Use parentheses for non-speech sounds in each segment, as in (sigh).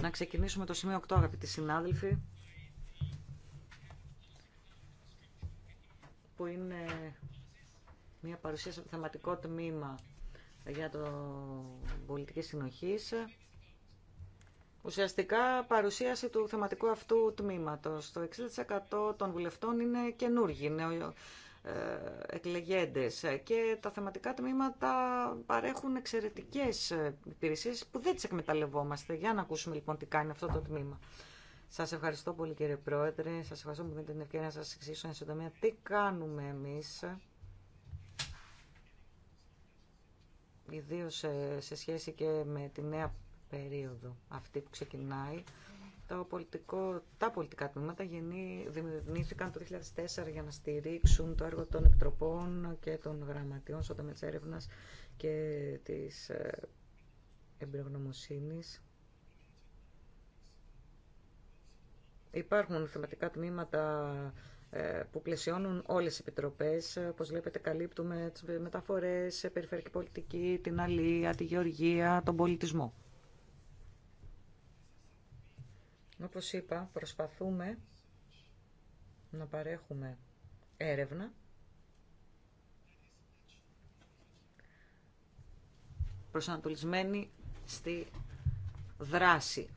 Να ξεκινήσουμε το σημείο 8, αγαπητοί συνάδελφοι, που είναι μια παρουσίαση από θεματικό τμήμα για το πολιτική συνοχή. Ουσιαστικά παρουσίαση του θεματικού αυτού τμήματος. Το 60% των βουλευτών είναι καινούργοι, ε, εκλεγέντες και τα θεματικά τμήματα παρέχουν εξαιρετικές ε, υπηρεσίες που δεν τις εκμεταλλευόμαστε. Για να ακούσουμε λοιπόν τι κάνει αυτό το τμήμα. Σας ευχαριστώ πολύ κύριε Πρόεδρε, σας ευχαριστώ που με την ευκαιρία να σας εξηγήσω εν συντομία τι κάνουμε εμείς. Ιδίω ε, σε σχέση και με τη νέα περίοδο αυτή που ξεκινάει το πολιτικό, τα πολιτικά τμήματα δημιουργήθηκαν το 2004 για να στηρίξουν το έργο των επιτροπών και των γραμματιών στο τομέα της έρευνας και της ε, εμπειρογνωμοσύνης. Υπάρχουν θεματικά τμήματα ε, που πλαισιώνουν όλες οι επιτροπές. Όπως βλέπετε καλύπτουμε τις μεταφορές, περιφερειακή πολιτική, την αλία, τη γεωργία, τον πολιτισμό. Όπως είπα, προσπαθούμε να παρέχουμε έρευνα προσανατολισμένη στη δράση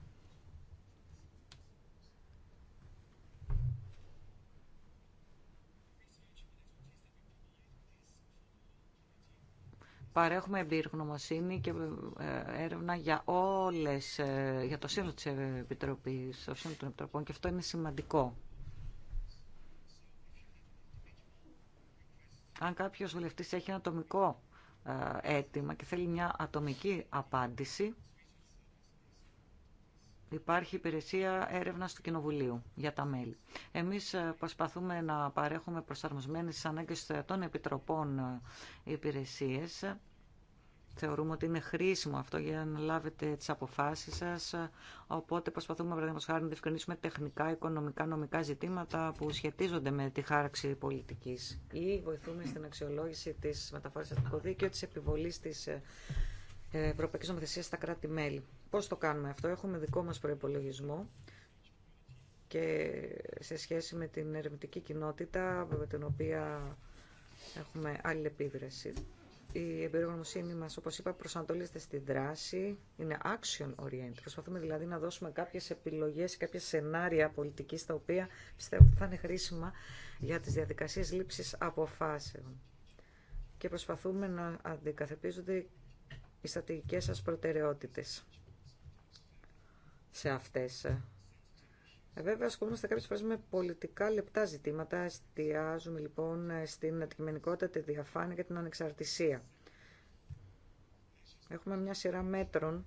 παρέχουμε γνωμοσύνη και ε, έρευνα για όλες, ε, για το σύνολο της Επιτροπής, το σύνολο των Επιτροπών και αυτό είναι σημαντικό. Αν κάποιος βουλευτής έχει ένα ατομικό ε, αίτημα και θέλει μια ατομική απάντηση, υπάρχει υπηρεσία έρευνα του Κοινοβουλίου για τα μέλη. Εμεί ε, προσπαθούμε να παρέχουμε στι ανάγκες των επιτροπών ε, υπηρεσίε. Θεωρούμε ότι είναι χρήσιμο αυτό για να λάβετε τι αποφάσει σα, ε, οπότε προσπαθούμε παραδείγματο χάρη να διευκρινίσουμε τεχνικά, οικονομικά, νομικά ζητήματα που σχετίζονται με τη χάραξη πολιτική ή βοηθούμε στην αξιολόγηση της μεταφορά αστικού δίκαιου, τη επιβολή τη Ευρωπαϊκή Νομοθεσία στα κράτη-μέλη. Πώς το κάνουμε αυτό. Έχουμε δικό μας προϋπολογισμό και σε σχέση με την ερευνητική κοινότητα με την οποία έχουμε άλλη επίδραση. Η εμπειρογνωμοσύνη μας, όπως είπα, προσανατολίζεται στη δράση, είναι action oriented. Προσπαθούμε δηλαδή να δώσουμε κάποιες επιλογές, κάποια σενάρια πολιτικής, τα οποία πιστεύω θα είναι χρήσιμα για τις διαδικασίες λήψης αποφάσεων. Και προσπαθούμε να αντικαθεπίζονται οι στατηγικές σας προτεραιότητες σε αυτές. Ε, βέβαια, ασχολούμαστε κάποιες φορές με πολιτικά λεπτά ζητήματα. Εστιάζουμε λοιπόν στην αντικειμενικότητα, τη διαφάνεια και την ανεξαρτησία. Έχουμε μια σειρά μέτρων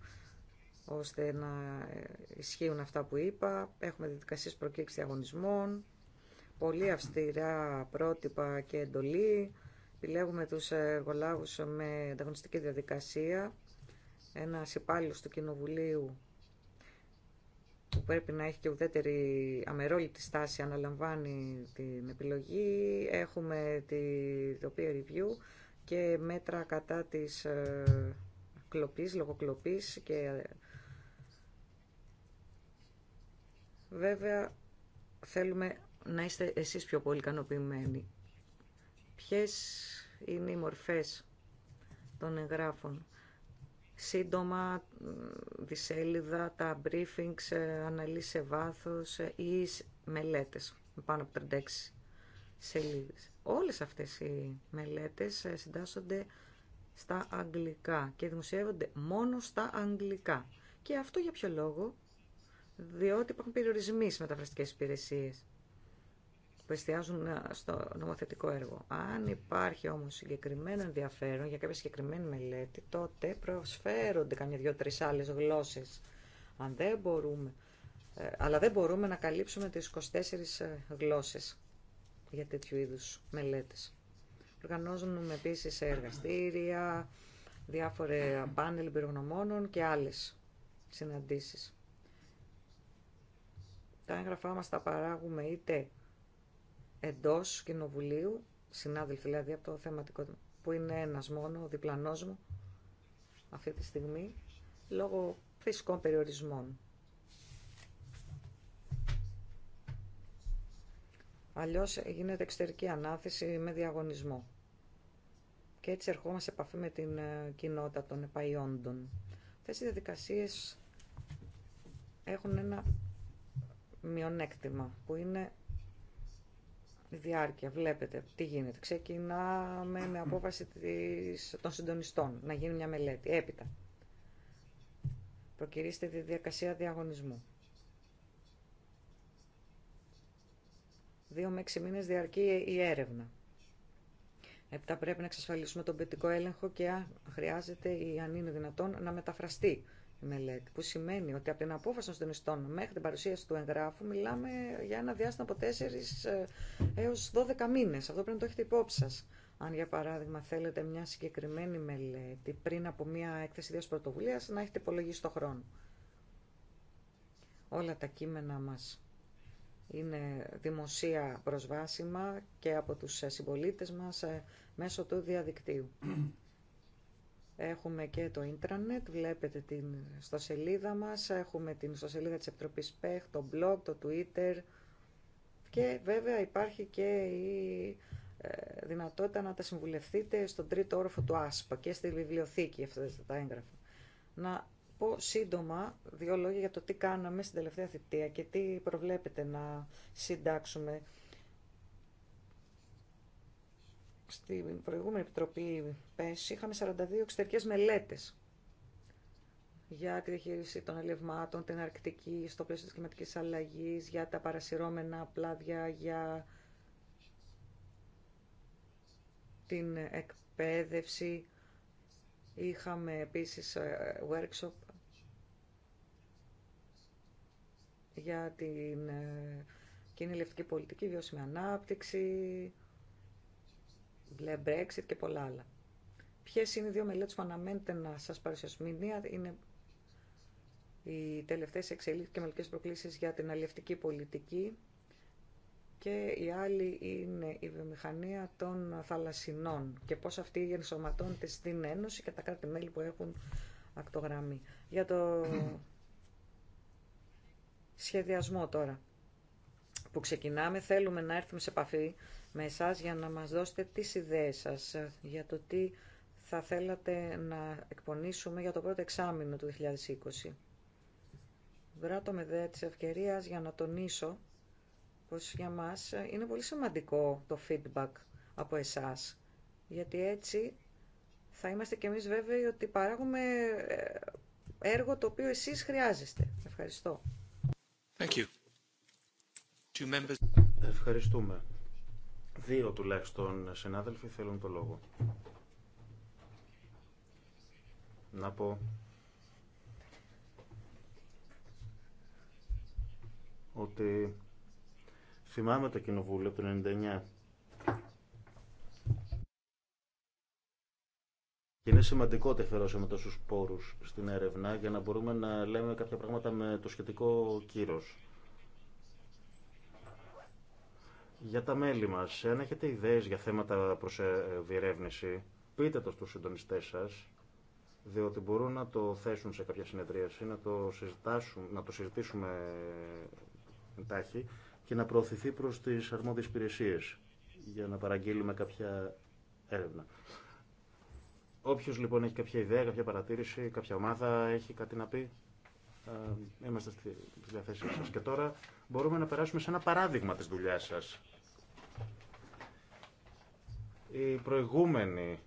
ώστε να ε, ισχύουν αυτά που είπα. Έχουμε διαδικασίες προκήρυξης αγωνισμών, πολύ αυστηρά πρότυπα και εντολή. Επιλέγουμε τους εργολάβους με ανταγωνιστική διαδικασία. ένα υπάλληλο του Κοινοβουλίου που πρέπει να έχει και ουδέτερη αμερόληπτη στάση αναλαμβάνει την επιλογή. Έχουμε τη, το peer review και μέτρα κατά της ε, κλοπής, λογοκλοπής και ε, βέβαια θέλουμε να είστε εσείς πιο πολύ ικανοποιημένοι. Ποιες είναι οι μορφές των εγγράφων σύντομα δισέλιδα, τα briefings, ε, αναλύσεις σε βάθος ε, ή μελέτες πάνω από 36 σελίδες. Όλες αυτές οι μελέτες ε, συντάσσονται στα αγγλικά και δημοσιεύονται μόνο στα αγγλικά. Και αυτό για ποιο λόγο, διότι υπάρχουν περιορισμοί στις μεταφραστικές υπηρεσίες που εστιάζουν στο νομοθετικό έργο. Αν υπάρχει όμως συγκεκριμένο ενδιαφέρον για κάποια συγκεκριμένη μελέτη, τότε προσφέρονται καμιά δυο-τρεις άλλες γλώσσες. Αν δεν μπορούμε, ε, αλλά δεν μπορούμε να καλύψουμε τις 24 ε, γλώσσες για τέτοιου είδους μελέτες. Οργανώζουμε επίσης εργαστήρια, διάφορε πάνελ πυρογνωμόνων και άλλες συναντήσεις. Τα έγγραφά μας τα παράγουμε είτε εντός κοινοβουλίου, συνάδελφοι δηλαδή από το θεματικό που είναι ένας μόνο, ο διπλανός μου, αυτή τη στιγμή, λόγω φυσικών περιορισμών. Αλλιώς γίνεται εξωτερική ανάθεση με διαγωνισμό. Και έτσι ερχόμαστε σε επαφή με την ε, κοινότητα των επαϊόντων. Αυτές οι διαδικασίες έχουν ένα μειονέκτημα που είναι διάρκεια. Βλέπετε τι γίνεται. Ξεκινάμε με απόφαση των συντονιστών να γίνει μια μελέτη. Έπειτα. Προκυρίστε τη διακασία διαγωνισμού. Δύο με έξι μήνες διαρκεί η έρευνα. Έπειτα πρέπει να εξασφαλίσουμε τον ποιητικό έλεγχο και αν χρειάζεται ή αν είναι δυνατόν να μεταφραστεί μελέτη, που σημαίνει ότι από την απόφαση των συντονιστών μέχρι την παρουσίαση του εγγράφου μιλάμε για ένα διάστημα από 4 ε, έως 12 μήνες. Αυτό πρέπει να το έχετε υπόψη σας. Αν για παράδειγμα θέλετε μια συγκεκριμένη μελέτη πριν από μια έκθεση ιδέας πρωτοβουλίας να έχετε υπολογίσει το χρόνο. Όλα τα κείμενα μας είναι δημοσία προσβάσιμα και από τους συμπολίτες μας ε, μέσω του διαδικτύου. Έχουμε και το ίντρανετ, βλέπετε την σελίδα μας, έχουμε την σελίδα της Επιτροπής ΠΕΧ, το blog, το Twitter και βέβαια υπάρχει και η ε, δυνατότητα να τα συμβουλευτείτε στον τρίτο όροφο του ΑΣΠΑ και στη βιβλιοθήκη αυτά τα έγγραφα. Να πω σύντομα δύο λόγια για το τι κάναμε στην τελευταία θητεία και τι προβλέπετε να συντάξουμε στην προηγούμενη Επιτροπή ΠΕΣ είχαμε 42 εξωτερικές μελέτες για τη διαχείριση των ελευμάτων, την Αρκτική, στο πλαίσιο της κλιματικής αλλαγής, για τα παρασυρώμενα πλάδια, για την εκπαίδευση. Είχαμε επίσης ε, workshop για την ε, κοινή πολιτική, βιώσιμη ανάπτυξη, μπλε Brexit και πολλά άλλα. Ποιε είναι οι δύο μελέτε που αναμένεται να σα παρουσιάσουμε. Η μία είναι οι τελευταίε εξελίξει και μελικέ προκλήσει για την αλληλευτική πολιτική και η άλλη είναι η βιομηχανία των θαλασσινών και πώς αυτή ενσωματώνεται στην Ένωση και τα κράτη-μέλη που έχουν ακτογραμμή. Για το σχεδιασμό τώρα που ξεκινάμε θέλουμε να έρθουμε σε επαφή με εσά για να μας δώσετε τις ιδέες σας για το τι θα θέλατε να εκπονήσουμε για το πρώτο εξάμεινο του 2020. Βράτω με δε της ευκαιρίας για να τονίσω πως για μας είναι πολύ σημαντικό το feedback από εσάς, γιατί έτσι θα είμαστε και εμείς βέβαιοι ότι παράγουμε ε, έργο το οποίο εσείς χρειάζεστε. Ευχαριστώ. Thank you. Ευχαριστούμε. Δύο τουλάχιστον συνάδελφοι θέλουν το λόγο. Να πω ότι θυμάμαι το κοινοβούλιο του 99 Και είναι σημαντικό ότι αφαιρώσαμε τόσου πόρου στην έρευνα για να μπορούμε να λέμε κάποια πράγματα με το σχετικό κύρος. Για τα μέλη μα, αν έχετε ιδέε για θέματα προ ε, διερεύνηση, πείτε το στους συντονιστές σας, διότι μπορούν να το θέσουν σε κάποια συνεδρίαση, να το, να το συζητήσουμε ε, εντάχει και να προωθηθεί προ τι αρμόδιες υπηρεσίες για να παραγγείλουμε κάποια έρευνα. Όποιο λοιπόν έχει κάποια ιδέα, κάποια παρατήρηση, κάποια ομάδα έχει κάτι να πει, ε, είμαστε στη διαθέσή σα. Και τώρα μπορούμε να περάσουμε σε ένα παράδειγμα τη δουλειά σα. Η προηγούμενη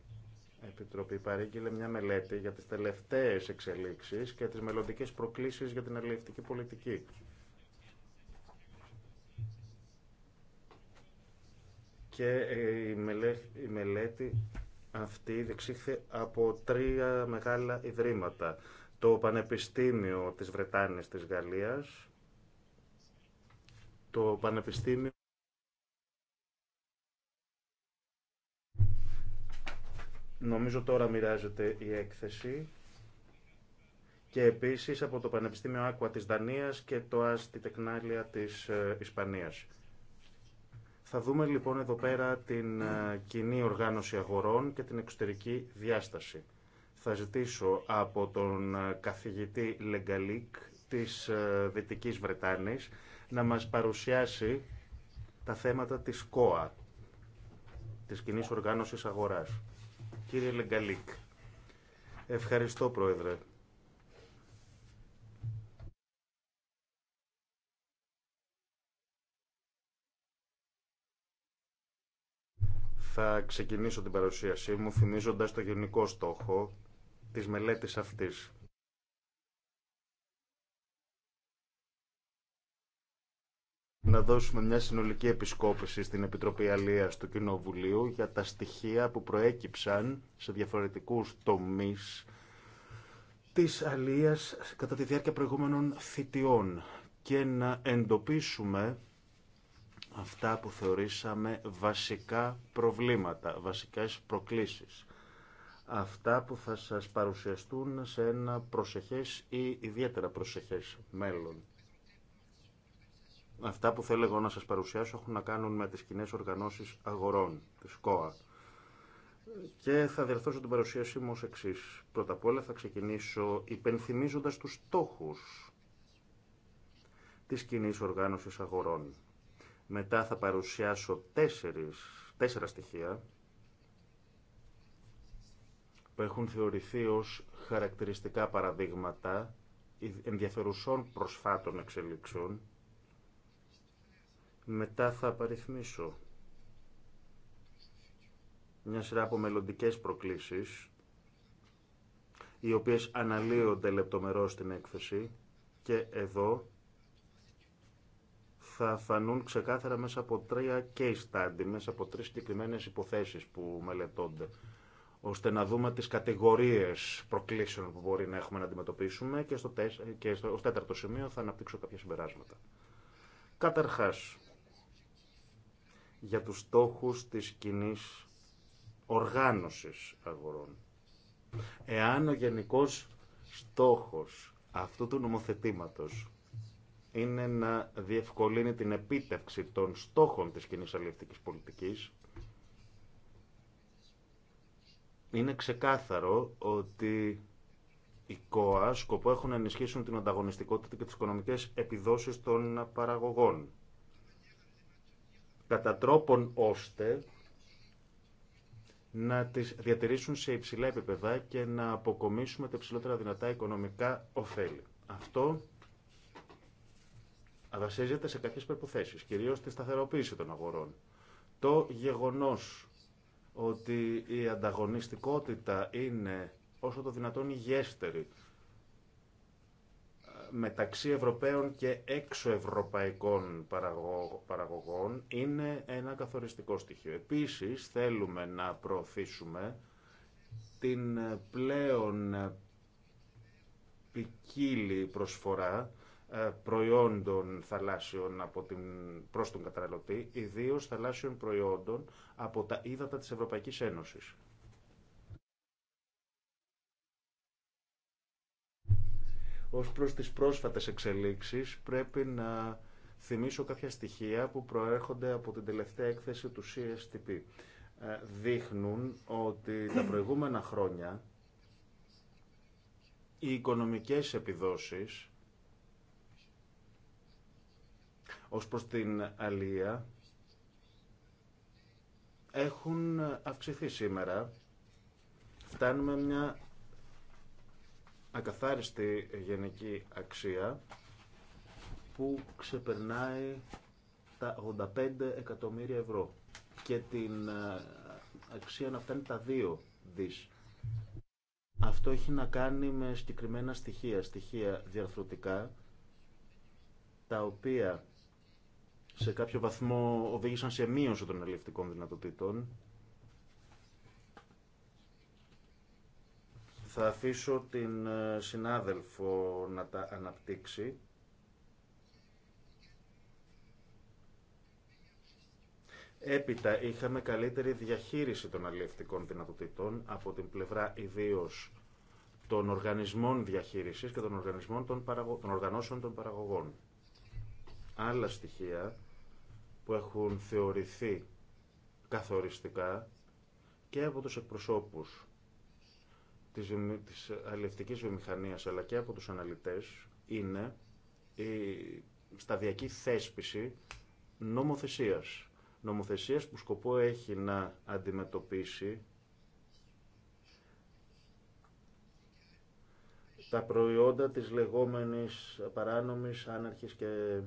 Επιτροπή παρήγγειλε μια μελέτη για τις τελευταίες εξελίξεις και τις μελλοντικέ προκλήσεις για την αλληλευτική πολιτική. Και ε, η μελέτη αυτή διεξήχθη από τρία μεγάλα ιδρύματα. Το Πανεπιστήμιο της Βρετάνης της Γαλλίας, το Πανεπιστήμιο Νομίζω τώρα μοιράζεται η έκθεση και επίσης από το Πανεπιστήμιο Άκουα της Δανίας και το Άστι Τεκνάλια της ε, Ισπανίας. Θα δούμε λοιπόν εδώ πέρα την ε, κοινή οργάνωση αγορών και την εξωτερική διάσταση. Θα ζητήσω από τον ε, καθηγητή Λεγκαλίκ της Δυτικής Βρετάνης να μας παρουσιάσει τα θέματα της ΚΟΑ, της κοινή οργάνωσης αγοράς. Κύριε Λεγκαλίκ. Ευχαριστώ, Πρόεδρε. Θα ξεκινήσω την παρουσίασή μου θυμίζοντας το γενικό στόχο της μελέτης αυτής να δώσουμε μια συνολική επισκόπηση στην Επιτροπή Αλίας του Κοινοβουλίου για τα στοιχεία που προέκυψαν σε διαφορετικούς τομείς της αλίας κατά τη διάρκεια προηγούμενων θητιών και να εντοπίσουμε αυτά που θεωρήσαμε βασικά προβλήματα, βασικές προκλήσεις. Αυτά που θα σας παρουσιαστούν σε ένα προσεχές ή ιδιαίτερα προσεχές μέλλον. Αυτά που θέλω εγώ να σας παρουσιάσω έχουν να κάνουν με τις κοινέ οργανώσεις αγορών, της ΚΟΑ. Και θα διερθώσω την παρουσίασή μου ως εξής. Πρώτα απ' όλα θα ξεκινήσω υπενθυμίζοντας τους στόχους της κοινή οργάνωσης αγορών. Μετά θα παρουσιάσω τέσσερις, τέσσερα στοιχεία που έχουν θεωρηθεί ως χαρακτηριστικά παραδείγματα ενδιαφερουσών προσφάτων εξελίξεων μετά θα απαριθμίσω μια σειρά από μελλοντικέ προκλήσεις, οι οποίες αναλύονται λεπτομερώς στην έκθεση και εδώ θα φανούν ξεκάθαρα μέσα από τρία case study, μέσα από τρεις συγκεκριμένε υποθέσεις που μελετώνται, ώστε να δούμε τις κατηγορίες προκλήσεων που μπορεί να έχουμε να αντιμετωπίσουμε και στο, και στο τέταρτο σημείο θα αναπτύξω κάποια συμπεράσματα. Καταρχάς, για τους στόχους της κοινή οργάνωσης αγορών. Εάν ο γενικός στόχος αυτού του νομοθετήματος είναι να διευκολύνει την επίτευξη των στόχων της κοινή αλληλευτικής πολιτικής, είναι ξεκάθαρο ότι οι ΚΟΑ σκοπό έχουν να ενισχύσουν την ανταγωνιστικότητα και τις οικονομικές επιδόσεις των παραγωγών κατά τρόπον ώστε να τις διατηρήσουν σε υψηλά επίπεδα και να αποκομίσουμε τα υψηλότερα δυνατά οικονομικά ωφέλη. Αυτό βασίζεται σε κάποιες προϋποθέσεις, κυρίως τη σταθεροποίηση των αγορών. Το γεγονός ότι η ανταγωνιστικότητα είναι όσο το δυνατόν υγιέστερη μεταξύ Ευρωπαίων και έξω Ευρωπαϊκών παραγωγών είναι ένα καθοριστικό στοιχείο. Επίσης θέλουμε να προωθήσουμε την πλέον ποικίλη προσφορά ε, προϊόντων θαλάσσιων από την, προς τον καταναλωτή, ιδίως θαλάσσιων προϊόντων από τα ύδατα της Ευρωπαϊκής Ένωσης. Ως προς τις πρόσφατες εξελίξεις πρέπει να θυμίσω κάποια στοιχεία που προέρχονται από την τελευταία έκθεση του CSTP. Ε, δείχνουν ότι τα προηγούμενα χρόνια οι οικονομικές επιδόσεις ως προς την αλία έχουν αυξηθεί σήμερα. Φτάνουμε μια ακαθάριστη γενική αξία που ξεπερνάει τα 85 εκατομμύρια ευρώ και την ε, αξία να φτάνει τα 2 δις. Αυτό έχει να κάνει με συγκεκριμένα στοιχεία, στοιχεία διαρθρωτικά, τα οποία σε κάποιο βαθμό οδήγησαν σε μείωση των ελευθερικών δυνατοτήτων Θα αφήσω την ε, συνάδελφο να τα αναπτύξει. Έπειτα είχαμε καλύτερη διαχείριση των αλληλευτικών δυνατοτήτων από την πλευρά ιδίω των οργανισμών διαχείρισης και των, οργανισμών των, παραγω... των οργανώσεων των παραγωγών. Άλλα στοιχεία που έχουν θεωρηθεί καθοριστικά και από τους εκπροσώπους της, της αλληλευτικής βιομηχανίας αλλά και από τους αναλυτές είναι η σταδιακή θέσπιση νομοθεσίας. Νομοθεσίας που σκοπό έχει να αντιμετωπίσει τα προϊόντα της λεγόμενης παράνομης, άναρχης και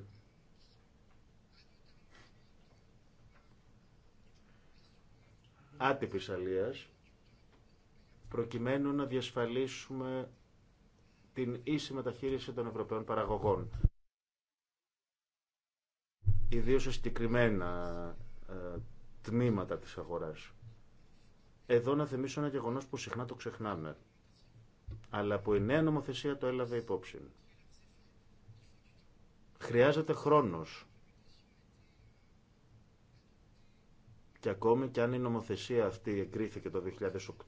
άτυπης αλίας προκειμένου να διασφαλίσουμε την ίση μεταχείριση των Ευρωπαίων παραγωγών. Ιδίως σε συγκεκριμένα ε, τμήματα της αγοράς. Εδώ να θυμίσω ένα γεγονός που συχνά το ξεχνάμε, αλλά που η νέα νομοθεσία το έλαβε υπόψη. Χρειάζεται χρόνος Και ακόμη και αν η νομοθεσία αυτή εγκρίθηκε το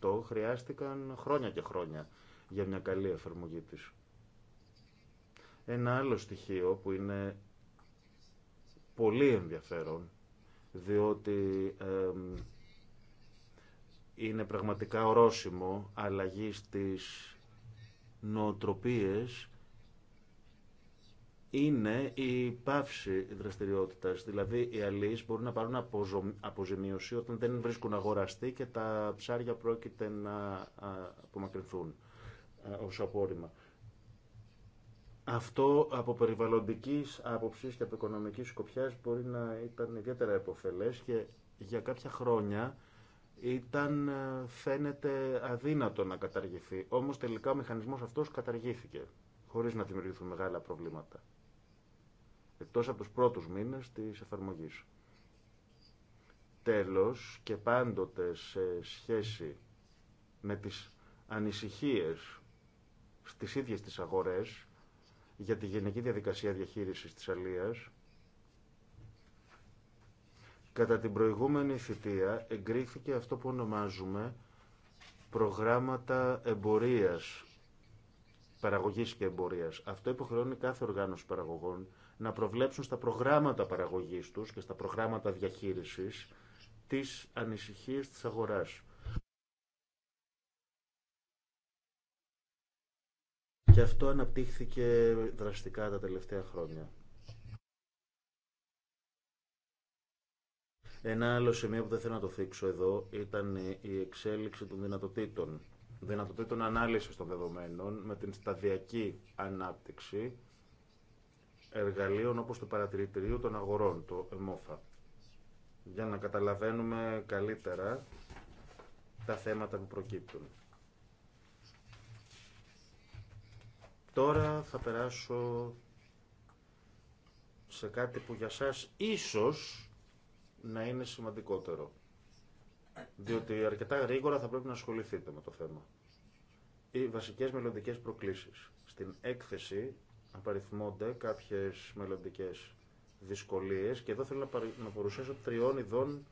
2008, χρειάστηκαν χρόνια και χρόνια για μια καλή εφαρμογή της. Ένα άλλο στοιχείο που είναι πολύ ενδιαφέρον, διότι είναι πραγματικά ορόσημο αλλαγή της νοοτροπίες είναι η πάυση δραστηριότητα. Δηλαδή, οι αλλοί μπορούν να πάρουν αποζημίωση όταν δεν βρίσκουν αγοραστή και τα ψάρια πρόκειται να απομακρυνθούν ω απόρριμα. Αυτό από περιβαλλοντική άποψη και από οικονομική σκοπιά μπορεί να ήταν ιδιαίτερα επωφελέ και για κάποια χρόνια ήταν φαίνεται αδύνατο να καταργηθεί. Όμως τελικά ο μηχανισμός αυτός καταργήθηκε χωρίς να δημιουργηθούν μεγάλα προβλήματα εκτός από τους πρώτους μήνες της εφαρμογής. Τέλος και πάντοτε σε σχέση με τις ανησυχίες στις ίδιες τις αγορές για τη γενική διαδικασία διαχείρισης της αλίας, κατά την προηγούμενη θητεία εγκρίθηκε αυτό που ονομάζουμε προγράμματα εμπορίας, παραγωγής και εμπορίας. Αυτό υποχρεώνει κάθε οργάνωση παραγωγών να προβλέψουν στα προγράμματα παραγωγής τους και στα προγράμματα διαχείρισης τις ανησυχίες της αγοράς. Και αυτό αναπτύχθηκε δραστικά τα τελευταία χρόνια. Ένα άλλο σημείο που δεν θέλω να το θίξω εδώ ήταν η εξέλιξη των δυνατοτήτων. Δυνατοτήτων ανάλυσης των δεδομένων με την σταδιακή ανάπτυξη εργαλείων όπως το παρατηρητηρίο των αγορών, το ΕΜΟΦΑ, για να καταλαβαίνουμε καλύτερα τα θέματα που προκύπτουν. Τώρα θα περάσω σε κάτι που για σας ίσως να είναι σημαντικότερο. Διότι αρκετά γρήγορα θα πρέπει να ασχοληθείτε με το θέμα. Οι βασικές μελλοντικέ προκλήσεις. Στην έκθεση απαριθμώνται κάποιες μελλοντικέ δυσκολίες και εδώ θέλω να παρουσιάσω τριών ειδών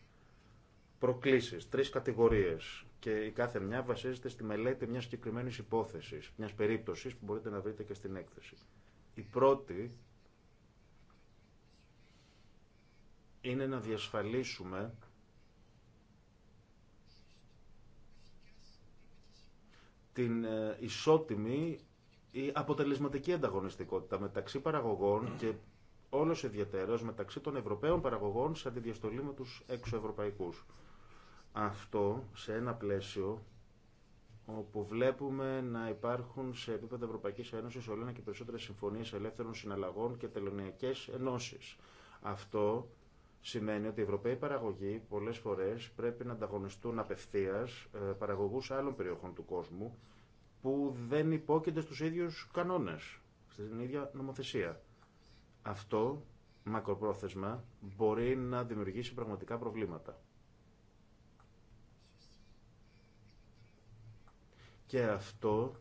προκλήσεις, τρεις κατηγορίες και η κάθε μια βασίζεται στη μελέτη μιας συγκεκριμένη υπόθεσης, μιας περίπτωσης που μπορείτε να βρείτε και στην έκθεση. Η πρώτη είναι να διασφαλίσουμε την ε, ισότιμη η αποτελεσματική ανταγωνιστικότητα μεταξύ παραγωγών mm. και όλος ιδιαίτερος μεταξύ των Ευρωπαίων παραγωγών σε αντιδιαστολή με τους εξωευρωπαϊκούς. Αυτό σε ένα πλαίσιο όπου βλέπουμε να υπάρχουν σε επίπεδο Ευρωπαϊκή Ένωση όλο ένα και περισσότερε συμφωνίε ελεύθερων συναλλαγών και τελωνιακέ ενώσει. Αυτό σημαίνει ότι οι Ευρωπαίοι παραγωγοί πολλέ φορέ πρέπει να ανταγωνιστούν απευθεία ε, παραγωγού άλλων περιοχών του κόσμου που δεν υπόκειται στους ίδιους κανόνες, στην ίδια νομοθεσία. Αυτό, μακροπρόθεσμα, μπορεί να δημιουργήσει πραγματικά προβλήματα. Και αυτό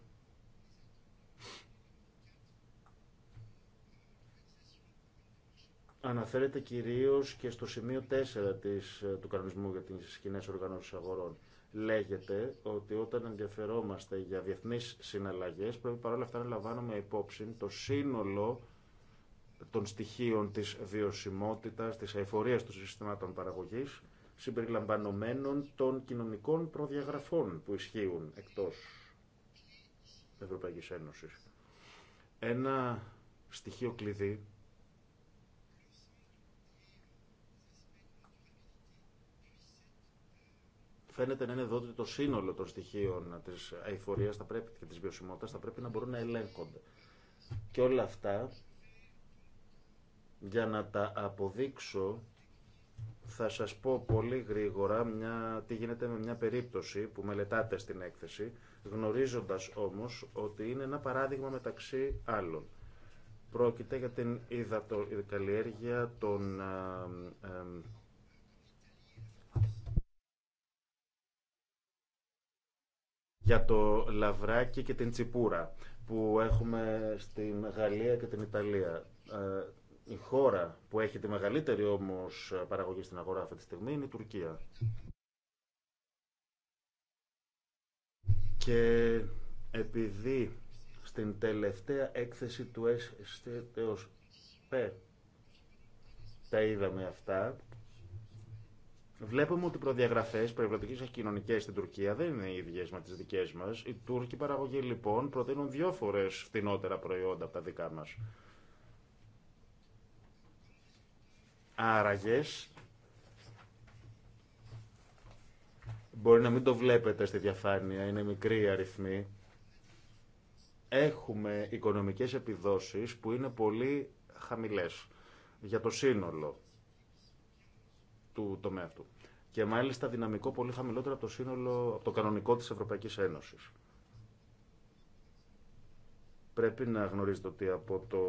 αναφέρεται κυρίως και στο σημείο 4 της, ε, του κανονισμού για τις κοινέ οργανώσεις αγορών λέγεται ότι όταν ενδιαφερόμαστε για διεθνείς συναλλαγές πρέπει παρόλα αυτά να λαμβάνουμε υπόψη το σύνολο των στοιχείων της βιωσιμότητας, της αεφορίας των συστημάτων παραγωγής συμπεριλαμβανομένων των κοινωνικών προδιαγραφών που ισχύουν εκτός Ευρωπαϊκής Ένωσης. Ένα στοιχείο κλειδί φαίνεται να είναι εδώ ότι το σύνολο των στοιχείων της αηφορία και τη βιωσιμότητα θα πρέπει να μπορούν να ελέγχονται. Και όλα αυτά, για να τα αποδείξω, θα σας πω πολύ γρήγορα μια, τι γίνεται με μια περίπτωση που μελετάτε στην έκθεση, γνωρίζοντας όμως ότι είναι ένα παράδειγμα μεταξύ άλλων. Πρόκειται για την υδατοκαλλιέργεια των ε, ε, για το λαβράκι και την τσιπούρα που έχουμε στην Γαλλία και την Ιταλία. Ε, η χώρα που έχει τη μεγαλύτερη όμως παραγωγή στην αγορά αυτή τη στιγμή είναι η Τουρκία. Και επειδή στην τελευταία έκθεση του Π τα είδαμε αυτά, Βλέπουμε ότι οι προδιαγραφέ περιβαλλοντική και κοινωνικέ στην Τουρκία δεν είναι οι ίδιε με τι δικέ μα. Οι Τούρκοι παραγωγοί λοιπόν προτείνουν δύο φορέ φτηνότερα προϊόντα από τα δικά μα. Άραγε μπορεί να μην το βλέπετε στη διαφάνεια, είναι μικρή η αριθμή. Έχουμε οικονομικές επιδόσεις που είναι πολύ χαμηλές για το σύνολο του τομέα αυτού και μάλιστα δυναμικό πολύ χαμηλότερο από το σύνολο, από το κανονικό της Ευρωπαϊκής Ένωσης. Πρέπει να γνωρίζετε ότι από το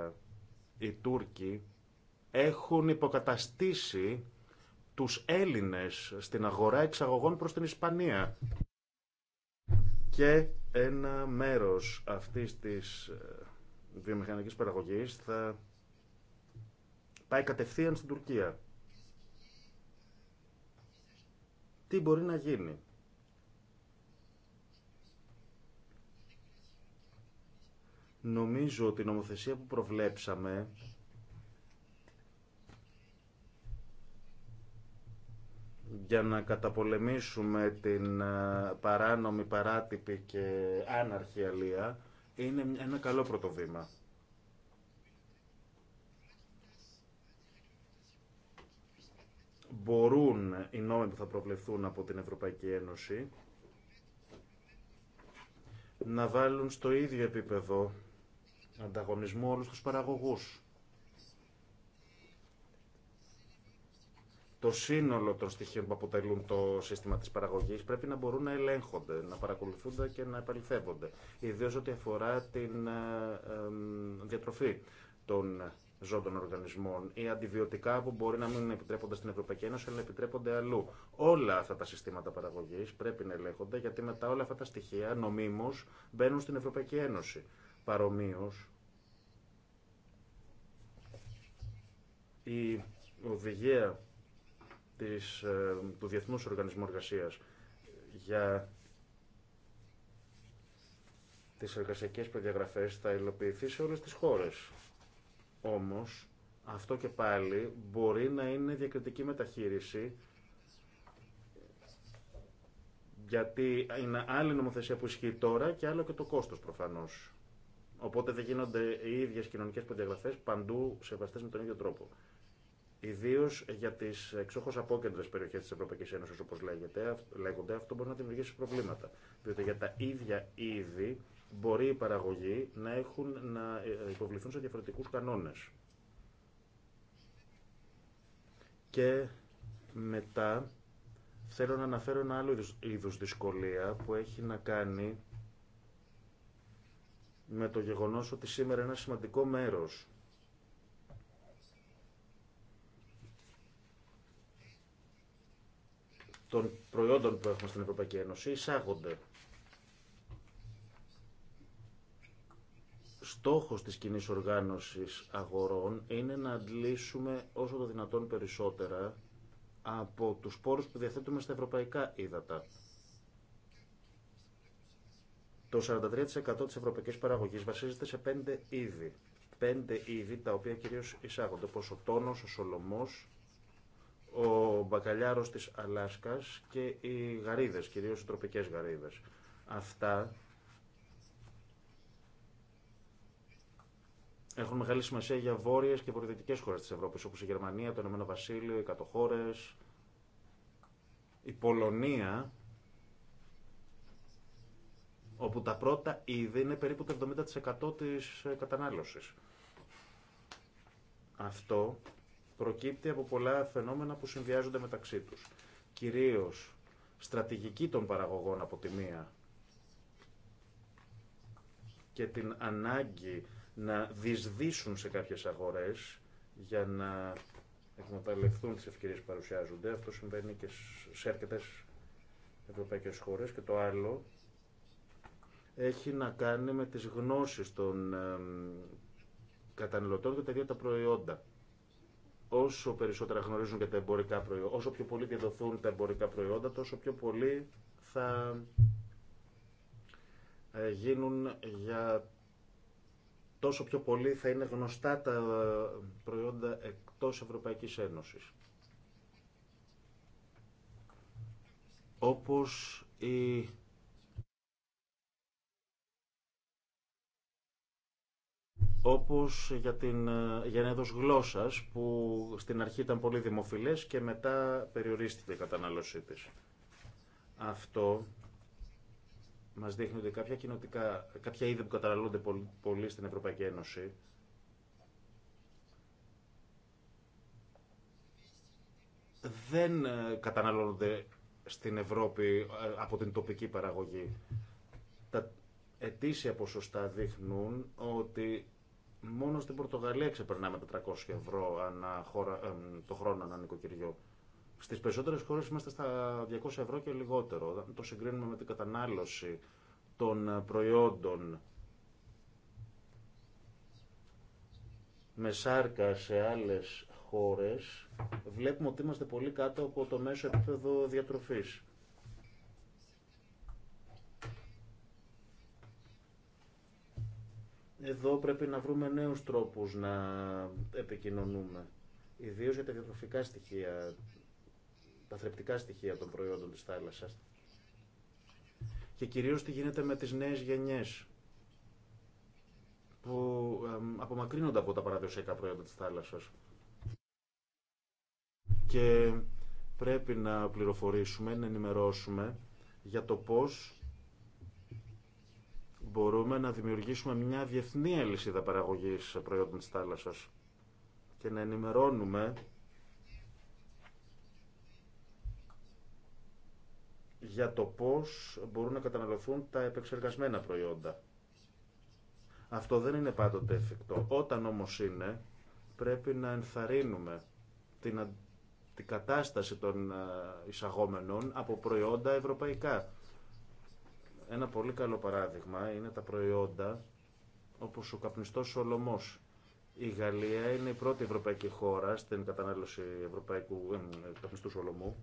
2012 οι Τούρκοι έχουν υποκαταστήσει τους Έλληνες στην αγορά εξαγωγών προς την Ισπανία. Και ένα μέρος αυτής της ε, βιομηχανικής παραγωγής θα πάει κατευθείαν στην Τουρκία. τι μπορεί να γίνει. Νομίζω ότι η νομοθεσία που προβλέψαμε για να καταπολεμήσουμε την ε, παράνομη, παράτυπη και άναρχη αλία είναι ένα καλό πρωτοβήμα. μπορούν οι νόμοι που θα προβλεφθούν από την Ευρωπαϊκή Ένωση να βάλουν στο ίδιο επίπεδο ανταγωνισμό όλους τους παραγωγούς. Το σύνολο των στοιχείων που αποτελούν το σύστημα της παραγωγής πρέπει να μπορούν να ελέγχονται, να παρακολουθούνται και να επαληθεύονται. Ιδίως ό,τι αφορά την ε, ε, διατροφή των ζώων των οργανισμών ή αντιβιωτικά που μπορεί να μην επιτρέπονται στην Ευρωπαϊκή Ένωση αλλά επιτρέπονται αλλού. Όλα αυτά τα συστήματα παραγωγή πρέπει να ελέγχονται γιατί μετά όλα αυτά τα στοιχεία νομίμω μπαίνουν στην Ευρωπαϊκή Ένωση. Παρομοίω, η οδηγία της, ε, του Διεθνούς Οργανισμού Εργασίας για τις εργασιακές προδιαγραφές θα υλοποιηθεί σε όλες τις χώρες. Όμως, αυτό και πάλι μπορεί να είναι διακριτική μεταχείριση γιατί είναι άλλη νομοθεσία που ισχύει τώρα και άλλο και το κόστος προφανώς. Οπότε δεν γίνονται οι ίδιες κοινωνικές προδιαγραφές παντού σεβαστές με τον ίδιο τρόπο. Ιδίω για τι εξόχω απόκεντρε περιοχέ τη Ευρωπαϊκή Ένωση, όπω λέγονται αυτό μπορεί να δημιουργήσει προβλήματα. Διότι για τα ίδια είδη μπορεί η παραγωγή να, έχουν, να ε, ε, υποβληθούν σε διαφορετικούς κανόνες. Και μετά θέλω να αναφέρω ένα άλλο είδους δυσκολία που έχει να κάνει με το γεγονός ότι σήμερα ένα σημαντικό μέρος των προϊόντων που έχουμε στην Ευρωπαϊκή Ένωση εισάγονται στόχος της κοινή οργάνωσης αγορών είναι να αντλήσουμε όσο το δυνατόν περισσότερα από τους πόρους που διαθέτουμε στα ευρωπαϊκά ύδατα. Το 43% της ευρωπαϊκής παραγωγής βασίζεται σε πέντε είδη. Πέντε είδη τα οποία κυρίως εισάγονται, όπως ο τόνος, ο σολομός, ο μπακαλιάρος της Αλάσκας και οι γαρίδες, κυρίως οι τροπικές γαρίδες. Αυτά έχουν μεγάλη σημασία για βόρειε και βορειοδυτικές χώρες της Ευρώπης, όπως η Γερμανία, το Ηνωμένο Βασίλειο, οι κατοχώρες, η Πολωνία, όπου τα πρώτα είδη είναι περίπου το 70% της ε, κατανάλωσης. Αυτό προκύπτει από πολλά φαινόμενα που συνδυάζονται μεταξύ τους. Κυρίως στρατηγική των παραγωγών από τη μία και την ανάγκη να δυσδύσουν σε κάποιες αγορές για να εκμεταλλευτούν τις ευκαιρίες που παρουσιάζονται. Αυτό συμβαίνει και σε έρκετες ευρωπαϊκές χώρες. Και το άλλο έχει να κάνει με τις γνώσεις των καταναλωτών και τα ίδια τα προϊόντα. Όσο περισσότερα γνωρίζουν και τα εμπορικά προϊόντα, όσο πιο πολύ διαδοθούν τα εμπορικά προϊόντα, τόσο πιο πολύ θα ε, γίνουν για τόσο πιο πολύ θα είναι γνωστά τα προϊόντα εκτός Ευρωπαϊκής Ένωσης. Όπως η όπως για την γενέδος γλώσσας που στην αρχή ήταν πολύ δημοφιλές και μετά περιορίστηκε η κατανάλωσή της. Αυτό μας δείχνει ότι κάποια, κοινοτικά, κάποια είδη που καταναλώνται πολύ στην Ευρωπαϊκή Ένωση δεν ε, καταναλώνονται στην Ευρώπη ε, από την τοπική παραγωγή. Τα ετήσια ποσοστά δείχνουν ότι μόνο στην Πορτογαλία ξεπερνάμε τα 300 ευρώ ανά ε, το χρόνο ανά νοικοκυριό. Στι περισσότερε χώρε είμαστε στα 200 ευρώ και λιγότερο. Αν το συγκρίνουμε με την κατανάλωση των προϊόντων με σάρκα σε άλλες χώρες, βλέπουμε ότι είμαστε πολύ κάτω από το μέσο επίπεδο διατροφής. Εδώ πρέπει να βρούμε νέους τρόπους να επικοινωνούμε, ιδίως για τα διατροφικά στοιχεία τα θρεπτικά στοιχεία των προϊόντων της θάλασσας και κυρίως τι γίνεται με τις νέες γενιές που απομακρύνονται από τα παραδοσιακά προϊόντα της θάλασσας. Και πρέπει να πληροφορήσουμε, να ενημερώσουμε για το πώς μπορούμε να δημιουργήσουμε μια διεθνή αλυσίδα παραγωγής προϊόντων της θάλασσας και να ενημερώνουμε για το πώς μπορούν να καταναλωθούν τα επεξεργασμένα προϊόντα. Αυτό δεν είναι πάντοτε εφικτό. Όταν όμως είναι, πρέπει να ενθαρρύνουμε την, την κατάσταση των ε, εισαγόμενων από προϊόντα ευρωπαϊκά. Ένα πολύ καλό παράδειγμα είναι τα προϊόντα όπως ο καπνιστός Σολομός. Η Γαλλία είναι η πρώτη ευρωπαϊκή χώρα στην κατανάλωση ευρωπαϊκού ε, ε, καπνιστού Σολομού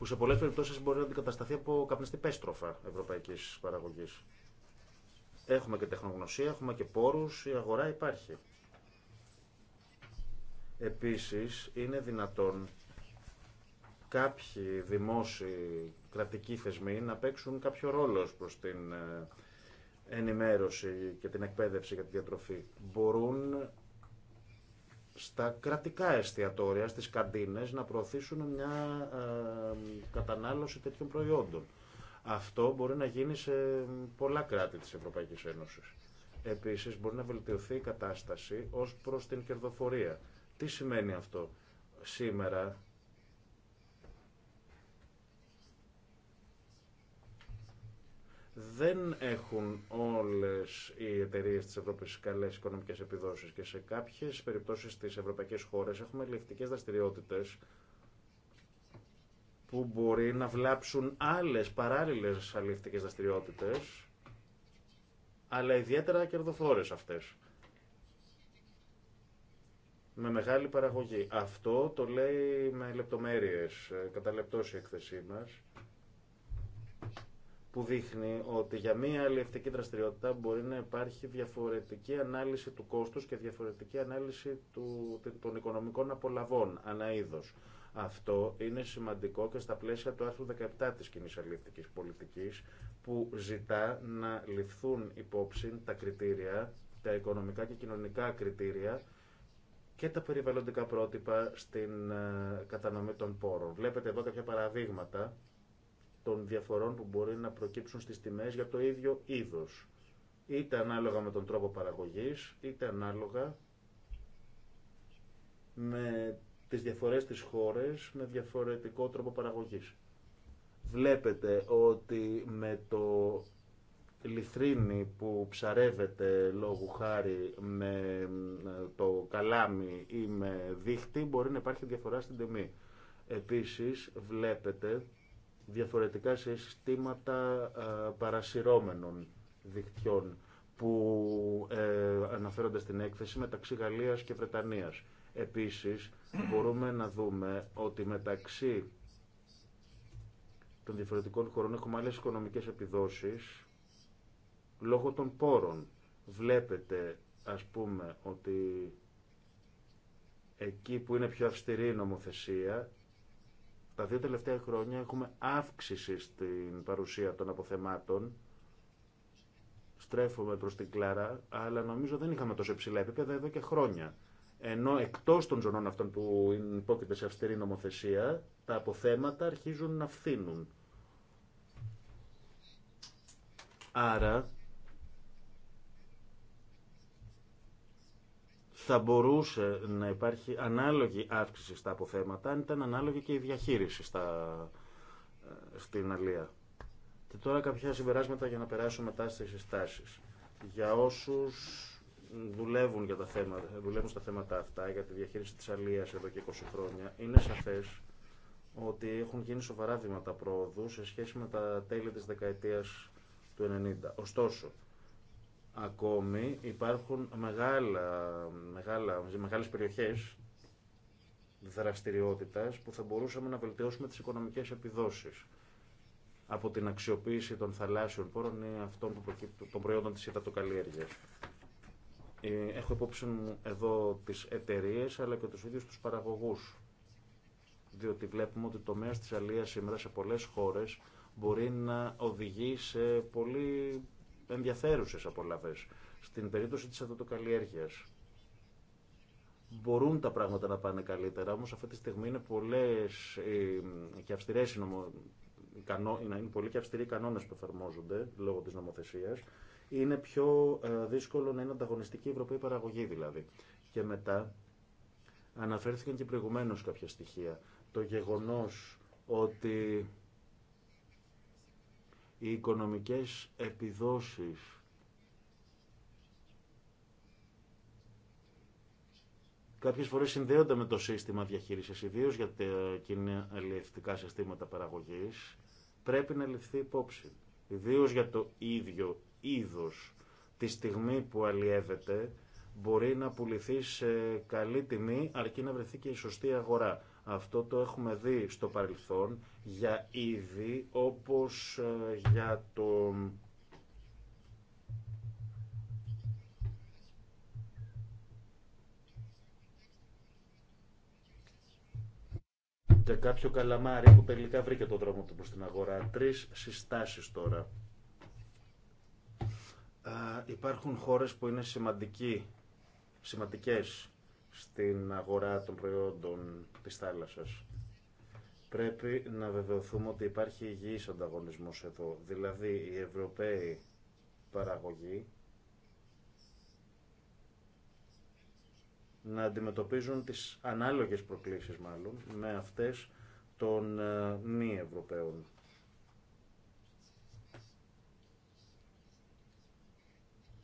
που σε πολλές περιπτώσεις μπορεί να αντικατασταθεί από καπνιστή πέστροφα ευρωπαϊκής παραγωγής. Έχουμε και τεχνογνωσία, έχουμε και πόρους, η αγορά υπάρχει. Επίσης, είναι δυνατόν κάποιοι δημόσιοι κρατικοί θεσμοί να παίξουν κάποιο ρόλο προς την ε, ενημέρωση και την εκπαίδευση για τη διατροφή. Μπορούν στα κρατικά εστιατόρια, στις καντίνες, να προωθήσουν μια ε, κατανάλωση τέτοιων προϊόντων. Αυτό μπορεί να γίνει σε πολλά κράτη της Ευρωπαϊκής Ένωσης. Επίσης, μπορεί να βελτιωθεί η κατάσταση ως προς την κερδοφορία. Τι σημαίνει αυτό. Σήμερα δεν έχουν όλες οι εταιρείες της Ευρώπης καλές οικονομικές επιδόσεις και σε κάποιες περιπτώσεις στις ευρωπαϊκές χώρες έχουμε ελεκτικές δραστηριότητες που μπορεί να βλάψουν άλλες παράλληλες αλληλευτικές δραστηριότητες αλλά ιδιαίτερα κερδοφόρες αυτές με μεγάλη παραγωγή. Αυτό το λέει με λεπτομέρειες κατά λεπτός η έκθεσή μας που δείχνει ότι για μία αλληλευτική δραστηριότητα μπορεί να υπάρχει διαφορετική ανάλυση του κόστους και διαφορετική ανάλυση του, των οικονομικών απολαβών ανά είδος. Αυτό είναι σημαντικό και στα πλαίσια του άρθρου 17 της κοινή αλληλευτικής πολιτικής που ζητά να ληφθούν υπόψη τα κριτήρια, τα οικονομικά και κοινωνικά κριτήρια και τα περιβαλλοντικά πρότυπα στην ε, κατανομή των πόρων. Βλέπετε εδώ κάποια παραδείγματα των διαφορών που μπορεί να προκύψουν στις τιμές για το ίδιο είδος. Είτε ανάλογα με τον τρόπο παραγωγής, είτε ανάλογα με τις διαφορές της χώρες με διαφορετικό τρόπο παραγωγής. Βλέπετε ότι με το λιθρίνι που ψαρεύεται λόγου χάρη με ε, το καλάμι ή με δίχτυ μπορεί να υπάρχει διαφορά στην τιμή. Επίσης βλέπετε διαφορετικά συστήματα ε, παρασυρώμενων δικτυών που ε, αναφέρονται στην έκθεση μεταξύ Γαλλίας και Βρετανίας. Επίσης, μπορούμε να δούμε ότι μεταξύ των διαφορετικών χωρών έχουμε άλλες οικονομικές επιδόσεις λόγω των πόρων. Βλέπετε, ας πούμε, ότι εκεί που είναι πιο αυστηρή η νομοθεσία τα δύο τελευταία χρόνια έχουμε αύξηση στην παρουσία των αποθεμάτων. Στρέφομαι προς την Κλάρα, αλλά νομίζω δεν είχαμε τόσο υψηλά επίπεδα εδώ και χρόνια. Ενώ εκτός των ζωνών αυτών που υπόκειται σε αυστηρή νομοθεσία, τα αποθέματα αρχίζουν να φθήνουν. Άρα θα μπορούσε να υπάρχει ανάλογη αύξηση στα αποθέματα αν ήταν ανάλογη και η διαχείριση στα, ε, στην αλία. Και τώρα κάποια συμπεράσματα για να περάσω μετά στι συστάσει. Για όσου δουλεύουν, για τα θέματα, δουλεύουν στα θέματα αυτά, για τη διαχείριση τη Αλία εδώ και 20 χρόνια, είναι σαφές ότι έχουν γίνει σοβαρά βήματα πρόοδου σε σχέση με τα τέλη τη δεκαετία του 90. Ωστόσο, Ακόμη υπάρχουν μεγάλα, μεγάλα, μεγάλες περιοχές δραστηριότητας που θα μπορούσαμε να βελτιώσουμε τις οικονομικές επιδόσεις από την αξιοποίηση των θαλάσσιων πόρων ή αυτών που των προϊόντων της υδατοκαλλιέργειας. Ε, έχω υπόψη μου εδώ τις εταιρείε αλλά και τους ίδιους τους παραγωγούς. Διότι βλέπουμε ότι το τομέας της αλίας σήμερα σε πολλές χώρες μπορεί να οδηγεί σε πολύ Ενδιαφέρουσε απολαύε. Στην περίπτωση τη αυτοκαλλιέργεια. μπορούν τα πράγματα να πάνε καλύτερα, όμως αυτή τη στιγμή είναι πολλές ε, και αυστηρές είναι πολύ και αυστηροί οι κανόνες που εφαρμόζονται λόγω της νομοθεσίας. Είναι πιο ε, δύσκολο να είναι ανταγωνιστική η ευρωπαϊκή παραγωγή δηλαδή. Και μετά αναφέρθηκαν και προηγουμένω κάποια στοιχεία. Το γεγονό ότι οι οικονομικές επιδόσεις Κάποιες φορές συνδέονται με το σύστημα διαχείρισης, ιδίως για τα κοινά συστήματα παραγωγής, πρέπει να ληφθεί υπόψη. Ιδίως για το ίδιο είδος, τη στιγμή που αλλιεύεται, μπορεί να πουληθεί σε καλή τιμή, αρκεί να βρεθεί και η σωστή αγορά. Αυτό το έχουμε δει στο παρελθόν για είδη όπως ε, για το και κάποιο καλαμάρι που τελικά βρήκε τον δρόμο του προς την αγορά. Τρεις συστάσεις τώρα. Ε, υπάρχουν χώρες που είναι σημαντικοί, σημαντικές στην αγορά των προϊόντων της θάλασσας. Πρέπει να βεβαιωθούμε ότι υπάρχει υγιής ανταγωνισμός εδώ. Δηλαδή, οι Ευρωπαίοι παραγωγοί να αντιμετωπίζουν τις ανάλογες προκλήσεις μάλλον με αυτές των ε, μη Ευρωπαίων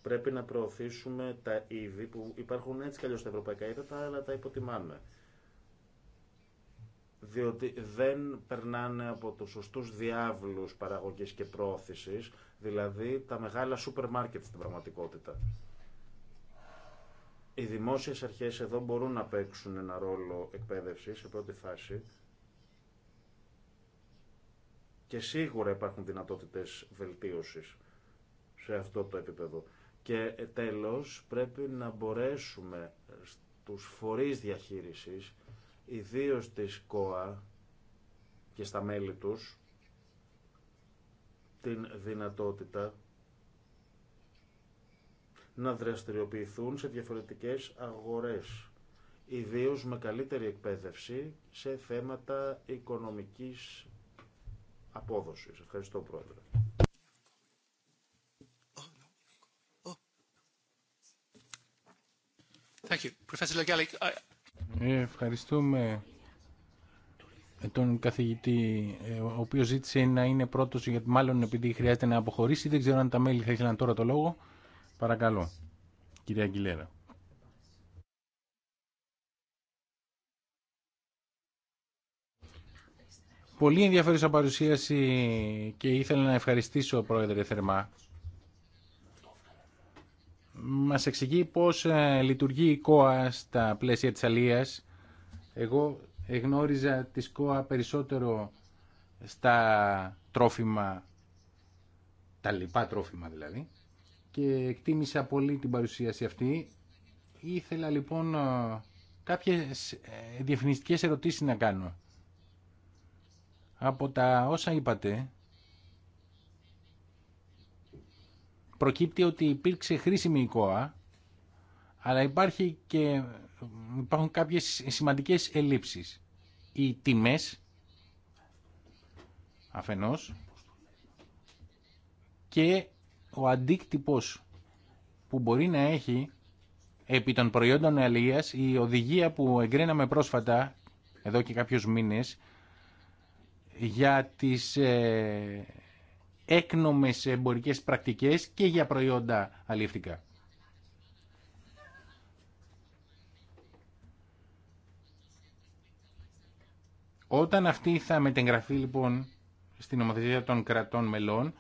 Πρέπει να προωθήσουμε τα είδη που υπάρχουν έτσι κι αλλιώς στα ευρωπαϊκά είδατα, αλλά τα υποτιμάμε. Διότι δεν περνάνε από τους σωστούς διάβλους παραγωγής και πρόωθησης, δηλαδή τα μεγάλα σούπερ μάρκετ στην πραγματικότητα. Οι δημόσιες αρχές εδώ μπορούν να παίξουν ένα ρόλο εκπαίδευση σε πρώτη φάση και σίγουρα υπάρχουν δυνατότητες βελτίωσης σε αυτό το επίπεδο. Και ε, τέλος πρέπει να μπορέσουμε στους φορείς διαχείρισης, ιδίως της ΚΟΑ και στα μέλη τους, την δυνατότητα να δραστηριοποιηθούν σε διαφορετικές αγορές, ιδίως με καλύτερη εκπαίδευση σε θέματα οικονομικής απόδοσης. Ευχαριστώ, Πρόεδρε. Ε, ευχαριστούμε τον καθηγητή, ε, ο οποίο ζήτησε να είναι πρώτο, γιατί μάλλον επειδή χρειάζεται να αποχωρήσει. Δεν ξέρω αν τα μέλη θα ήθελαν τώρα το λόγο. Παρακαλώ, κυρία Αγγιλέρα. Πολύ ενδιαφέρουσα παρουσίαση και ήθελα να ευχαριστήσω, Πρόεδρε, θερμά μας εξηγεί πώς ε, λειτουργεί η ΚΟΑ στα πλαίσια της αλίας. Εγώ εγνώριζα τη ΚΟΑ περισσότερο στα τρόφιμα, τα λοιπά τρόφιμα δηλαδή, και εκτίμησα πολύ την παρουσίαση αυτή. Ήθελα λοιπόν ε, κάποιες ε, διευθυνιστικές ερωτήσεις να κάνω. Από τα όσα είπατε, προκύπτει ότι υπήρξε χρήσιμη εικόα, αλλά υπάρχει και, υπάρχουν κάποιες σημαντικές ελλείψεις. Οι τιμές, αφενός, και ο αντίκτυπος που μπορεί να έχει επί των προϊόντων αλληλείας η οδηγία που εγκρίναμε πρόσφατα, εδώ και κάποιους μήνες, για τις ε, έκνομες εμπορικές πρακτικές και για προϊόντα αλληλευτικά. Όταν αυτή θα μετεγγραφεί λοιπόν στην νομοθεσία των κρατών μελών,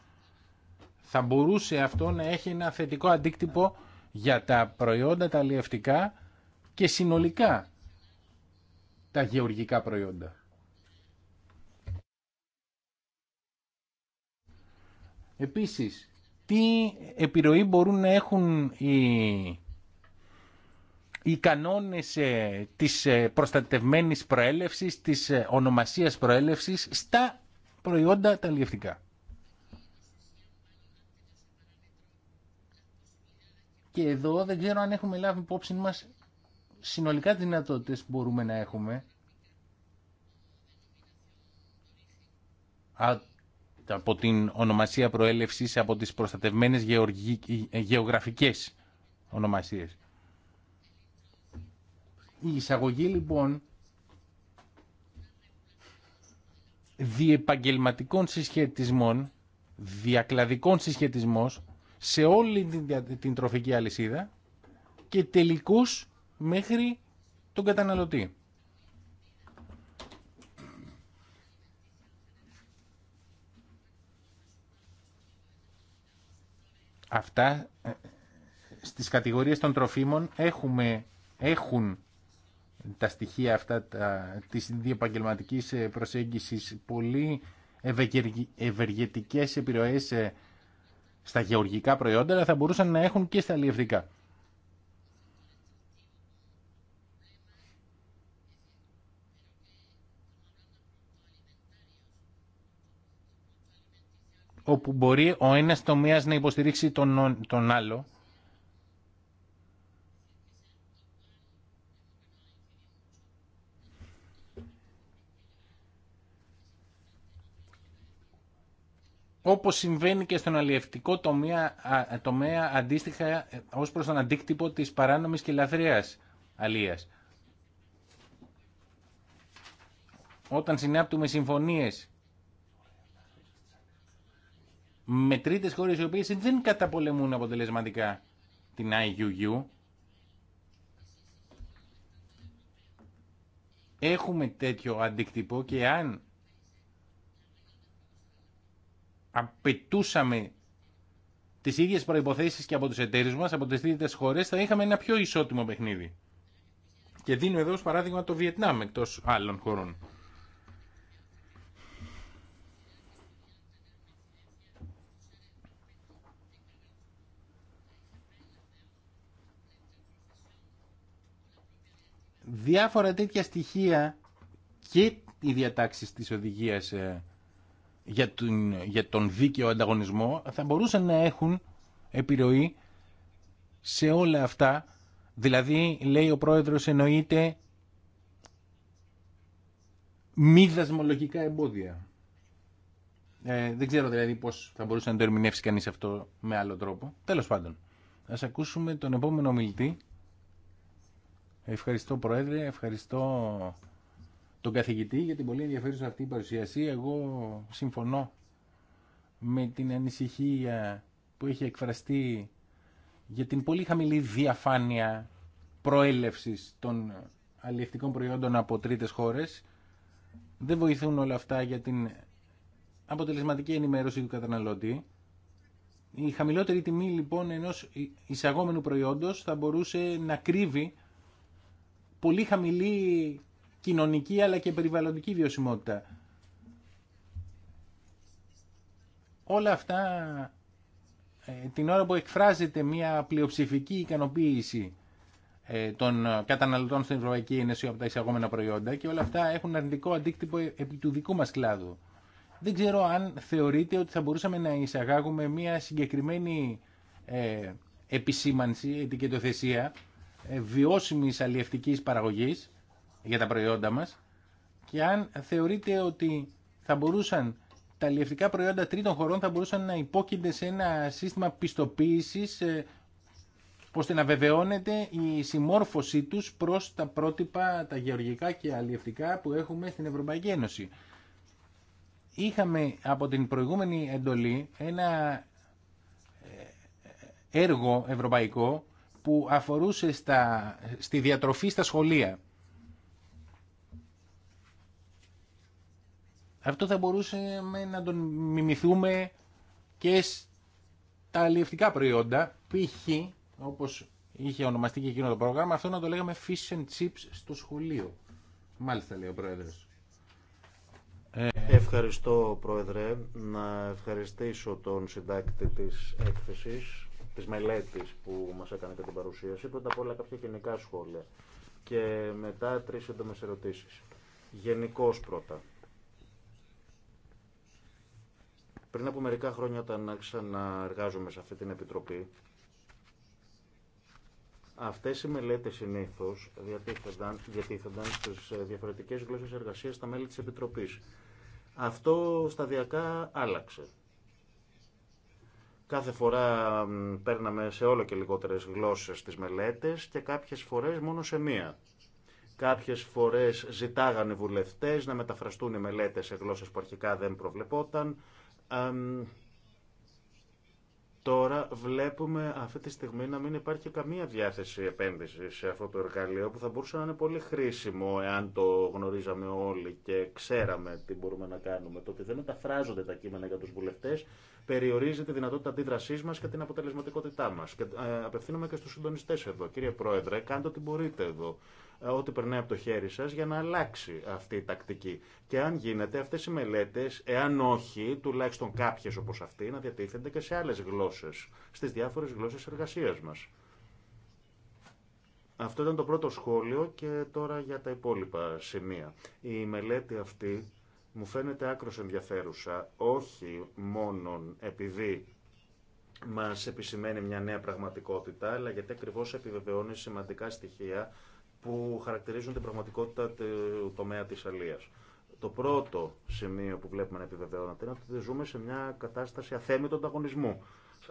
θα μπορούσε αυτό να έχει ένα θετικό αντίκτυπο για τα προϊόντα τα αλλιευτικά και συνολικά τα γεωργικά προϊόντα. Επίσης, τι επιρροή μπορούν να έχουν οι, οι κανόνες ε, της ε, προστατευμένης προέλευσης, της ε, ονομασίας προέλευσης στα προϊόντα τα λιευτικά. Και εδώ δεν ξέρω αν έχουμε λάβει υπόψη μας συνολικά τι δυνατότητες μπορούμε να έχουμε από την ονομασία προέλευση από τις προστατευμένες γεωγραφικές ονομασίες. Η εισαγωγή λοιπόν διεπαγγελματικών συσχετισμών, διακλαδικών συσχετισμών σε όλη την τροφική αλυσίδα και τελικούς μέχρι τον καταναλωτή. αυτά ε, στις κατηγορίες των τροφίμων έχουμε, έχουν τα στοιχεία αυτά τα, της διεπαγγελματικής ε, προσέγγισης πολύ ευεργετικές επιρροές ε, στα γεωργικά προϊόντα, αλλά θα μπορούσαν να έχουν και στα αλλιευτικά. όπου μπορεί ο ένας τομέας να υποστηρίξει τον, τον άλλο. όπως συμβαίνει και στον αλλιευτικό τομέα, τομέα αντίστοιχα ε, ως προς τον αντίκτυπο της παράνομης και λαθρείας αλίας. Όταν συνάπτουμε συμφωνίες με τρίτες χώρες οι οποίες δεν καταπολεμούν αποτελεσματικά την IUU. Έχουμε τέτοιο αντίκτυπο και αν απαιτούσαμε τις ίδιες προϋποθέσεις και από τους εταίρους μας, από τις τρίτες χώρες, θα είχαμε ένα πιο ισότιμο παιχνίδι. Και δίνω εδώ ως παράδειγμα το Βιετνάμ εκτός άλλων χωρών. διάφορα τέτοια στοιχεία και οι διατάξεις της οδηγίας ε, για τον, για τον δίκαιο ανταγωνισμό θα μπορούσαν να έχουν επιρροή σε όλα αυτά. Δηλαδή, λέει ο πρόεδρος, εννοείται μη δασμολογικά εμπόδια. Ε, δεν ξέρω δηλαδή πώς θα μπορούσε να το ερμηνεύσει κανείς αυτό με άλλο τρόπο. Τέλος πάντων, ας ακούσουμε τον επόμενο μιλητή Ευχαριστώ Πρόεδρε, ευχαριστώ τον καθηγητή για την πολύ ενδιαφέρουσα αυτή η παρουσίαση. Εγώ συμφωνώ με την ανησυχία που έχει εκφραστεί για την πολύ χαμηλή διαφάνεια προέλευσης των αλληλευτικών προϊόντων από τρίτες χώρες. Δεν βοηθούν όλα αυτά για την αποτελεσματική ενημέρωση του καταναλωτή. Η χαμηλότερη τιμή λοιπόν ενός εισαγόμενου προϊόντος θα μπορούσε να κρύβει πολύ χαμηλή κοινωνική αλλά και περιβαλλοντική βιωσιμότητα. Όλα αυτά ε, την ώρα που εκφράζεται μια πλειοψηφική ικανοποίηση ε, των καταναλωτών στην Ευρωπαϊκή Ένωση από τα εισαγόμενα προϊόντα και όλα αυτά έχουν αρνητικό αντίκτυπο επί του δικού μας κλάδου. Δεν ξέρω αν θεωρείτε ότι θα μπορούσαμε να εισαγάγουμε μια συγκεκριμένη ε, επισήμανση, ετικετοθεσία, ε, Βιώσιμη αλλιευτική παραγωγής για τα προϊόντα μας και αν θεωρείτε ότι θα μπορούσαν τα αλλιευτικά προϊόντα τρίτων χωρών θα μπορούσαν να υπόκεινται σε ένα σύστημα πιστοποίησης ε, ώστε να βεβαιώνεται η συμμόρφωσή τους προς τα πρότυπα, τα γεωργικά και αλλιευτικά που έχουμε στην Ευρωπαϊκή Ένωση. Είχαμε από την προηγούμενη εντολή ένα ε, έργο ευρωπαϊκό που αφορούσε στα, στη διατροφή στα σχολεία. Αυτό θα μπορούσε να τον μιμηθούμε και στα αλληλευτικά προϊόντα, π.χ. όπως είχε ονομαστεί και εκείνο το πρόγραμμα, αυτό να το λέγαμε fish and chips στο σχολείο. Μάλιστα λέει ο Πρόεδρος. Ε, Ευχαριστώ Πρόεδρε. Να ευχαριστήσω τον συντάκτη της έκθεσης Τη μελέτη που μας έκανε και την παρουσίαση, πρώτα απ' όλα κάποια γενικά σχόλια και μετά τρεις σύντομες ερωτήσει. Γενικώ πρώτα. Πριν από μερικά χρόνια όταν άρχισα να εργάζομαι σε αυτή την επιτροπή, αυτές οι μελέτες συνήθω διατίθενταν, διατίθενταν στις ε, διαφορετικές γλώσσες εργασίας στα μέλη τη επιτροπή. Αυτό σταδιακά άλλαξε. Κάθε φορά παίρναμε σε όλο και λιγότερες γλώσσες τις μελέτες και κάποιες φορές μόνο σε μία. Κάποιες φορές ζητάγανε βουλευτές να μεταφραστούν οι μελέτες σε γλώσσες που αρχικά δεν προβλεπόταν. Τώρα βλέπουμε αυτή τη στιγμή να μην υπάρχει καμία διάθεση επένδυση σε αυτό το εργαλείο που θα μπορούσε να είναι πολύ χρήσιμο εάν το γνωρίζαμε όλοι και ξέραμε τι μπορούμε να κάνουμε. Το ότι δεν μεταφράζονται τα κείμενα για του βουλευτέ περιορίζει τη δυνατότητα αντίδρασή μα και την αποτελεσματικότητά μα. Και ε, απευθύνομαι και στου συντονιστέ εδώ. Κύριε Πρόεδρε, κάντε ό,τι μπορείτε εδώ. Ε, ό,τι περνάει από το χέρι σας για να αλλάξει αυτή η τακτική. Και αν γίνεται αυτές οι μελέτες, εάν όχι, τουλάχιστον κάποιες όπως αυτή, να διατίθενται και σε άλλες γλώσσες, στις διάφορες γλώσσες εργασίας μας. Αυτό ήταν το πρώτο σχόλιο και τώρα για τα υπόλοιπα σημεία. Η μελέτη αυτή μου φαίνεται άκρο ενδιαφέρουσα, όχι μόνον επειδή μας επισημαίνει μια νέα πραγματικότητα, αλλά γιατί ακριβώ επιβεβαιώνει σημαντικά στοιχεία που χαρακτηρίζουν την πραγματικότητα του τομέα της αλίας. Το πρώτο σημείο που βλέπουμε να επιβεβαιώνεται είναι ότι ζούμε σε μια κατάσταση αθέμητου ανταγωνισμού.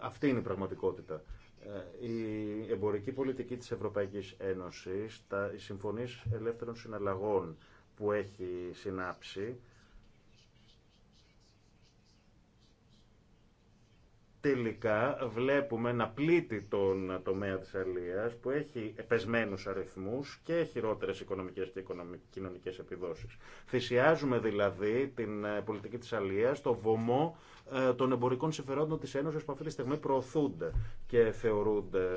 Αυτή είναι η πραγματικότητα. Ε, η εμπορική πολιτική της Ευρωπαϊκής Ένωσης, τα, οι συμφωνίες ελεύθερων συναλλαγών που έχει συνάψει, τελικά βλέπουμε να πλήττει τον τομέα της αλίας που έχει πεσμένους αριθμούς και χειρότερες οικονομικές και κοινωνικές επιδόσεις. Θυσιάζουμε δηλαδή την ε, πολιτική της αλίας στο βωμό ε, των εμπορικών συμφερόντων της Ένωσης που αυτή τη στιγμή προωθούνται και θεωρούνται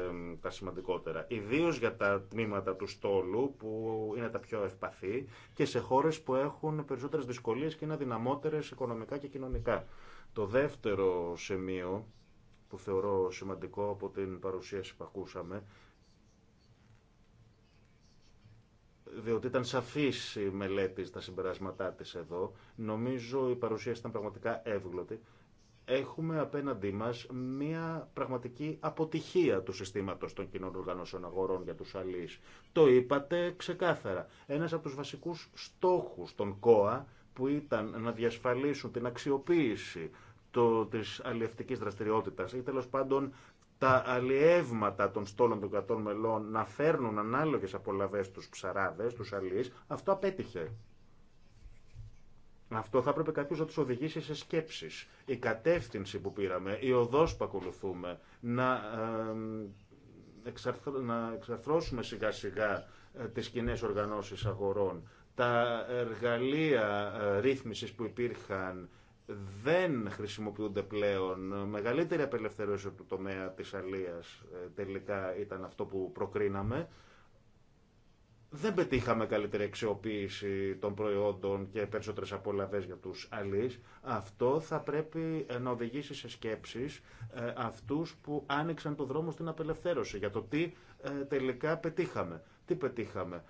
τα σημαντικότερα. Ιδίως για τα τμήματα του στόλου που είναι τα πιο ευπαθή και σε χώρες που έχουν περισσότερες δυσκολίες και είναι δυναμότερες οικονομικά και κοινωνικά. Το δεύτερο σημείο που θεωρώ σημαντικό από την παρουσίαση που ακούσαμε, διότι ήταν σαφής η μελέτη στα συμπεράσματά της εδώ. Νομίζω η παρουσίαση ήταν πραγματικά εύγλωτη. Έχουμε απέναντί μας μια πραγματική αποτυχία του συστήματος των κοινών οργανώσεων αγορών για τους αλείς. Το είπατε ξεκάθαρα. Ένας από τους βασικούς στόχους των ΚΟΑ που ήταν να διασφαλίσουν την αξιοποίηση Τη της αλλιευτικής δραστηριότητας ή τέλος πάντων τα αλλιεύματα των στόλων των κρατών μελών να φέρνουν ανάλογες απολαβές στους ψαράδες, στους αλλιείς, αυτό απέτυχε. Αυτό θα έπρεπε κάποιο να του οδηγήσει σε σκέψει. Η κατεύθυνση που πήραμε, η οδό που ακολουθούμε, να, να εξαρθρώσουμε σιγά σιγά ε, τι κοινέ οργανώσει αγορών, τα εργαλεία ε, ρύθμισης που υπήρχαν δεν χρησιμοποιούνται πλέον. Μεγαλύτερη απελευθερώση του τομέα της αλίας ε, τελικά ήταν αυτό που προκρίναμε. Δεν πετύχαμε καλύτερη αξιοποίηση των προϊόντων και περισσότερες απολαβές για τους αλείς. Αυτό θα πρέπει ε, να οδηγήσει σε σκέψεις ε, αυτούς που άνοιξαν το δρόμο στην απελευθέρωση για το τι τελικά πετύχαμε. Τι πετύχαμε.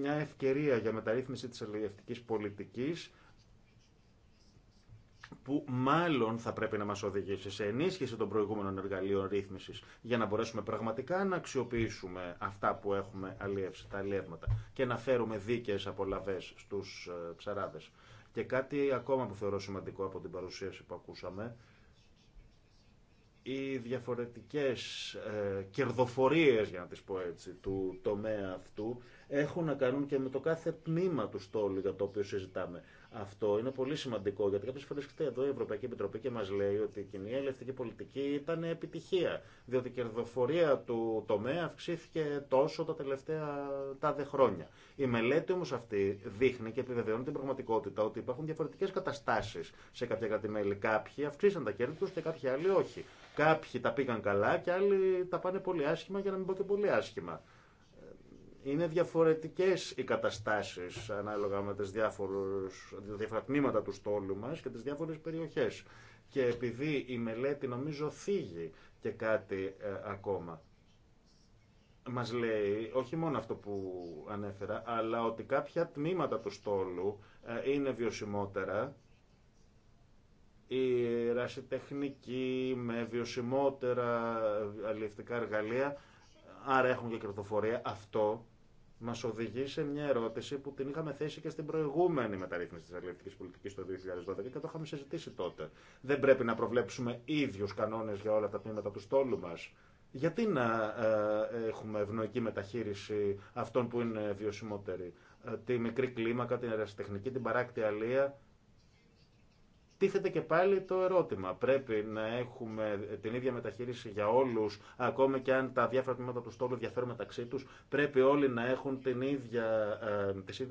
Μια ευκαιρία για μεταρρύθμιση της αλληλευτικής πολιτικής που μάλλον θα πρέπει να μας οδηγήσει σε ενίσχυση των προηγούμενων εργαλείων ρύθμισης για να μπορέσουμε πραγματικά να αξιοποιήσουμε αυτά που έχουμε αλλιεύσει, τα αλλιεύματα και να φέρουμε δίκαιες απολαβές στους ε, ψαράδες. Και κάτι ακόμα που θεωρώ σημαντικό από την παρουσίαση που ακούσαμε, οι διαφορετικές ε, κερδοφορίες, για να τις πω έτσι, του τομέα αυτού έχουν να κάνουν και με το κάθε τμήμα του στόλου για το οποίο συζητάμε. Αυτό είναι πολύ σημαντικό γιατί κάποιε φορέ εδώ η Ευρωπαϊκή Επιτροπή και μα λέει ότι η κοινή ελευθερική πολιτική ήταν επιτυχία. Διότι η κερδοφορία του τομέα αυξήθηκε τόσο τα τελευταία τάδε χρόνια. Η μελέτη όμω αυτή δείχνει και επιβεβαιώνει την πραγματικότητα ότι υπάρχουν διαφορετικέ καταστάσει σε κάποια κρατημέλη. Κάποιοι αυξήσαν τα κέρδη του και κάποιοι άλλοι όχι. Κάποιοι τα πήγαν καλά και άλλοι τα πάνε πολύ άσχημα για να μην πω και πολύ άσχημα. Είναι διαφορετικές οι καταστάσεις ανάλογα με τις διάφορες διάφορα τμήματα του στόλου μας και τις διάφορες περιοχές. Και επειδή η μελέτη νομίζω θίγει και κάτι ε, ακόμα. Μας λέει όχι μόνο αυτό που ανέφερα, αλλά ότι κάποια τμήματα του στόλου ε, είναι βιωσιμότερα η ρασιτεχνική με βιωσιμότερα αλληλευτικά εργαλεία, άρα έχουν και κερδοφορία. Αυτό Μα οδηγεί σε μια ερώτηση που την είχαμε θέσει και στην προηγούμενη μεταρρύθμιση τη αλληλευτική Πολιτική το 2012 και το είχαμε συζητήσει τότε. Δεν πρέπει να προβλέψουμε ίδιου κανόνε για όλα τα τμήματα του στόλου μα. Γιατί να ε, έχουμε ευνοϊκή μεταχείριση αυτών που είναι βιωσιμότεροι. Ε, τη μικρή κλίμακα, την ερασιτεχνική, την παράκτη αλεία τίθεται και πάλι το ερώτημα. Πρέπει να έχουμε την ίδια μεταχείριση για όλους, ακόμα και αν τα διάφορα τμήματα του στόλου διαφέρουν μεταξύ τους. Πρέπει όλοι να έχουν την ίδια, ε,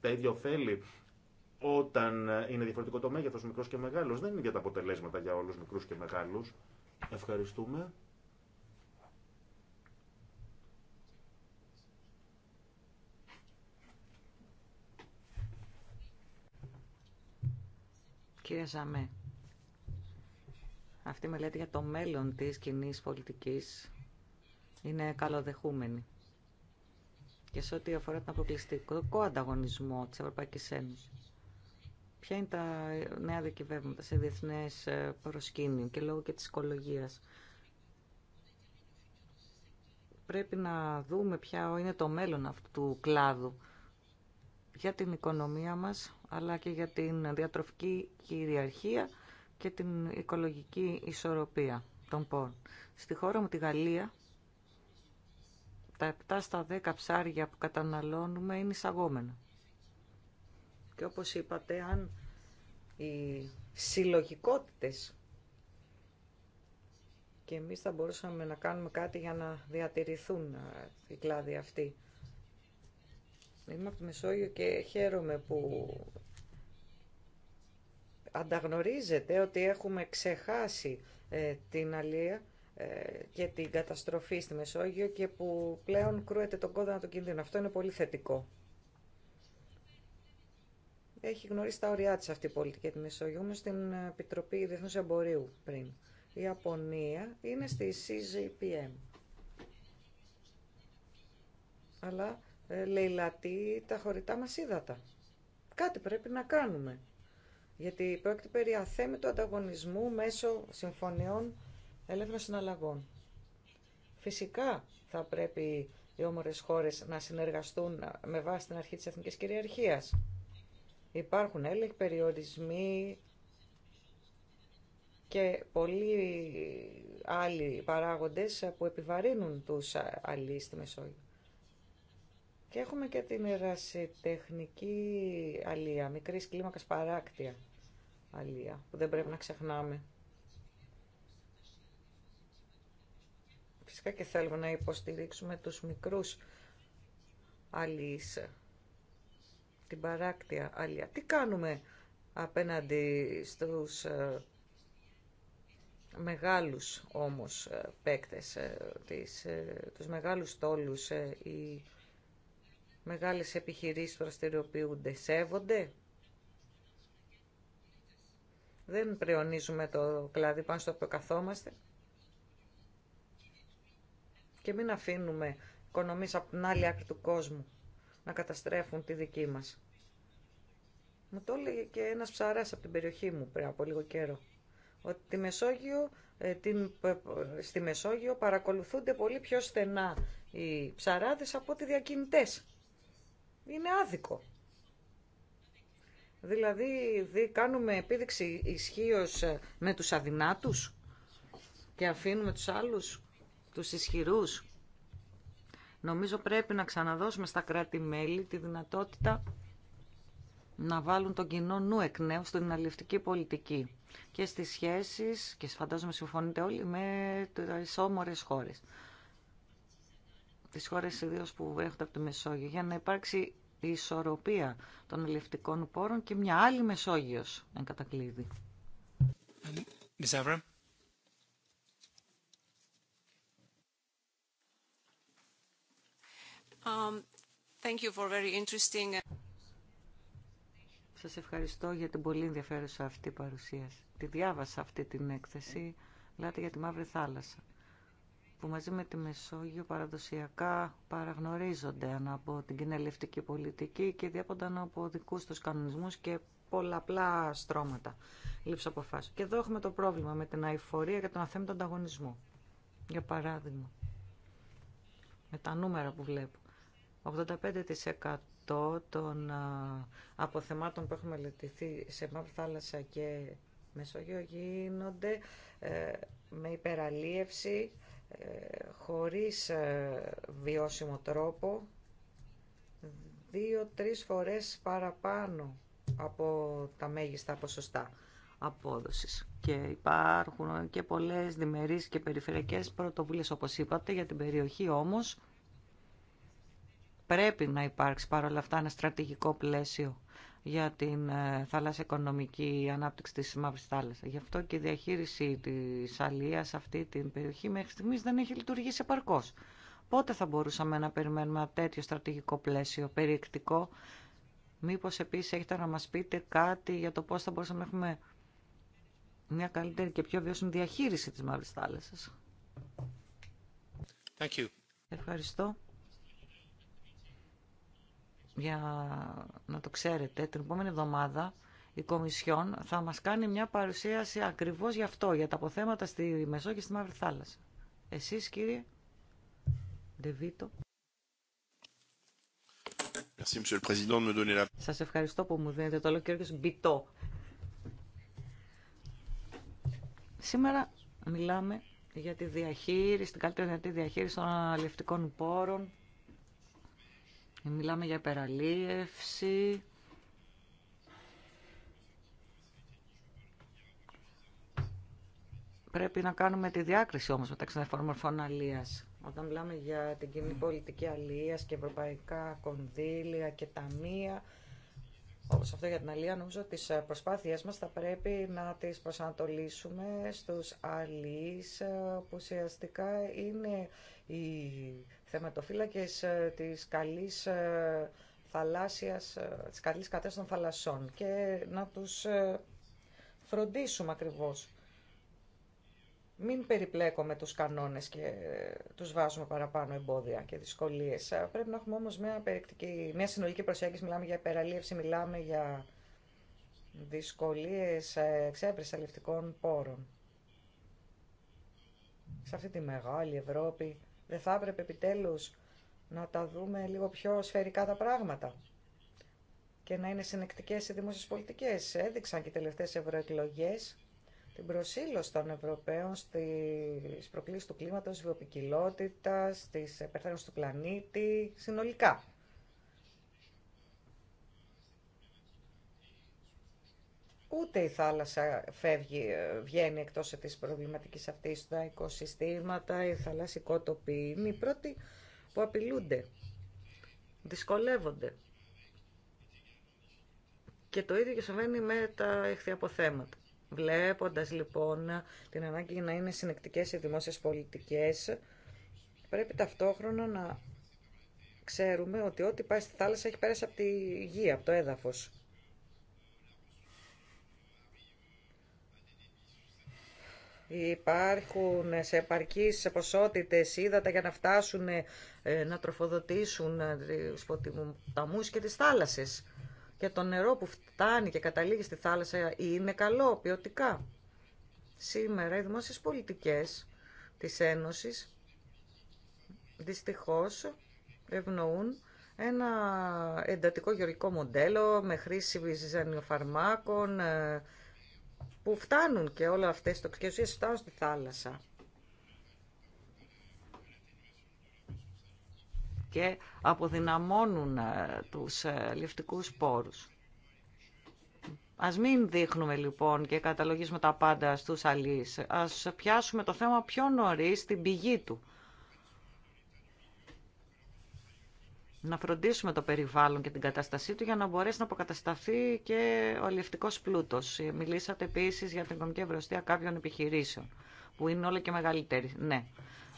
τα ίδια ωφέλη όταν είναι διαφορετικό το μέγεθος μικρός και μεγάλος. Δεν είναι για τα αποτελέσματα για όλους μικρούς και μεγάλους. Ευχαριστούμε. Κυρία Ζαμέ, αυτή η μελέτη για το μέλλον της κοινή πολιτικής είναι καλοδεχούμενη. Και σε ό,τι αφορά τον αποκλειστικό ανταγωνισμό της Ευρωπαϊκής Ένωσης, ποια είναι τα νέα δικηβεύματα σε διεθνές ε, προσκήνιο και λόγω και της οικολογίας. Πρέπει να δούμε ποια είναι το μέλλον αυτού του κλάδου για την οικονομία μας, αλλά και για την διατροφική κυριαρχία και την οικολογική ισορροπία των πόρων. Στη χώρα μου, τη Γαλλία, τα 7 στα 10 ψάρια που καταναλώνουμε είναι εισαγόμενα. Και όπως είπατε, αν οι συλλογικότητες και εμείς θα μπορούσαμε να κάνουμε κάτι για να διατηρηθούν ε, οι κλάδοι αυτοί. Είμαι από το Μεσόγειο και χαίρομαι που ανταγνωρίζετε ότι έχουμε ξεχάσει ε, την αλία ε, και την καταστροφή στη Μεσόγειο και που πλέον κρούεται τον κόδωνα του κίνδυνου. Αυτό είναι πολύ θετικό. Έχει γνωρίσει τα ωριά της αυτή η πολιτική τη Μεσόγειο, όμως στην Επιτροπή Διεθνούς Εμπορίου πριν. Η Ιαπωνία είναι στη CGPM. Αλλά ε, λαιλατεί τα χωριτά μας ύδατα. Κάτι πρέπει να κάνουμε. Γιατί πρόκειται περί αθέμητου ανταγωνισμού μέσω συμφωνιών ελεύθερων συναλλαγών. Φυσικά θα πρέπει οι όμορες χώρες να συνεργαστούν με βάση την αρχή της εθνικής κυριαρχίας. Υπάρχουν έλεγχοι, περιορισμοί και πολλοί άλλοι παράγοντες που επιβαρύνουν τους αλληλείς στη Μεσόγειο. Και έχουμε και την ερασιτεχνική αλία, μικρής κλίμακας παράκτια αλία, που δεν πρέπει να ξεχνάμε. Φυσικά και θέλουμε να υποστηρίξουμε τους μικρούς αλείς, την παράκτια αλία. Τι κάνουμε απέναντι στους ε, μεγάλους όμως ε, παίκτες, ε, τις, τους μεγάλους τόλους ή μεγάλες επιχειρήσεις δραστηριοποιούνται, σέβονται. Δεν πρεονίζουμε το κλάδι πάνω στο οποίο καθόμαστε. Και μην αφήνουμε οικονομίες από την άλλη άκρη του κόσμου να καταστρέφουν τη δική μας. Μου το έλεγε και ένας ψαράς από την περιοχή μου πριν από λίγο καιρό. Ότι τη Μεσόγειο, ε, ε, στη Μεσόγειο παρακολουθούνται πολύ πιο στενά οι ψαράδες από ότι διακινητές είναι άδικο. Δηλαδή κάνουμε επίδειξη ισχύω ε, με τους αδυνάτους και αφήνουμε τους άλλους, τους ισχυρούς. Νομίζω πρέπει να ξαναδώσουμε στα κράτη-μέλη τη δυνατότητα να βάλουν τον κοινό νου εκ νέου στην αλληλευτική πολιτική και στις σχέσεις, και φαντάζομαι συμφωνείτε όλοι, με τις όμορες χώρες τις χώρες ιδίως που έρχονται από τη Μεσόγειο, για να υπάρξει η ισορροπία των ελευτικών πόρων και μια άλλη Μεσόγειος, εν κατακλείδη. Um, Σας ευχαριστώ για την πολύ ενδιαφέρουσα αυτή παρουσίαση. Τη διάβασα αυτή την έκθεση. λέτε για τη Μαύρη Θάλασσα που μαζί με τη Μεσόγειο παραδοσιακά παραγνωρίζονται από την κοινελευτική πολιτική και διέπονταν από δικούς τους κανονισμούς και πολλαπλά στρώματα λήψη αποφάσεων. Και εδώ έχουμε το πρόβλημα με την αηφορία και τον αθέμητο ανταγωνισμό. Για παράδειγμα, με τα νούμερα που βλέπω, 85% των αποθεμάτων που έχουμε μελετηθεί σε Μαύρη Θάλασσα και Μεσόγειο γίνονται ε, με υπεραλίευση χωρίς ε, βιώσιμο τρόπο δύο-τρεις φορές παραπάνω από τα μέγιστα ποσοστά απόδοσης. Και υπάρχουν και πολλές διμερείς και περιφερειακές πρωτοβουλίες όπως είπατε για την περιοχή όμως πρέπει να υπάρξει παρόλα αυτά ένα στρατηγικό πλαίσιο για την ε, θαλάσσια οικονομική ανάπτυξη της Μαύρης Θάλασσας. Γι' αυτό και η διαχείριση της αλίας αυτή την περιοχή μέχρι στιγμής δεν έχει λειτουργήσει επαρκώς. Πότε θα μπορούσαμε να περιμένουμε ένα τέτοιο στρατηγικό πλαίσιο περιεκτικό. Μήπως επίσης έχετε να μας πείτε κάτι για το πώς θα μπορούσαμε να έχουμε μια καλύτερη και πιο βιώσιμη διαχείριση της Μαύρης Θάλασσας. Ευχαριστώ για να το ξέρετε, την επόμενη εβδομάδα η Κομισιόν θα μας κάνει μια παρουσίαση ακριβώς γι' αυτό, για τα αποθέματα στη Μεσόγειο και στη Μαύρη Θάλασσα. Εσείς κύριε Ντεβίτο. Σας ευχαριστώ που μου δίνετε το λόγο κύριος Μπιτό. Σήμερα μιλάμε για τη διαχείριση, την καλύτερη διαχείριση των αλληλευτικών πόρων Μιλάμε για υπεραλίευση. Πρέπει να κάνουμε τη διάκριση όμως μεταξύ των εφαρμορφών αλίας. Όταν μιλάμε για την κοινή πολιτική αλίας και ευρωπαϊκά κονδύλια και ταμεία, όπως αυτό για την αλία, νομίζω ότι τις προσπάθειές μας θα πρέπει να τις προσανατολίσουμε στους αλίες ε, που ουσιαστικά είναι οι θεματοφύλακες ε, της καλής ε, θαλάσσιας, ε, της καλής κατάστασης των θαλασσών και να τους φροντίσουμε ακριβώς. Μην περιπλέκουμε τους κανόνες και τους βάζουμε παραπάνω εμπόδια και δυσκολίες. Πρέπει να έχουμε όμως μια, μια συνολική προσέγγιση, μιλάμε για υπεραλίευση, μιλάμε για δυσκολίες εξέπρεση αλληλευτικών πόρων. Σε αυτή τη μεγάλη Ευρώπη δεν θα έπρεπε επιτέλους να τα δούμε λίγο πιο σφαιρικά τα πράγματα και να είναι συνεκτικές οι δημόσιες πολιτικές. Έδειξαν και οι τελευταίες ευρωεκλογέ την προσήλωση των Ευρωπαίων στις προκλήσεις του κλίματος, βιοπικιλότητας, της επερθένωση του πλανήτη, συνολικά. ούτε η θάλασσα φεύγει, ε, βγαίνει εκτός της προβληματικής αυτής τα οικοσυστήματα, η θαλασσικό είναι οι πρώτοι που απειλούνται, δυσκολεύονται. Και το ίδιο και συμβαίνει με τα ηχθιαποθέματα. Βλέποντας λοιπόν την ανάγκη να είναι συνεκτικές οι δημόσιες πολιτικές, πρέπει ταυτόχρονα να ξέρουμε ότι ό,τι πάει στη θάλασσα έχει πέρασει από τη γη, από το έδαφος. Υπάρχουν σε επαρκείς ποσότητες ύδατα για να φτάσουν ε, να τροφοδοτήσουν ε, τα μους και τις θάλασσες. Και το νερό που φτάνει και καταλήγει στη θάλασσα είναι καλό ποιοτικά. Σήμερα οι δημόσιες πολιτικές της Ένωσης δυστυχώς ευνοούν ένα εντατικό γεωργικό μοντέλο με χρήση ε, που φτάνουν και όλα αυτές οι τοξικές ουσίες φτάνουν στη θάλασσα. και αποδυναμώνουν ε, τους ε, λευτικούς σπόρους. Ας μην δείχνουμε λοιπόν και καταλογίζουμε τα πάντα στους αλείς. Ας πιάσουμε το θέμα πιο νωρίς στην πηγή του. να φροντίσουμε το περιβάλλον και την κατάστασή του για να μπορέσει να αποκατασταθεί και ο αλληλευτικός πλούτος. Μιλήσατε επίσης για την οικονομική ευρωστία κάποιων επιχειρήσεων, που είναι όλο και μεγαλύτερη. Ναι.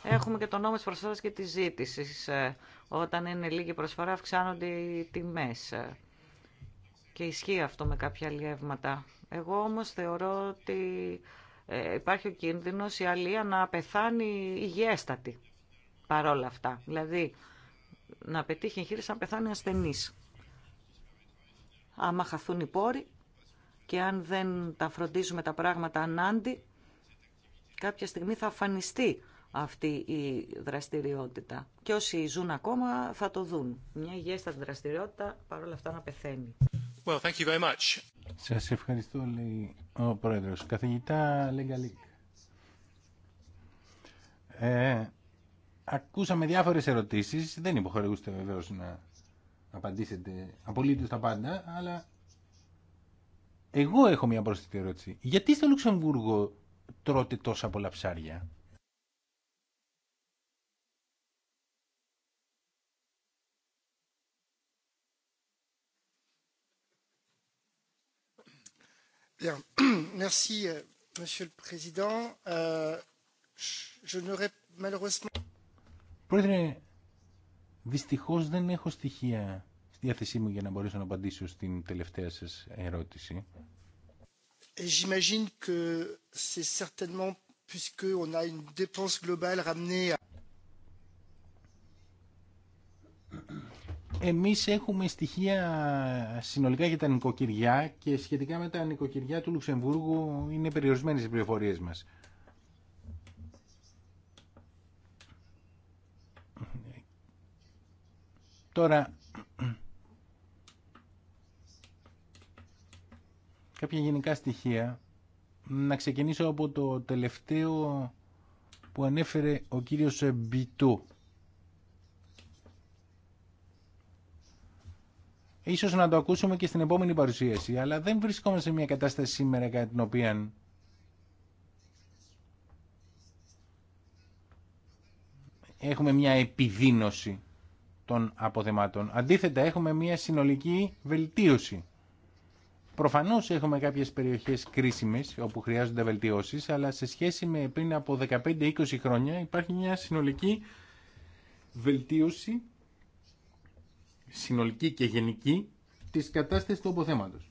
Έχουμε και το νόμο της προσφοράς και της ζήτησης. Ε, όταν είναι λίγη προσφορά αυξάνονται οι τιμές. Ε, και ισχύει αυτό με κάποια λιεύματα. Εγώ όμως θεωρώ ότι ε, υπάρχει ο κίνδυνος η αλία να πεθάνει υγιέστατη παρόλα αυτά. Δηλαδή, να πετύχει εγχείρηση αν πεθάνει ασθενή. Άμα χαθούν οι πόροι και αν δεν τα φροντίζουμε τα πράγματα ανάντι, κάποια στιγμή θα αφανιστεί αυτή η δραστηριότητα. Και όσοι ζουν ακόμα θα το δουν. Μια υγιέστατη δραστηριότητα παρόλα αυτά να πεθαίνει. Well, thank you very much. Σας ευχαριστώ, λέει ο Πρόεδρος. Καθηγητά Λεγκαλίκ. Ε, Ακούσαμε διάφορες ερωτήσεις, δεν υποχρεούστε βεβαίως να απαντήσετε απολύτως τα πάντα, αλλά εγώ έχω μια πρόσθετη ερώτηση. Γιατί στο Λουξεμβούργο τρώτε τόσα πολλά ψάρια? Bien. (clears throat) Merci, euh, Monsieur le Président. Euh, je malheureusement Πρόεδρε, δυστυχώ δεν έχω στοιχεία στη διάθεσή μου για να μπορέσω να απαντήσω στην τελευταία σας ερώτηση. J'imagine Εμείς έχουμε στοιχεία συνολικά για τα νοικοκυριά και σχετικά με τα νοικοκυριά του Λουξεμβούργου είναι περιορισμένες οι πληροφορίες μας. Τώρα, κάποια γενικά στοιχεία. Να ξεκινήσω από το τελευταίο που ανέφερε ο κύριος Μπιτού. Ίσως να το ακούσουμε και στην επόμενη παρουσίαση, αλλά δεν βρισκόμαστε σε μια κατάσταση σήμερα κατά την οποία έχουμε μια επιδίνωση των Αντίθετα έχουμε μια συνολική βελτίωση. Προφανώς έχουμε κάποιες περιοχές κρίσιμες όπου χρειάζονται βελτιώσει, αλλά σε σχέση με πριν από 15-20 χρόνια υπάρχει μια συνολική βελτίωση, συνολική και γενική, της κατάστασης του αποθέματος.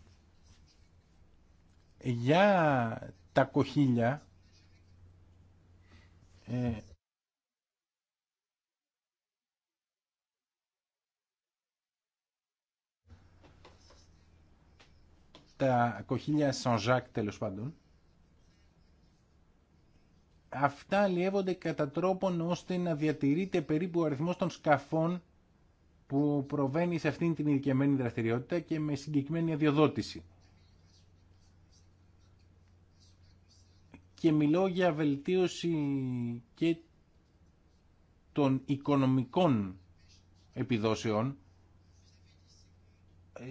Για τα κοχύλια, ε, τα κοχύλια Σανζάκ τέλος πάντων, αυτά αλλιεύονται κατά τρόπον ώστε να διατηρείται περίπου ο αριθμός των σκαφών που προβαίνει σε αυτήν την ειδικευμένη δραστηριότητα και με συγκεκριμένη αδειοδότηση. Και μιλώ για βελτίωση και των οικονομικών επιδόσεων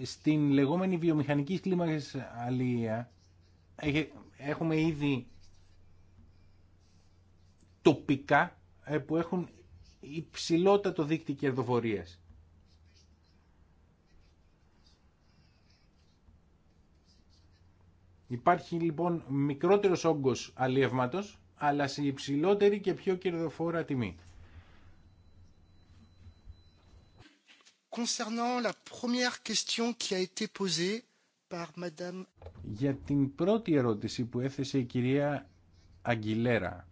στην λεγόμενη βιομηχανική κλίμακα αλληλεία έχουμε ήδη τοπικά ε, που έχουν υψηλότατο δίκτυο κερδοφορίας. Υπάρχει λοιπόν μικρότερος όγκος αλλιεύματος, αλλά σε υψηλότερη και πιο κερδοφόρα τιμή. Concernant la Για την πρώτη ερώτηση που έθεσε η κυρία Αγγιλέρα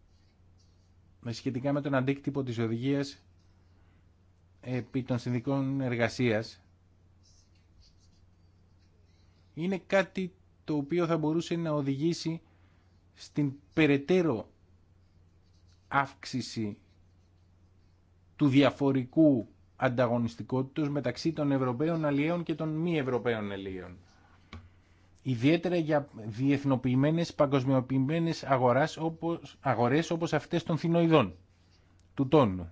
με σχετικά με τον αντίκτυπο της οδηγίας επί των συνδικών εργασίας είναι κάτι το οποίο θα μπορούσε να οδηγήσει στην περαιτέρω αύξηση του διαφορικού ανταγωνιστικότητος μεταξύ των Ευρωπαίων αλλιέων και των μη Ευρωπαίων αλλιέων. Ιδιαίτερα για διεθνοποιημένες, παγκοσμιοποιημένες αγοράς, όπως, αγορές όπως αυτές των θηνοειδών, του τόνου.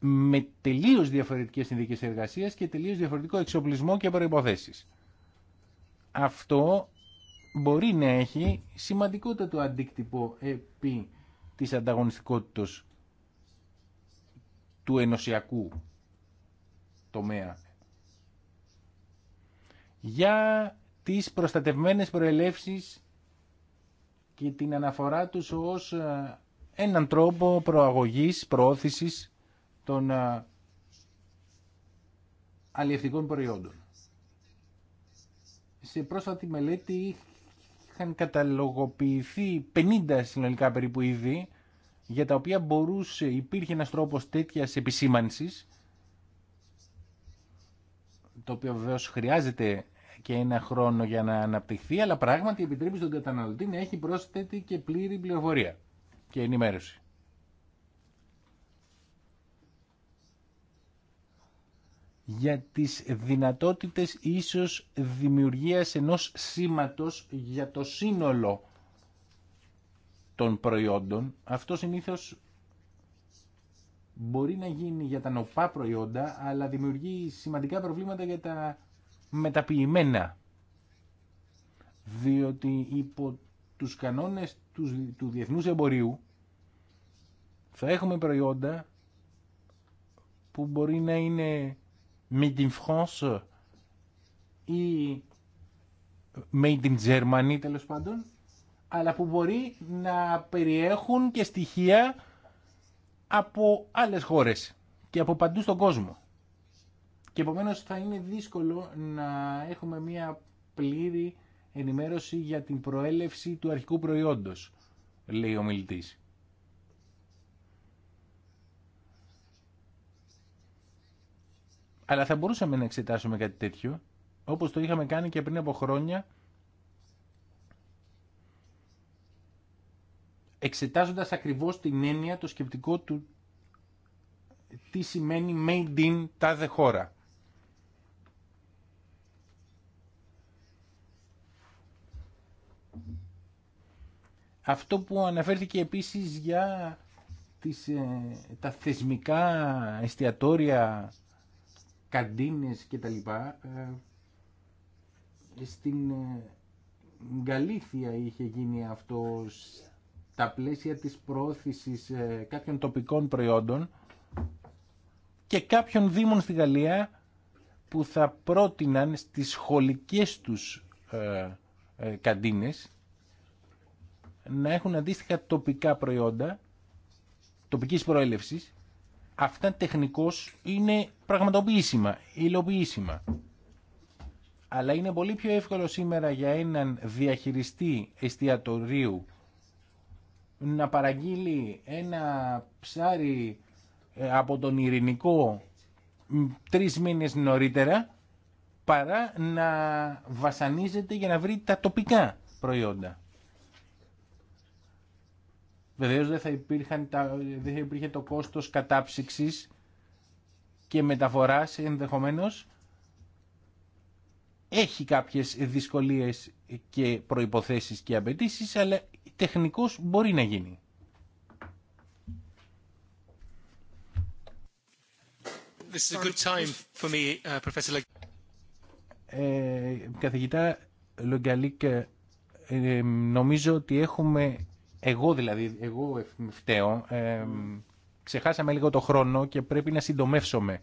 Με τελείως διαφορετικές συνδίκες εργασίας και τελείως διαφορετικό εξοπλισμό και προϋποθέσεις. Αυτό μπορεί να έχει σημαντικότατο αντίκτυπο επί της ανταγωνιστικότητας του ενωσιακού τομέα. Για τις προστατευμένες προελεύσεις και την αναφορά τους ως ε, έναν τρόπο προαγωγής, προώθησης των ε, αλλιευτικών προϊόντων. Σε πρόσφατη μελέτη είχαν καταλογοποιηθεί 50 συνολικά περίπου είδη για τα οποία μπορούσε, υπήρχε ένας τρόπος τέτοιας επισήμανσης, το οποίο βεβαίω χρειάζεται και ένα χρόνο για να αναπτυχθεί, αλλά πράγματι επιτρέπει στον καταναλωτή να έχει πρόσθετη και πλήρη πληροφορία και ενημέρωση. για τις δυνατότητες ίσως δημιουργίας ενός σήματος για το σύνολο των προϊόντων, αυτό συνήθως μπορεί να γίνει για τα νοπά προϊόντα, αλλά δημιουργεί σημαντικά προβλήματα για τα μεταποιημένα. Διότι υπό τους κανόνες του, του διεθνούς εμπορίου θα έχουμε προϊόντα που μπορεί να είναι made in France ή made in Germany τέλος πάντων αλλά που μπορεί να περιέχουν και στοιχεία από άλλες χώρες και από παντού στον κόσμο. Και επομένως θα είναι δύσκολο να έχουμε μια πλήρη ενημέρωση για την προέλευση του αρχικού προϊόντος, λέει ο μιλητής. Αλλά θα μπορούσαμε να εξετάσουμε κάτι τέτοιο, όπως το είχαμε κάνει και πριν από χρόνια εξετάζοντας ακριβώς την έννοια, το σκεπτικό του τι σημαίνει made in τάδε χώρα. Αυτό που αναφέρθηκε επίσης για τις, ε, τα θεσμικά εστιατόρια, καντίνες και τα λοιπά, ε, στην καλήθεια ε, είχε γίνει αυτό τα πλαίσια της προώθησης ε, κάποιων τοπικών προϊόντων και κάποιων δήμων στη Γαλλία που θα πρότειναν στις σχολικές τους ε, ε, καντίνες να έχουν αντίστοιχα τοπικά προϊόντα τοπικής προέλευσης αυτά τεχνικώς είναι πραγματοποιήσιμα, υλοποιήσιμα. Αλλά είναι πολύ πιο εύκολο σήμερα για έναν διαχειριστή εστιατορίου να παραγγείλει ένα ψάρι ε, από τον Ειρηνικό τρεις μήνες νωρίτερα παρά να βασανίζεται για να βρει τα τοπικά προϊόντα. Βεβαίω δεν, θα δεν θα υπήρχε το κόστος κατάψυξης και μεταφοράς ενδεχομένως έχει κάποιες δυσκολίες και προϋποθέσεις και απαιτήσει, αλλά τεχνικός μπορεί να γίνει. This is a good time for me, uh, Professor ε, καθηγητά Λογκαλίκ, ε, ε, νομίζω ότι έχουμε, εγώ δηλαδή, εγώ φταίω, ε, ξεχάσαμε λίγο το χρόνο και πρέπει να συντομεύσουμε.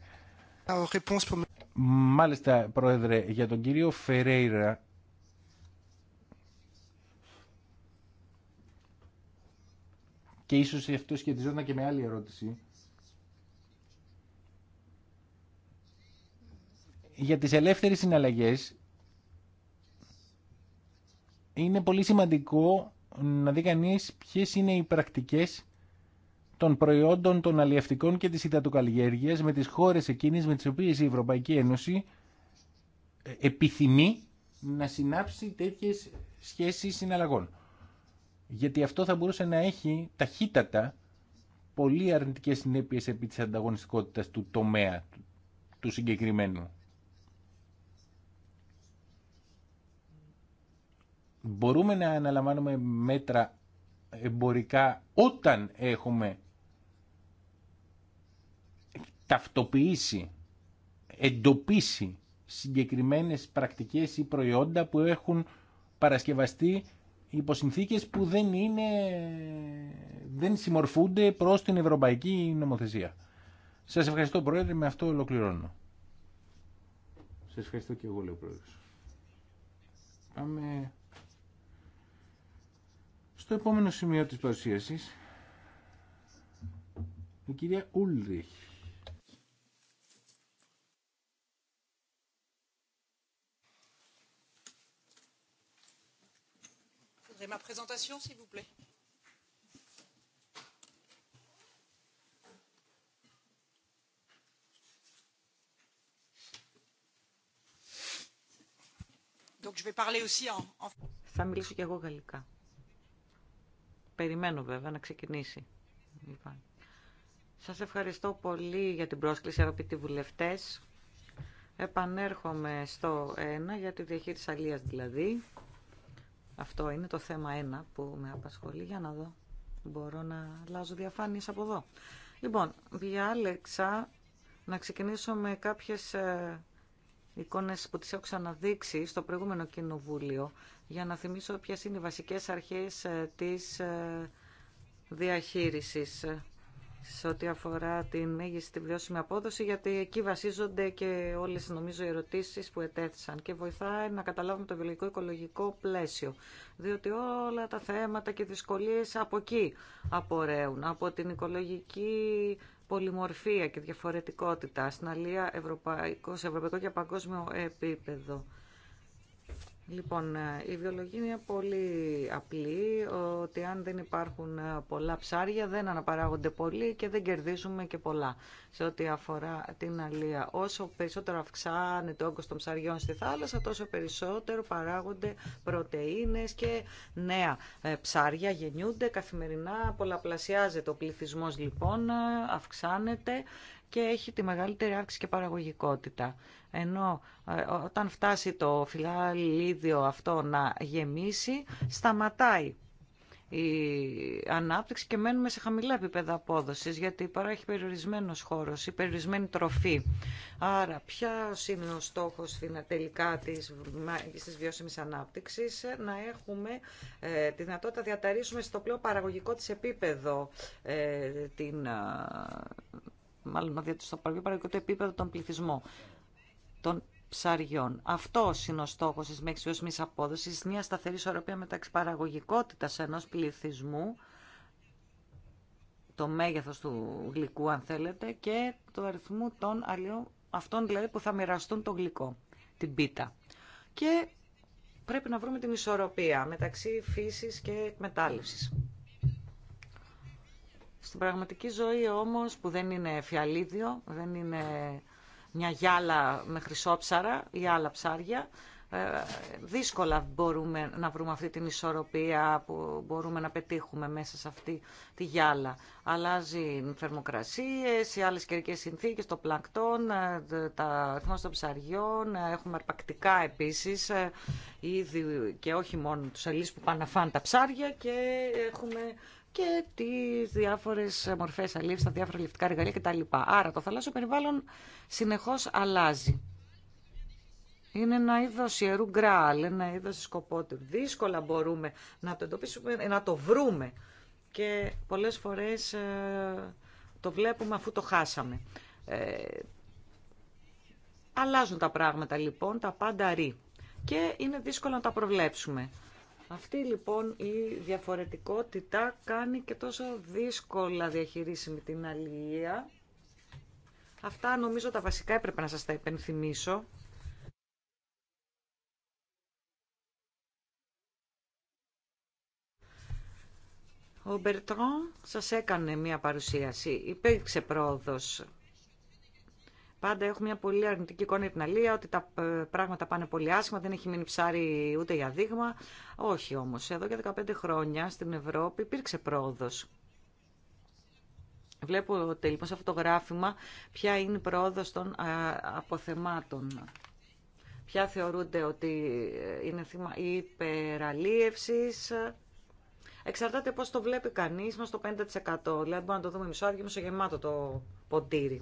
Μάλιστα, Πρόεδρε, για τον κύριο Φερέιρα, και ίσως αυτό σχετιζόταν και με άλλη ερώτηση, για τις ελεύθερες συναλλαγές είναι πολύ σημαντικό να δει κανεί ποιες είναι οι πρακτικές των προϊόντων των αλλιευτικών και της υδατοκαλλιέργειας με τις χώρες εκείνες με τις οποίες η Ευρωπαϊκή Ένωση ε, επιθυμεί να συνάψει τέτοιες σχέσεις συναλλαγών. Γιατί αυτό θα μπορούσε να έχει ταχύτατα πολύ αρνητικές συνέπειες επί της ανταγωνιστικότητας του τομέα του συγκεκριμένου. Μπορούμε να αναλαμβάνουμε μέτρα εμπορικά όταν έχουμε ταυτοποιήσει, εντοπίσει συγκεκριμένες πρακτικές ή προϊόντα που έχουν παρασκευαστεί υπό συνθήκες που δεν, είναι, δεν συμμορφούνται προς την ευρωπαϊκή νομοθεσία. Σας ευχαριστώ Πρόεδρε, με αυτό ολοκληρώνω. Σας ευχαριστώ και εγώ λέω Πρόεδρε. Πάμε στο επόμενο σημείο της παρουσίασης. Η κυρία Ούλριχ. Regardez ma présentation, s'il vous plaît. Donc, je vais parler aussi en... Θα μιλήσω και εγώ γαλλικά. Περιμένω βέβαια να ξεκινήσει. Λοιπόν. Σας ευχαριστώ πολύ για την πρόσκληση αγαπητοί βουλευτέ. Επανέρχομαι στο ένα για τη διαχείριση αλίας δηλαδή. Αυτό είναι το θέμα ένα που με απασχολεί. Για να δω. Μπορώ να αλλάζω διαφάνειες από εδώ. Λοιπόν, διάλεξα να ξεκινήσω με κάποιες ε, εικόνες που τις έχω ξαναδείξει στο προηγούμενο κοινοβούλιο για να θυμίσω ποιες είναι οι βασικές αρχές ε, της ε, διαχείρισης σε ό,τι αφορά την μέγιστη βιώσιμη απόδοση, γιατί εκεί βασίζονται και όλες νομίζω οι ερωτήσεις που ετέθησαν και βοηθάει να καταλάβουμε το βιολογικό οικολογικό πλαίσιο, διότι όλα τα θέματα και δυσκολίε από εκεί απορρέουν, από την οικολογική πολυμορφία και διαφορετικότητα στην αλία σε ευρωπαϊκό και παγκόσμιο επίπεδο. Λοιπόν, ε, η βιολογία είναι πολύ απλή, ότι αν δεν υπάρχουν ε, πολλά ψάρια δεν αναπαράγονται πολύ και δεν κερδίζουμε και πολλά σε ό,τι αφορά την αλία. Όσο περισσότερο αυξάνεται ο όγκος των ψαριών στη θάλασσα, τόσο περισσότερο παράγονται πρωτεΐνες και νέα ε, ψάρια γεννιούνται καθημερινά, πολλαπλασιάζεται ο πληθυσμός λοιπόν, αυξάνεται και έχει τη μεγαλύτερη αύξηση και παραγωγικότητα. Ενώ ε, όταν φτάσει το φυλαλίδιο αυτό να γεμίσει, σταματάει η ανάπτυξη και μένουμε σε χαμηλά επίπεδα απόδοση, γιατί υπάρχει περιορισμένο χώρο ή περιορισμένη τροφή. Άρα, ποιο είναι ο στόχο τελικά τη βιώσιμη ανάπτυξη, ε, να έχουμε ε, τη δυνατότητα να στο πλέον παραγωγικό τη επίπεδο την. Ε, μάλλον διότι διατηρηθεί στο το επίπεδο των πληθυσμών των ψαριών. Αυτό είναι ο στόχο τη μέχρι βιώσιμη απόδοση, μια σταθερή ισορροπία μεταξύ παραγωγικότητα ενό πληθυσμού, το μέγεθο του γλυκού, αν θέλετε, και του αριθμού των αλλιών, αυτών δηλαδή που θα μοιραστούν το γλυκό, την πίτα. Και πρέπει να βρούμε την ισορροπία μεταξύ φύσης και εκμετάλλευσης. Στην πραγματική ζωή όμως που δεν είναι φιαλίδιο, δεν είναι μια γυάλα με χρυσόψαρα ή άλλα ψάρια, ε, δύσκολα μπορούμε να βρούμε αυτή την ισορροπία που μπορούμε να πετύχουμε μέσα σε αυτή τη γυάλα. Αλλάζει θερμοκρασίες, οι άλλες καιρικές συνθήκες, το πλακτόν, ε, τα αριθμό των ψαριών, ε, έχουμε αρπακτικά επίσης, ήδη και όχι μόνο τους αλείς που πάνε να φάνε τα ψάρια και έχουμε και τι διάφορες μορφές αλήθεια, τα διάφορα ληφτικά εργαλεία κτλ. Άρα το θαλάσσιο περιβάλλον συνεχώς αλλάζει. Είναι ένα είδο ιερού γκράλ, ένα είδο του. Δύσκολα μπορούμε να το εντοπίσουμε, ε, να το βρούμε. Και πολλές φορές ε, το βλέπουμε αφού το χάσαμε. Ε, αλλάζουν τα πράγματα λοιπόν, τα πάντα ρί. Και είναι δύσκολο να τα προβλέψουμε. Αυτή λοιπόν η διαφορετικότητα κάνει και τόσο δύσκολα διαχειρίσιμη την αλληλεία. Αυτά νομίζω τα βασικά έπρεπε να σας τα υπενθυμίσω. Ο Μπερτρόν σας έκανε μία παρουσίαση. Υπήρξε πρόοδος Πάντα έχουμε μια πολύ αρνητική εικόνα για την αλία, ότι τα ε, πράγματα πάνε πολύ άσχημα, δεν έχει μείνει ψάρι ούτε για δείγμα. Όχι όμω. εδώ για 15 χρόνια στην Ευρώπη υπήρξε πρόοδο. Βλέπω λοιπόν σε αυτό το γράφημα ποια είναι η πρόοδος των αποθεμάτων. Ποια θεωρούνται ότι ε, είναι θύμα υπεραλίευσης. Εξαρτάται πώς το βλέπει κανείς μας το 5%. Δηλαδή μπορούμε να το δούμε μισό άδειο, μισό γεμάτο το ποτήρι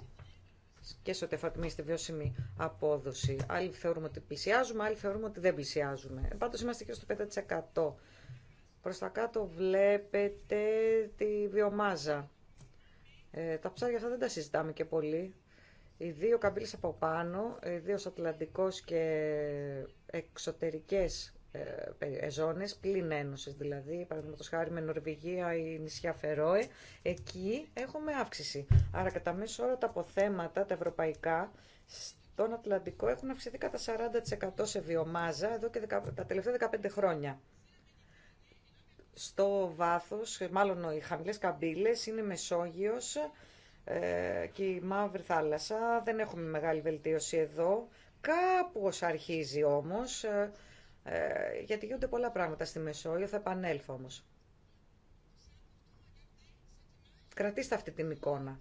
και σε ό,τι στη βιώσιμη απόδοση. Άλλοι θεωρούμε ότι πλησιάζουμε, άλλοι θεωρούμε ότι δεν πλησιάζουμε. Ε, πάντως είμαστε και στο 5%. Προς τα κάτω βλέπετε τη βιομάζα. Ε, τα ψάρια αυτά δεν τα συζητάμε και πολύ. Οι δύο καμπύλες από πάνω, ιδίω ε, ατλαντικός και εξωτερικές ε, ζώνες πλην ένωσης, δηλαδή παραδείγματος χάρη με Νορβηγία ή νησιά Φερόε, εκεί έχουμε αύξηση. Άρα κατά μέσο όρο τα αποθέματα, τα ευρωπαϊκά, στον Ατλαντικό έχουν αυξηθεί κατά 40% σε βιομάζα εδώ και τα τελευταία 15 χρόνια. Στο βάθος, μάλλον οι χαμηλές καμπύλες είναι Μεσόγειος ε, και η Μαύρη Θάλασσα. Δεν έχουμε μεγάλη βελτίωση εδώ. κάπου αρχίζει όμως ε, ε, γιατί γίνονται πολλά πράγματα στη Μεσόγειο, θα επανέλθω όμως. Κρατήστε αυτή την εικόνα.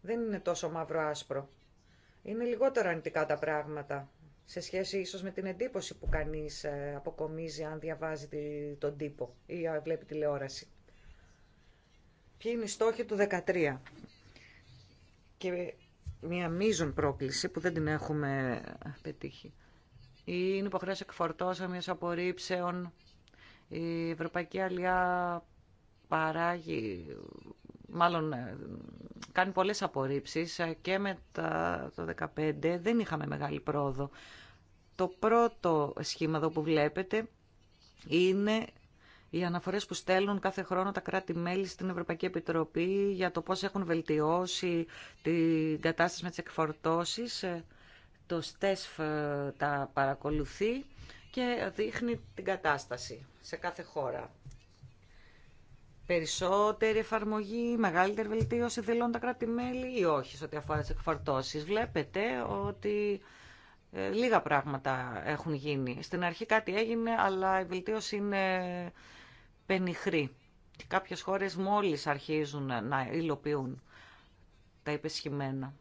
Δεν είναι τόσο μαύρο-άσπρο. Είναι λιγότερο αρνητικά τα πράγματα σε σχέση ίσως με την εντύπωση που κανείς ε, αποκομίζει αν διαβάζει τον τύπο ή ε, βλέπει τηλεόραση. Ποιοι είναι οι στόχοι του 13. Και μια μείζων πρόκληση που δεν την έχουμε πετύχει είναι υποχρέωση εκφορτώσεων, μιας απορρίψεων. Η Ευρωπαϊκή Αλιά παράγει, μάλλον ε, κάνει πολλές απορρίψεις και μετά το 2015 δεν είχαμε μεγάλη πρόοδο. Το πρώτο σχήμα εδώ που βλέπετε είναι οι αναφορές που στέλνουν κάθε χρόνο τα κράτη-μέλη στην Ευρωπαϊκή Επιτροπή για το πώς έχουν βελτιώσει την κατάσταση με τις εκφορτώσεις το ΣΤΕΣΦ ε, τα παρακολουθεί και δείχνει την κατάσταση σε κάθε χώρα. Περισσότερη εφαρμογή, μεγαλύτερη βελτίωση δηλώνουν τα κράτη-μέλη ή όχι σε ό,τι αφορά τις εκφορτώσεις. Βλέπετε ότι ε, λίγα πράγματα έχουν γίνει. Στην αρχή κάτι έγινε, αλλά η οχι σε οτι αφορα εκφορτωσεις βλεπετε είναι πενιχρή. Και κάποιες χώρες μόλις αρχίζουν να υλοποιούν τα υπεσχημένα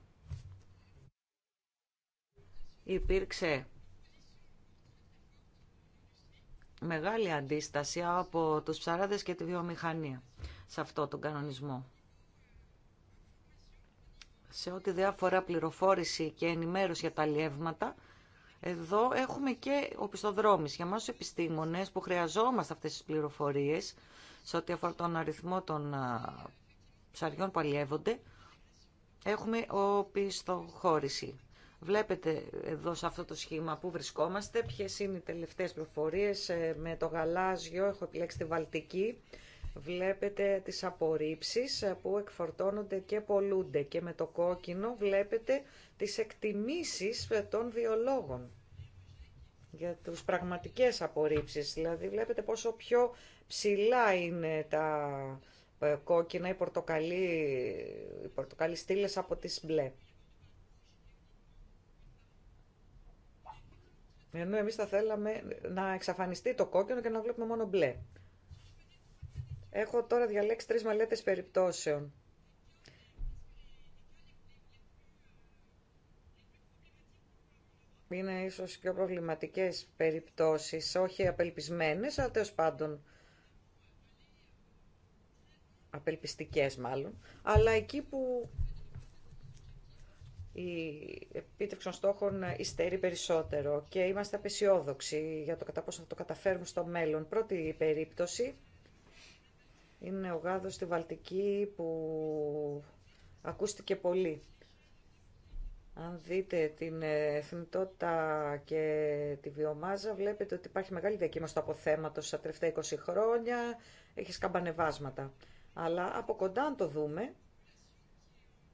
υπήρξε μεγάλη αντίσταση από τους ψαράδες και τη βιομηχανία σε αυτό τον κανονισμό. Σε ό,τι διάφορα πληροφόρηση και ενημέρωση για τα λιεύματα, εδώ έχουμε και οπισθοδρόμηση. Για μας τους επιστήμονες που χρειαζόμαστε αυτές τις πληροφορίες, σε ό,τι αφορά τον αριθμό των ψαριών που αλλιεύονται, έχουμε οπισθοχώρηση. Βλέπετε εδώ σε αυτό το σχήμα που βρισκόμαστε, ποιες είναι οι τελευταίες προφορίες. Ε, με το γαλάζιο έχω επιλέξει τη Βαλτική. Βλέπετε τις απορρίψεις ε, που εκφορτώνονται και πολλούνται. Και με το κόκκινο βλέπετε τις εκτιμήσεις ε, των βιολόγων για τους πραγματικές απορρίψεις. Δηλαδή βλέπετε πόσο πιο ψηλά είναι τα κόκκινα, οι πορτοκαλί, οι πορτοκαλί από τις μπλε. Ενώ εμείς θα θέλαμε να εξαφανιστεί το κόκκινο και να βλέπουμε μόνο μπλε. Έχω τώρα διαλέξει τρεις μελέτες περιπτώσεων. Είναι ίσως πιο προβληματικές περιπτώσεις, όχι απελπισμένες, αλλά τέλος πάντων απελπιστικές μάλλον, αλλά εκεί που η επίτευξη των στόχων υστερεί περισσότερο και είμαστε απεσιόδοξοι για το κατά πόσο θα το καταφέρουμε στο μέλλον. Πρώτη περίπτωση είναι ο γάδος στη Βαλτική που ακούστηκε πολύ. Αν δείτε την εθνιτότητα και τη βιομάζα, βλέπετε ότι υπάρχει μεγάλη διακύμαση στο αποθέματο στα τελευταία 20 χρόνια, έχει σκαμπανεβάσματα. Αλλά από κοντά αν το δούμε,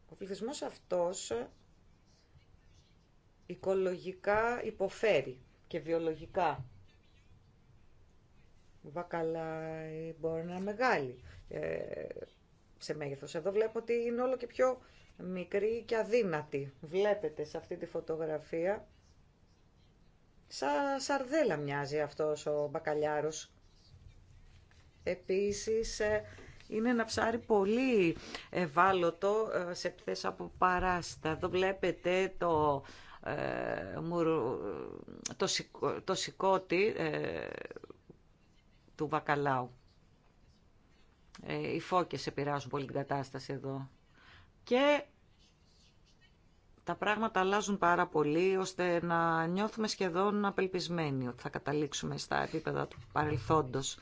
ο πληθυσμό αυτό οικολογικά υποφέρει και βιολογικά. Η μπορεί να είναι μεγάλη ε, σε μέγεθος. Εδώ βλέπω ότι είναι όλο και πιο μικρή και αδύνατη. Βλέπετε σε αυτή τη φωτογραφία. Σαν σαρδέλα μοιάζει αυτός ο μπακαλιάρος. Επίσης ε, είναι ένα ψάρι πολύ ευάλωτο ε, σε πτές από παράστα. Εδώ βλέπετε το ε, το, το σηκώτη ε, του βακαλάου. Ε, οι φώκες επηρεάζουν πολύ την κατάσταση εδώ. Και τα πράγματα αλλάζουν πάρα πολύ ώστε να νιώθουμε σχεδόν απελπισμένοι ότι θα καταλήξουμε στα επίπεδα του παρελθόντος.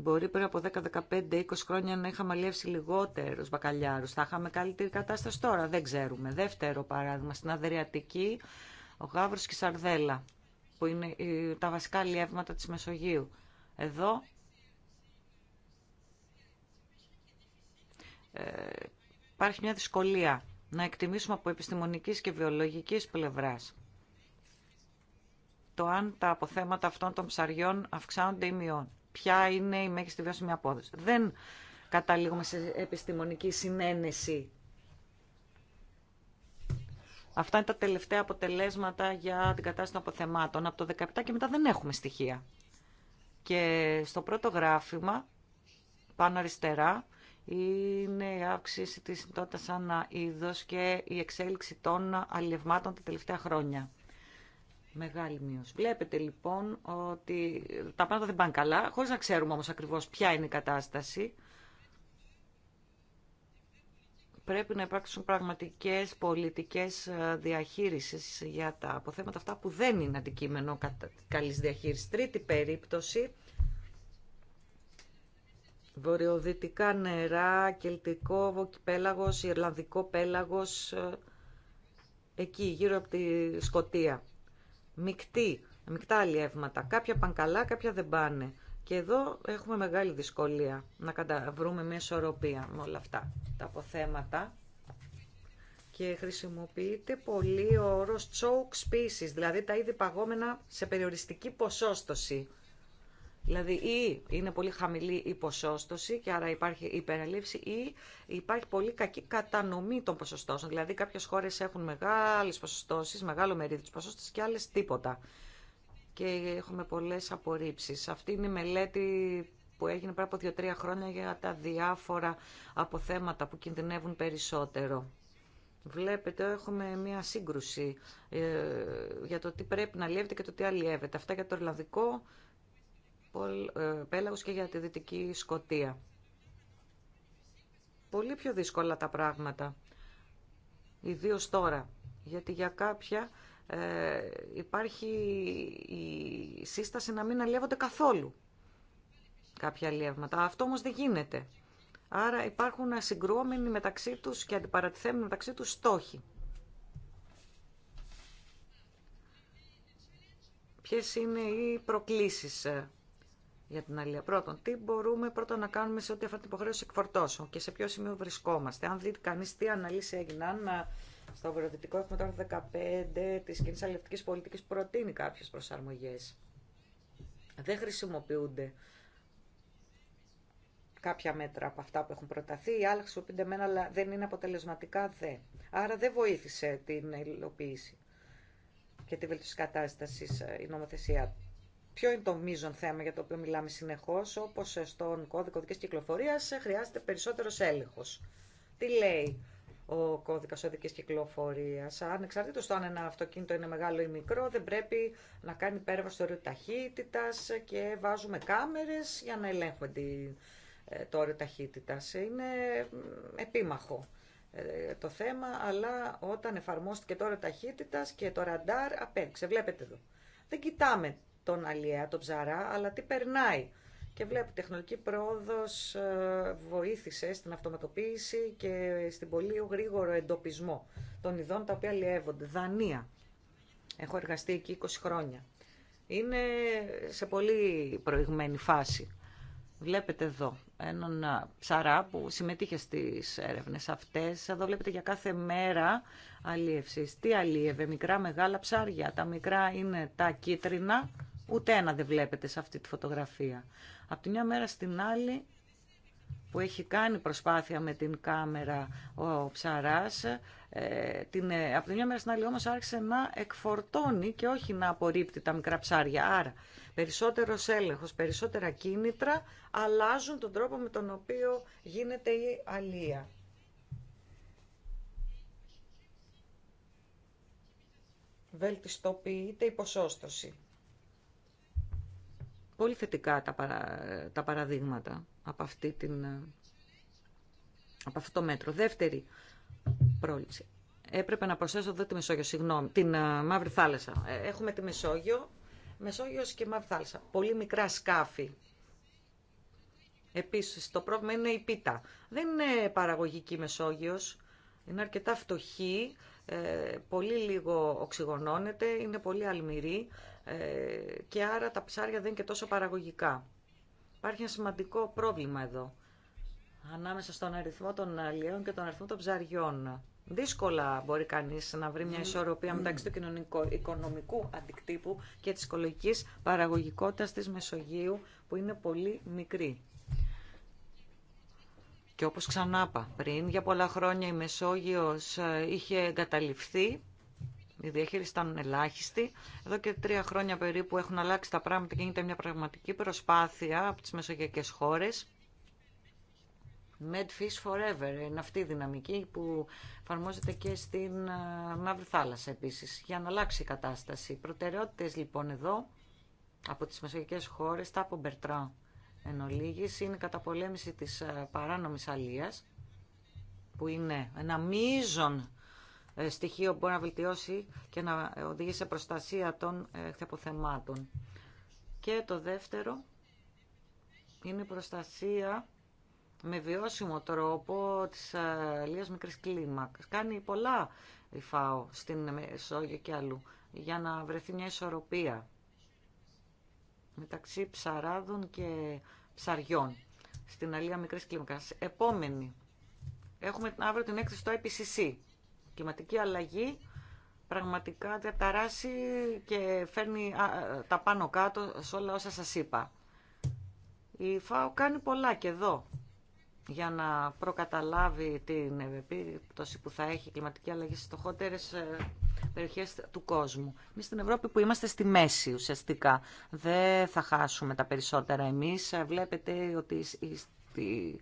Μπορεί πριν από 10, 15, 20 χρόνια να είχαμε αλλιεύσει λιγότερου μπακαλιάρου. Θα είχαμε καλύτερη κατάσταση τώρα. Δεν ξέρουμε. Δεύτερο παράδειγμα, στην Αδριατική, ο γάβρο και η σαρδέλα, που είναι τα βασικά αλλιεύματα τη Μεσογείου. Εδώ ε, υπάρχει μια δυσκολία να εκτιμήσουμε από επιστημονικής και βιολογικής πλευράς το αν τα αποθέματα αυτών των ψαριών αυξάνονται ή μειώνουν ποια είναι η μέγιστη βιώσιμη απόδοση. Δεν καταλήγουμε σε επιστημονική συνένεση. Αυτά είναι τα τελευταία αποτελέσματα για την κατάσταση των αποθεμάτων. Από το 17 και μετά δεν έχουμε στοιχεία. Και στο πρώτο γράφημα, πάνω αριστερά, είναι η αύξηση της συντότητας ανά είδος και η εξέλιξη των αλληλευμάτων τα τελευταία χρόνια. Μεγάλη μείωση. Βλέπετε λοιπόν ότι τα πράγματα δεν πάνε καλά, χωρίς να ξέρουμε όμως ακριβώς ποια είναι η κατάσταση. Πρέπει να υπάρξουν πραγματικές πολιτικές ε, διαχείρισης για τα αποθέματα αυτά που δεν είναι αντικείμενο καλής διαχείρισης. Τρίτη περίπτωση, βορειοδυτικά νερά, κελτικό πέλαγος, ιρλανδικό πέλαγος, ε, εκεί γύρω από τη Σκοτία μικτή, μεικτά αλλιεύματα. Κάποια πάνε καλά, κάποια δεν πάνε. Και εδώ έχουμε μεγάλη δυσκολία να βρούμε μια ισορροπία με όλα αυτά τα αποθέματα. Και χρησιμοποιείται πολύ ο όρος choke species, δηλαδή τα είδη παγόμενα σε περιοριστική ποσόστοση. Δηλαδή ή είναι πολύ χαμηλή η ποσόστοση και άρα υπάρχει υπεραλήψη ή υπάρχει πολύ κακή κατανομή των ποσοστώσεων. Δηλαδή κάποιες χώρες έχουν μεγάλες ποσοστώσεις, μεγάλο μερίδιο της ποσόστοσης και άλλες τίποτα. Και έχουμε πολλές απορρίψεις. Αυτή είναι η μελέτη που έγινε πριν από 2-3 χρόνια για τα διάφορα αποθέματα που κινδυνεύουν περισσότερο. Βλέπετε, έχουμε μία σύγκρουση ε, για το τι πρέπει να αλλιεύεται και το τι αλλιεύεται. Αυτά για το Ιρλανδικό ε, πέλαγος και για τη Δυτική Σκοτία. Πολύ πιο δύσκολα τα πράγματα, ιδίως τώρα, γιατί για κάποια ε, υπάρχει η σύσταση να μην αλλιεύονται καθόλου κάποια αλλιεύματα. Αυτό όμως δεν γίνεται. Άρα υπάρχουν ασυγκρόμενοι μεταξύ τους και αντιπαρατηθέμενοι μεταξύ τους στόχοι. Ποιες είναι οι προκλήσεις ε, για την αλληλεία. Πρώτον, τι μπορούμε πρώτα να κάνουμε σε ό,τι αφορά την υποχρέωση εκφορτώσεων και σε ποιο σημείο βρισκόμαστε. Αν δείτε κανεί τι αναλύσει έγιναν, στο βορειοδυτικό έχουμε τώρα 15 τη κοινή αλληλευτική πολιτική που προτείνει κάποιε προσαρμογέ. Δεν χρησιμοποιούνται κάποια μέτρα από αυτά που έχουν προταθεί, οι άλλα χρησιμοποιούνται μένα, αλλά δεν είναι αποτελεσματικά δε. Άρα δεν βοήθησε την υλοποίηση και τη βελτίωση κατάσταση ε, η νομοθεσία Ποιο είναι το μείζον θέμα για το οποίο μιλάμε συνεχώ, όπω στον κώδικα οδική κυκλοφορία, χρειάζεται περισσότερο έλεγχο. Τι λέει ο κώδικα οδική κυκλοφορία. Ανεξαρτήτω το αν ένα αυτοκίνητο είναι μεγάλο ή μικρό, δεν πρέπει να κάνει υπέρβαση του όριου ταχύτητα και βάζουμε κάμερε για να τη, ε, το όριο ταχύτητα. Είναι επίμαχο ε, το θέμα, αλλά όταν εφαρμόστηκε το όριο ταχύτητα και το ραντάρ απέριξε. Βλέπετε εδώ. Δεν κοιτάμε τον Αλιέα, τον Ψαρά, αλλά τι περνάει. Και βλέπω, τεχνολογική πρόοδος ε, βοήθησε στην αυτοματοποίηση και στην πολύ γρήγορο εντοπισμό των ειδών τα οποία αλλιεύονται. Δανία. Έχω εργαστεί εκεί 20 χρόνια. Είναι σε πολύ προηγμένη φάση. Βλέπετε εδώ έναν ε, ψαρά που συμμετείχε στις έρευνες αυτές. Εδώ βλέπετε για κάθε μέρα αλίευσης. Τι αλίευε, μικρά, μεγάλα ψάρια. Τα μικρά είναι τα κίτρινα, Ούτε ένα δεν βλέπετε σε αυτή τη φωτογραφία. Από τη μια μέρα στην άλλη που έχει κάνει προσπάθεια με την κάμερα ο Ψαράς, ε, την, ε, από τη μια μέρα στην άλλη όμως άρχισε να εκφορτώνει και όχι να απορρίπτει τα μικρά ψάρια. Άρα περισσότερος έλεγχος, περισσότερα κίνητρα αλλάζουν τον τρόπο με τον οποίο γίνεται η αλία. Βελτιστοποιείται η ποσόστοση πολύ θετικά τα, τα παραδείγματα από, αυτή την, από αυτό το μέτρο. Δεύτερη πρόληψη. Έπρεπε να προσθέσω εδώ τη Μεσόγειο, συγγνώμη, την ε, Μαύρη Θάλασσα. Ε, έχουμε τη Μεσόγειο, Μεσόγειος και Μαύρη Θάλασσα. Πολύ μικρά σκάφη. Επίσης, το πρόβλημα είναι η πίτα. Δεν είναι παραγωγική Μεσόγειος, είναι αρκετά φτωχή ε, πολύ λίγο οξυγονώνεται, είναι πολύ αλμυρή ε, και άρα τα ψάρια δεν είναι και τόσο παραγωγικά. Υπάρχει ένα σημαντικό πρόβλημα εδώ ανάμεσα στον αριθμό των αλιέων και τον αριθμό των ψαριών. Δύσκολα μπορεί κανείς να βρει μια ισορροπία μεταξύ του κοινωνικο-οικονομικού αντικτύπου και της οικολογικής παραγωγικότητας της Μεσογείου που είναι πολύ μικρή. Και όπως ξανάπα πριν, για πολλά χρόνια η Μεσόγειος ε, είχε εγκαταλειφθεί, η διαχείριση ήταν ελάχιστη. Εδώ και τρία χρόνια περίπου έχουν αλλάξει τα πράγματα και γίνεται μια πραγματική προσπάθεια από τις μεσογειακές χώρες. Medfish Forever είναι αυτή η δυναμική που εφαρμόζεται και στην ε, Μαύρη Θάλασσα επίσης για να αλλάξει η κατάσταση. Οι προτεραιότητες λοιπόν εδώ από τις μεσογειακές χώρες τα από Μπερτρά εν ολίγης, είναι η καταπολέμηση της ε, παράνομης αλίας, που είναι ένα μείζον ε, στοιχείο που μπορεί να βελτιώσει και να οδηγεί σε προστασία των θεποθεμάτων. Ε, και το δεύτερο είναι η προστασία με βιώσιμο τρόπο της αλίας μικρής κλίμακας. Κάνει πολλά η ΦΑΟ στην Μεσόγειο και αλλού για να βρεθεί μια ισορροπία μεταξύ ψαράδων και ψαριών στην αλία μικρής κλίμακας. Επόμενη, έχουμε αύριο την έκθεση στο IPCC. Κλιματική αλλαγή πραγματικά διαταράσει και φέρνει τα πάνω κάτω σε όλα όσα σας είπα. Η ΦΑΟ κάνει πολλά και εδώ για να προκαταλάβει την επίπτωση που θα έχει η κλιματική αλλαγή στις στοχότερες ε, περιοχές του κόσμου. Εμεί στην Ευρώπη που είμαστε στη μέση ουσιαστικά. Δεν θα χάσουμε τα περισσότερα εμείς. Ε, βλέπετε ότι στη...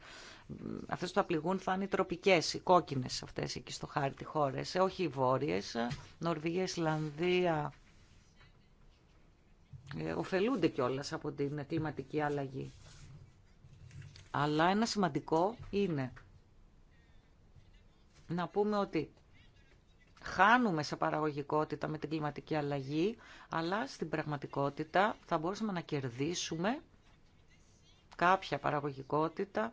αυτές που απληγούν θα είναι οι τροπικές, οι κόκκινες αυτές εκεί στο χάρτη χώρες. Ε, όχι οι βόρειε. Ε, Νορβηγία, Ισλανδία. Ε, ωφελούνται κιόλας από την κλιματική αλλαγή. Αλλά ένα σημαντικό είναι να πούμε ότι χάνουμε σε παραγωγικότητα με την κλιματική αλλαγή, αλλά στην πραγματικότητα θα μπορούσαμε να κερδίσουμε κάποια παραγωγικότητα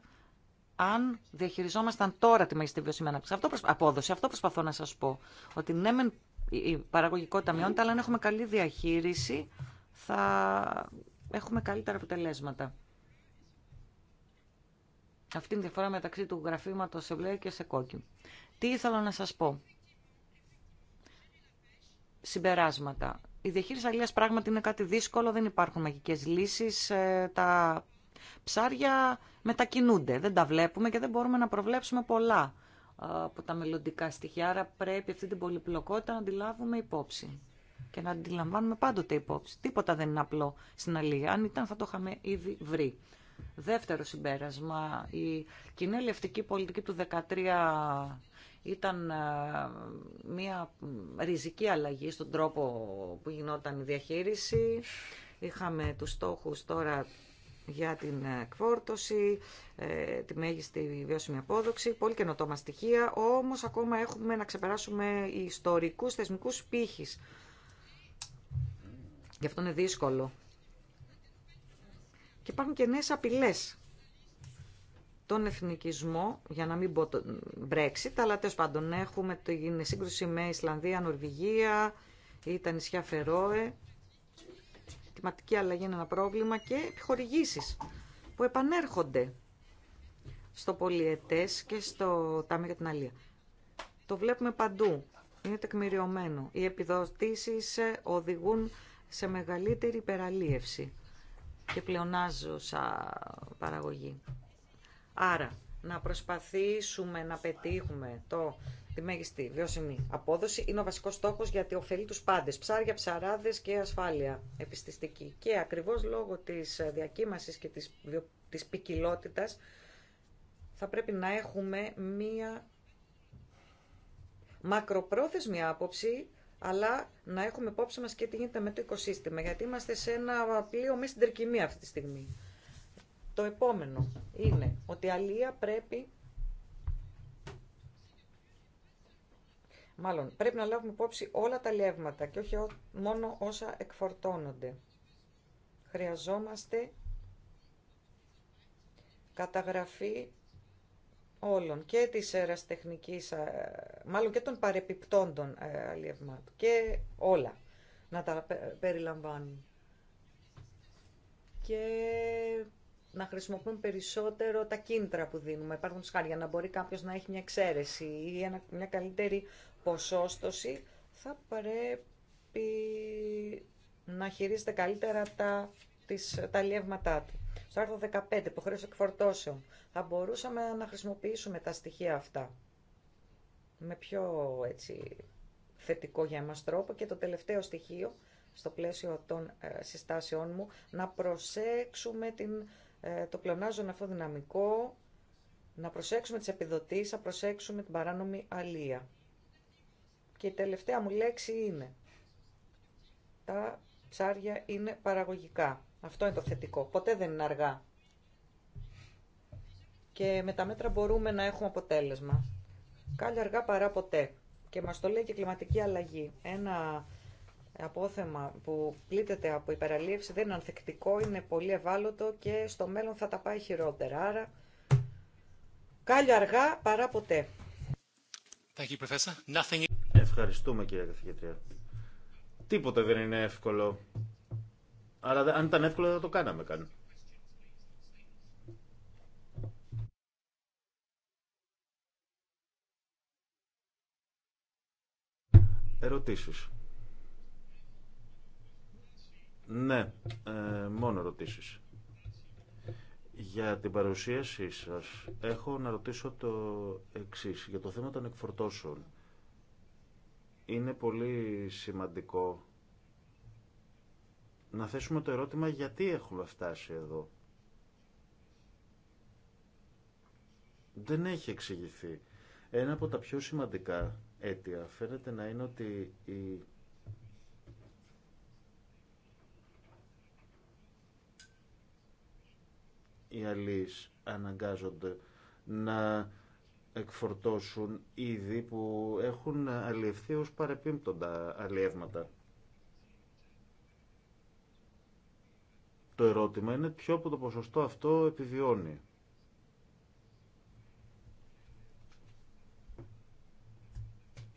αν διαχειριζόμασταν τώρα τη μέγιστη βιώσιμη ανάπτυξη. Αυτό προσπα... Απόδοση. Αυτό προσπαθώ να σας πω. Ότι ναι, μεν η παραγωγικότητα μειώνεται, αλλά αν έχουμε καλή διαχείριση θα έχουμε καλύτερα αποτελέσματα. Αυτή είναι η διαφορά μεταξύ του γραφήματος σε μπλε και σε κόκκινο. Τι ήθελα να σας πω συμπεράσματα. Η διαχείριση αλλίας πράγματι είναι κάτι δύσκολο, δεν υπάρχουν μαγικές λύσεις. Ε, τα ψάρια μετακινούνται, δεν τα βλέπουμε και δεν μπορούμε να προβλέψουμε πολλά ε, από τα μελλοντικά στοιχεία. Άρα πρέπει αυτή την πολυπλοκότητα να αντιλάβουμε υπόψη και να αντιλαμβάνουμε πάντοτε υπόψη. Τίποτα δεν είναι απλό στην αλληλία. Αν ήταν θα το είχαμε ήδη βρει. Δεύτερο συμπέρασμα, η κοινή ελευτική πολιτική του 13 ήταν ε, μια ριζική αλλαγή στον τρόπο που γινόταν η διαχείριση. Είχαμε τους στόχους τώρα για την εκφόρτωση, ε, τη μέγιστη βιώσιμη απόδοξη, πολύ καινοτόμα στοιχεία, όμως ακόμα έχουμε να ξεπεράσουμε ιστορικούς θεσμικούς πύχης. Γι' αυτό είναι δύσκολο. Και υπάρχουν και νέες απειλές τον εθνικισμό, για να μην πω Brexit, αλλά τέλο πάντων έχουμε την σύγκρουση με Ισλανδία, Νορβηγία ή τα νησιά Φερόε. Η κλιματική αλλαγή είναι ένα πρόβλημα και επιχορηγήσει που επανέρχονται στο πολιετέ και στο Τάμι για την Αλία. Το βλέπουμε παντού. Είναι τεκμηριωμένο. Οι επιδοτήσει ε, οδηγούν σε μεγαλύτερη υπεραλίευση και πλεονάζουσα παραγωγή. Άρα, να προσπαθήσουμε να πετύχουμε το, τη μέγιστη βιώσιμη απόδοση είναι ο βασικός στόχος γιατί ωφελεί τους πάντες, ψάρια, ψαράδες και ασφάλεια επιστηστική. Και ακριβώς λόγω της διακύμασης και της, της ποικιλότητα θα πρέπει να έχουμε μία μακροπρόθεσμη άποψη αλλά να έχουμε υπόψη μας και τι γίνεται με το οικοσύστημα, γιατί είμαστε σε ένα πλοίο μέσα στην τερκυμία αυτή τη στιγμή. Το επόμενο είναι ότι η αλία πρέπει Μάλλον, πρέπει να λάβουμε υπόψη όλα τα λεύματα και όχι μόνο όσα εκφορτώνονται. Χρειαζόμαστε καταγραφή όλων και της αεραστεχνικής, ε, μάλλον και των παρεπιπτόντων ε, αλλιευμάτων και όλα να τα περιλαμβάνει. Και να χρησιμοποιούν περισσότερο τα κίντρα που δίνουμε. Υπάρχουν σχάρια για να μπορεί κάποιο να έχει μια εξαίρεση ή μια καλύτερη ποσόστοση. Θα πρέπει να χειρίζεται καλύτερα τα, τις, τα λιεύματά του. Στο άρθρο 15, υποχρέωση εκφορτώσεων, θα μπορούσαμε να χρησιμοποιήσουμε τα στοιχεία αυτά με πιο έτσι, θετικό για εμάς τρόπο. Και το τελευταίο στοιχείο, στο πλαίσιο των ε, συστάσεών μου, να προσέξουμε την ε, το πλεονάζον αυτό δυναμικό, να προσέξουμε τις επιδοτήσεις, να προσέξουμε την παράνομη αλία. Και η τελευταία μου λέξη είναι, τα ψάρια είναι παραγωγικά. Αυτό είναι το θετικό. Ποτέ δεν είναι αργά. Και με τα μέτρα μπορούμε να έχουμε αποτέλεσμα. Κάλλια αργά παρά ποτέ. Και μας το λέει και η κλιματική αλλαγή. Ένα απόθεμα που πλήττεται από υπεραλίευση δεν είναι ανθεκτικό, είναι πολύ ευάλωτο και στο μέλλον θα τα πάει χειρότερα. Άρα, κάλιο αργά παρά ποτέ. Nothing... Ευχαριστούμε κύριε καθηγητρία. Τίποτε δεν είναι εύκολο. Άρα αν ήταν εύκολο δεν το κάναμε καν. Ερωτήσεις. Ναι, ε, μόνο ερωτήσεις. Για την παρουσίασή σας έχω να ρωτήσω το εξής. Για το θέμα των εκφορτώσεων. Είναι πολύ σημαντικό να θέσουμε το ερώτημα γιατί έχουμε φτάσει εδώ. Δεν έχει εξηγηθεί. Ένα από τα πιο σημαντικά αίτια φαίνεται να είναι ότι η οι αλείς αναγκάζονται να εκφορτώσουν είδη που έχουν αλλιευθεί ως παρεπίμπτοντα αλλιεύματα. Το ερώτημα είναι ποιο από το ποσοστό αυτό επιβιώνει.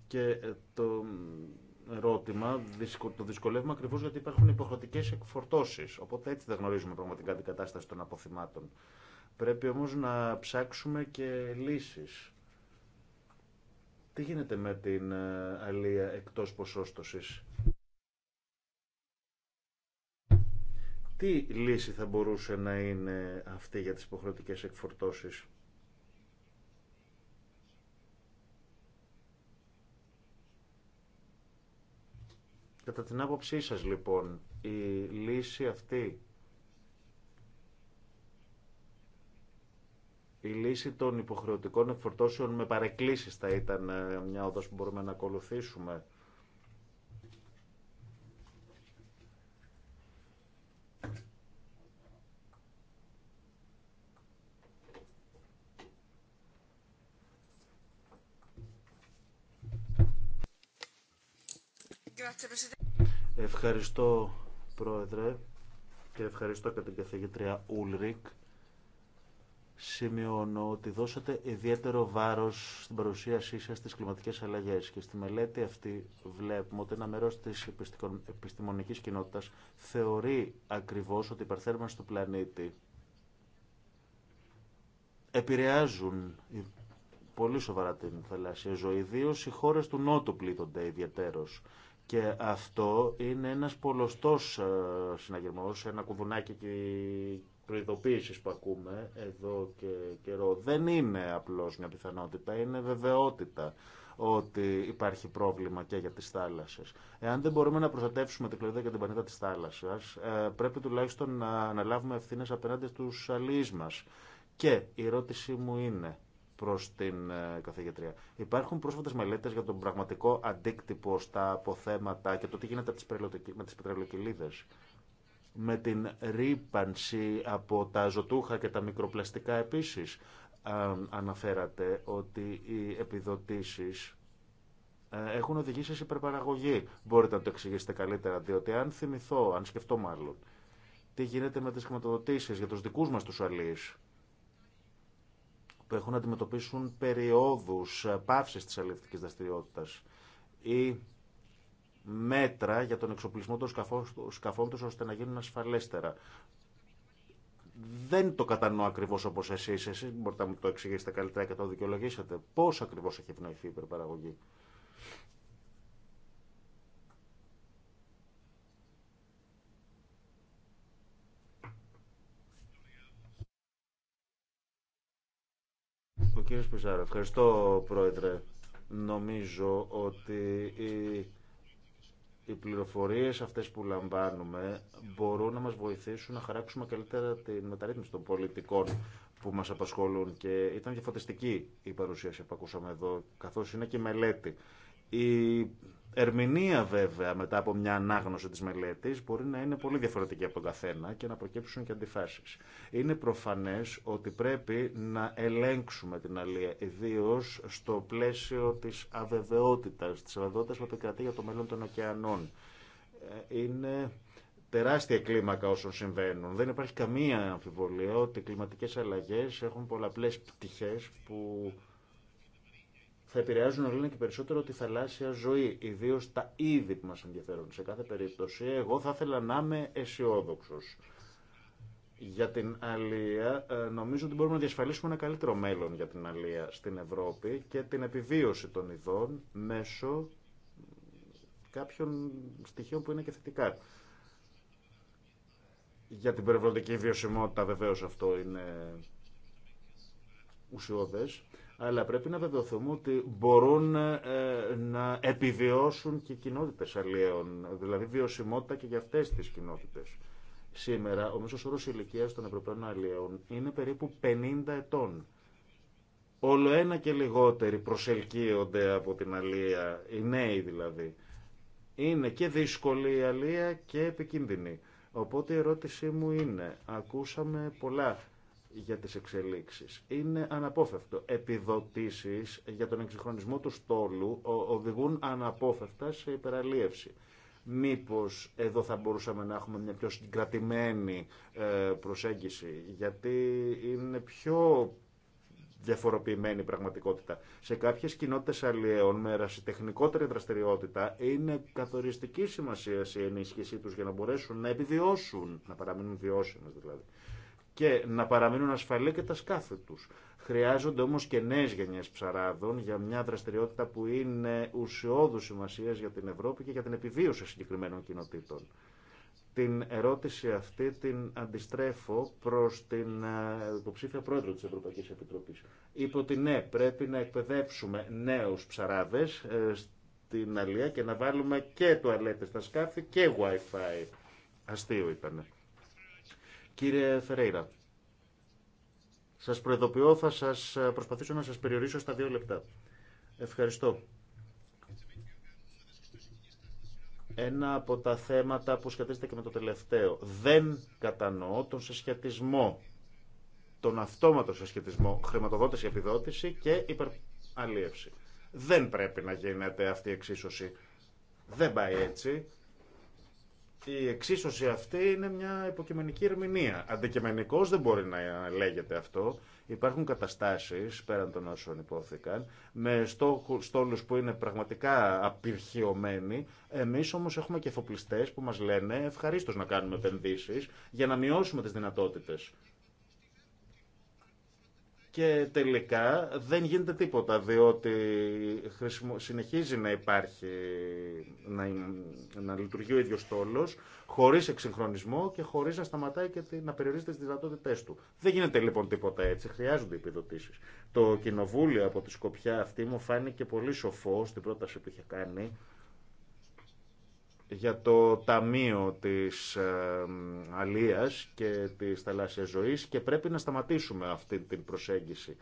Και το ερώτημα το δυσκολεύουμε ακριβώ γιατί υπάρχουν υποχρεωτικέ εκφορτώσει. Οπότε έτσι δεν γνωρίζουμε πραγματικά την κατάσταση των αποθυμάτων. Πρέπει όμω να ψάξουμε και λύσει. Τι γίνεται με την ε, αλία εκτό ποσόστοσης. Τι λύση θα μπορούσε να είναι αυτή για τις υποχρεωτικές εκφορτώσεις. Κατά την άποψή σας λοιπόν, η λύση αυτή, η λύση των υποχρεωτικών εκφορτώσεων με παρεκκλήσεις θα ήταν ε, μια οδός που μπορούμε να ακολουθήσουμε Ευχαριστώ, Πρόεδρε, και ευχαριστώ και την καθηγητρία Ούλρικ. Σημειώνω ότι δώσατε ιδιαίτερο βάρος στην παρουσίασή σας στις κλιματικές αλλαγές και στη μελέτη αυτή βλέπουμε ότι ένα μέρος της επιστημονικής κοινότητας θεωρεί ακριβώς ότι η παρθέρμανση του πλανήτη επηρεάζουν πολύ σοβαρά την θαλάσσια ζωή. Ιδίω οι χώρε του Νότου πλήττονται ιδιαίτερω. Και αυτό είναι ένας πολλωστός ε, συναγερμός, ένα κουδουνάκι προειδοποίησης που ακούμε εδώ και καιρό. Δεν είναι απλώς μια πιθανότητα, είναι βεβαιότητα ότι υπάρχει πρόβλημα και για τις θάλασσες. Εάν δεν μπορούμε να προστατεύσουμε την κλωδία και την πανίδα της θάλασσας, ε, πρέπει τουλάχιστον να αναλάβουμε ευθύνες απέναντι στους αλείς μας. Και η ερώτησή μου είναι, προ την ε, καθηγητρία. Υπάρχουν πρόσφατε μελέτε για τον πραγματικό αντίκτυπο στα αποθέματα και το τι γίνεται με τι πετρελοκυλίδε. Με την ρήπανση από τα ζωτούχα και τα μικροπλαστικά επίση. Ε, αναφέρατε ότι οι επιδοτήσει ε, έχουν οδηγήσει σε υπερπαραγωγή. Μπορείτε να το εξηγήσετε καλύτερα, διότι αν θυμηθώ, αν σκεφτώ μάλλον, τι γίνεται με τις χρηματοδοτήσεις για τους δικούς μας τους αλείς, που έχουν να αντιμετωπίσουν περιόδους ε, πάυσης της αλληλευτικής δραστηριότητας ή μέτρα για τον εξοπλισμό των σκαφών τους ώστε να γίνουν ασφαλέστερα. Δεν το κατανοώ ακριβώς όπως εσείς. Εσείς μπορείτε να μου το εξηγήσετε καλύτερα και το δικαιολογήσετε. Πώς ακριβώς έχει ευνοηθεί η υπερπαραγωγή. Ο κύριος ευχαριστώ πρόεδρε. Νομίζω ότι οι, οι πληροφορίες αυτές που λαμβάνουμε μπορούν να μας βοηθήσουν να χαράξουμε καλύτερα την μεταρρύθμιση των πολιτικών που μας απασχολούν και ήταν διαφωτιστική η παρουσίαση που ακούσαμε εδώ, καθώς είναι και μελέτη η ερμηνεία βέβαια μετά από μια ανάγνωση της μελέτης μπορεί να είναι πολύ διαφορετική από τον καθένα και να προκύψουν και αντιφάσεις. Είναι προφανές ότι πρέπει να ελέγξουμε την αλία, ιδίω στο πλαίσιο της αβεβαιότητας, της αβεβαιότητας που επικρατεί για το μέλλον των ωκεανών. Ε, είναι τεράστια κλίμακα όσων συμβαίνουν. Δεν υπάρχει καμία αμφιβολία ότι οι κλιματικές αλλαγές έχουν πολλαπλές πτυχές που θα επηρεάζουν όλο και περισσότερο τη θαλάσσια ζωή, ιδίω τα είδη που μα ενδιαφέρουν. Σε κάθε περίπτωση, εγώ θα ήθελα να είμαι αισιόδοξο. Για την Αλία, ε, νομίζω ότι μπορούμε να διασφαλίσουμε ένα καλύτερο μέλλον για την Αλία στην Ευρώπη και την επιβίωση των ειδών μέσω κάποιων στοιχείων που είναι και θετικά. Για την περιβαλλοντική βιωσιμότητα βεβαίως αυτό είναι ουσιώδες αλλά πρέπει να βεβαιωθούμε ότι μπορούν ε, να επιβιώσουν και οι κοινότητες αλλιέων, δηλαδή βιωσιμότητα και για αυτές τις κοινότητες. Σήμερα ο μέσος όρος ηλικίας των Ευρωπαίων αλλιέων είναι περίπου 50 ετών. Όλο ένα και λιγότεροι προσελκύονται από την αλλία, οι νέοι δηλαδή. Είναι και δύσκολη η αλία και επικίνδυνη. Οπότε η ερώτησή μου είναι, ακούσαμε πολλά για τις εξελίξεις. Είναι αναπόφευκτο. Επιδοτήσεις για τον εξυγχρονισμό του στόλου οδηγούν αναπόφευκτα σε υπεραλίευση. Μήπως εδώ θα μπορούσαμε να έχουμε μια πιο συγκρατημένη ε, προσέγγιση, γιατί είναι πιο διαφοροποιημένη η πραγματικότητα. Σε κάποιες κοινότητες αλλιέων με ερασιτεχνικότερη δραστηριότητα είναι καθοριστική σημασία η ενίσχυσή τους για να μπορέσουν να επιβιώσουν, να παραμείνουν βιώσιμες δηλαδή και να παραμείνουν ασφαλή και τα σκάφη τους. Χρειάζονται όμως και νέες γενιές ψαράδων για μια δραστηριότητα που είναι ουσιώδου σημασία για την Ευρώπη και για την επιβίωση συγκεκριμένων κοινοτήτων. Την ερώτηση αυτή την αντιστρέφω προς την ε, υποψήφια πρόεδρο της Ευρωπαϊκής Επιτροπής. Είπε ότι ναι, πρέπει να εκπαιδεύσουμε νέους ψαράδες ε, στην Αλία και να βάλουμε και τουαλέτες στα σκάφη και Wi-Fi. Αστείο ήτανε. Κύριε Φερέιρα, σας προειδοποιώ, θα σας προσπαθήσω να σας περιορίσω στα δύο λεπτά. Ευχαριστώ. Ένα από τα θέματα που σχετίζεται και με το τελευταίο. Δεν κατανοώ τον συσχετισμό, τον αυτόματο συσχετισμό χρηματοδότηση-επιδότηση και υπεραλίευση. Δεν πρέπει να γίνεται αυτή η εξίσωση. Δεν πάει έτσι η εξίσωση αυτή είναι μια υποκειμενική ερμηνεία. Αντικειμενικώ δεν μπορεί να λέγεται αυτό. Υπάρχουν καταστάσει, πέραν των όσων υπόθηκαν, με στόλου που είναι πραγματικά απειρχιωμένοι. Εμεί όμω έχουμε και εφοπλιστέ που μα λένε ευχαρίστω να κάνουμε επενδύσει για να μειώσουμε τι δυνατότητε και τελικά δεν γίνεται τίποτα διότι συνεχίζει να υπάρχει, να, λειτουργεί ο ίδιος τόλος χωρίς εξυγχρονισμό και χωρίς να σταματάει και να περιορίζεται στις δυνατότητές του. Δεν γίνεται λοιπόν τίποτα έτσι, χρειάζονται επιδοτήσεις. Το κοινοβούλιο από τη Σκοπιά αυτή μου φάνηκε πολύ σοφό στην πρόταση που είχε κάνει για το Ταμείο της Αλίας και της Θαλάσσιας Ζωής και πρέπει να σταματήσουμε αυτή την προσέγγιση.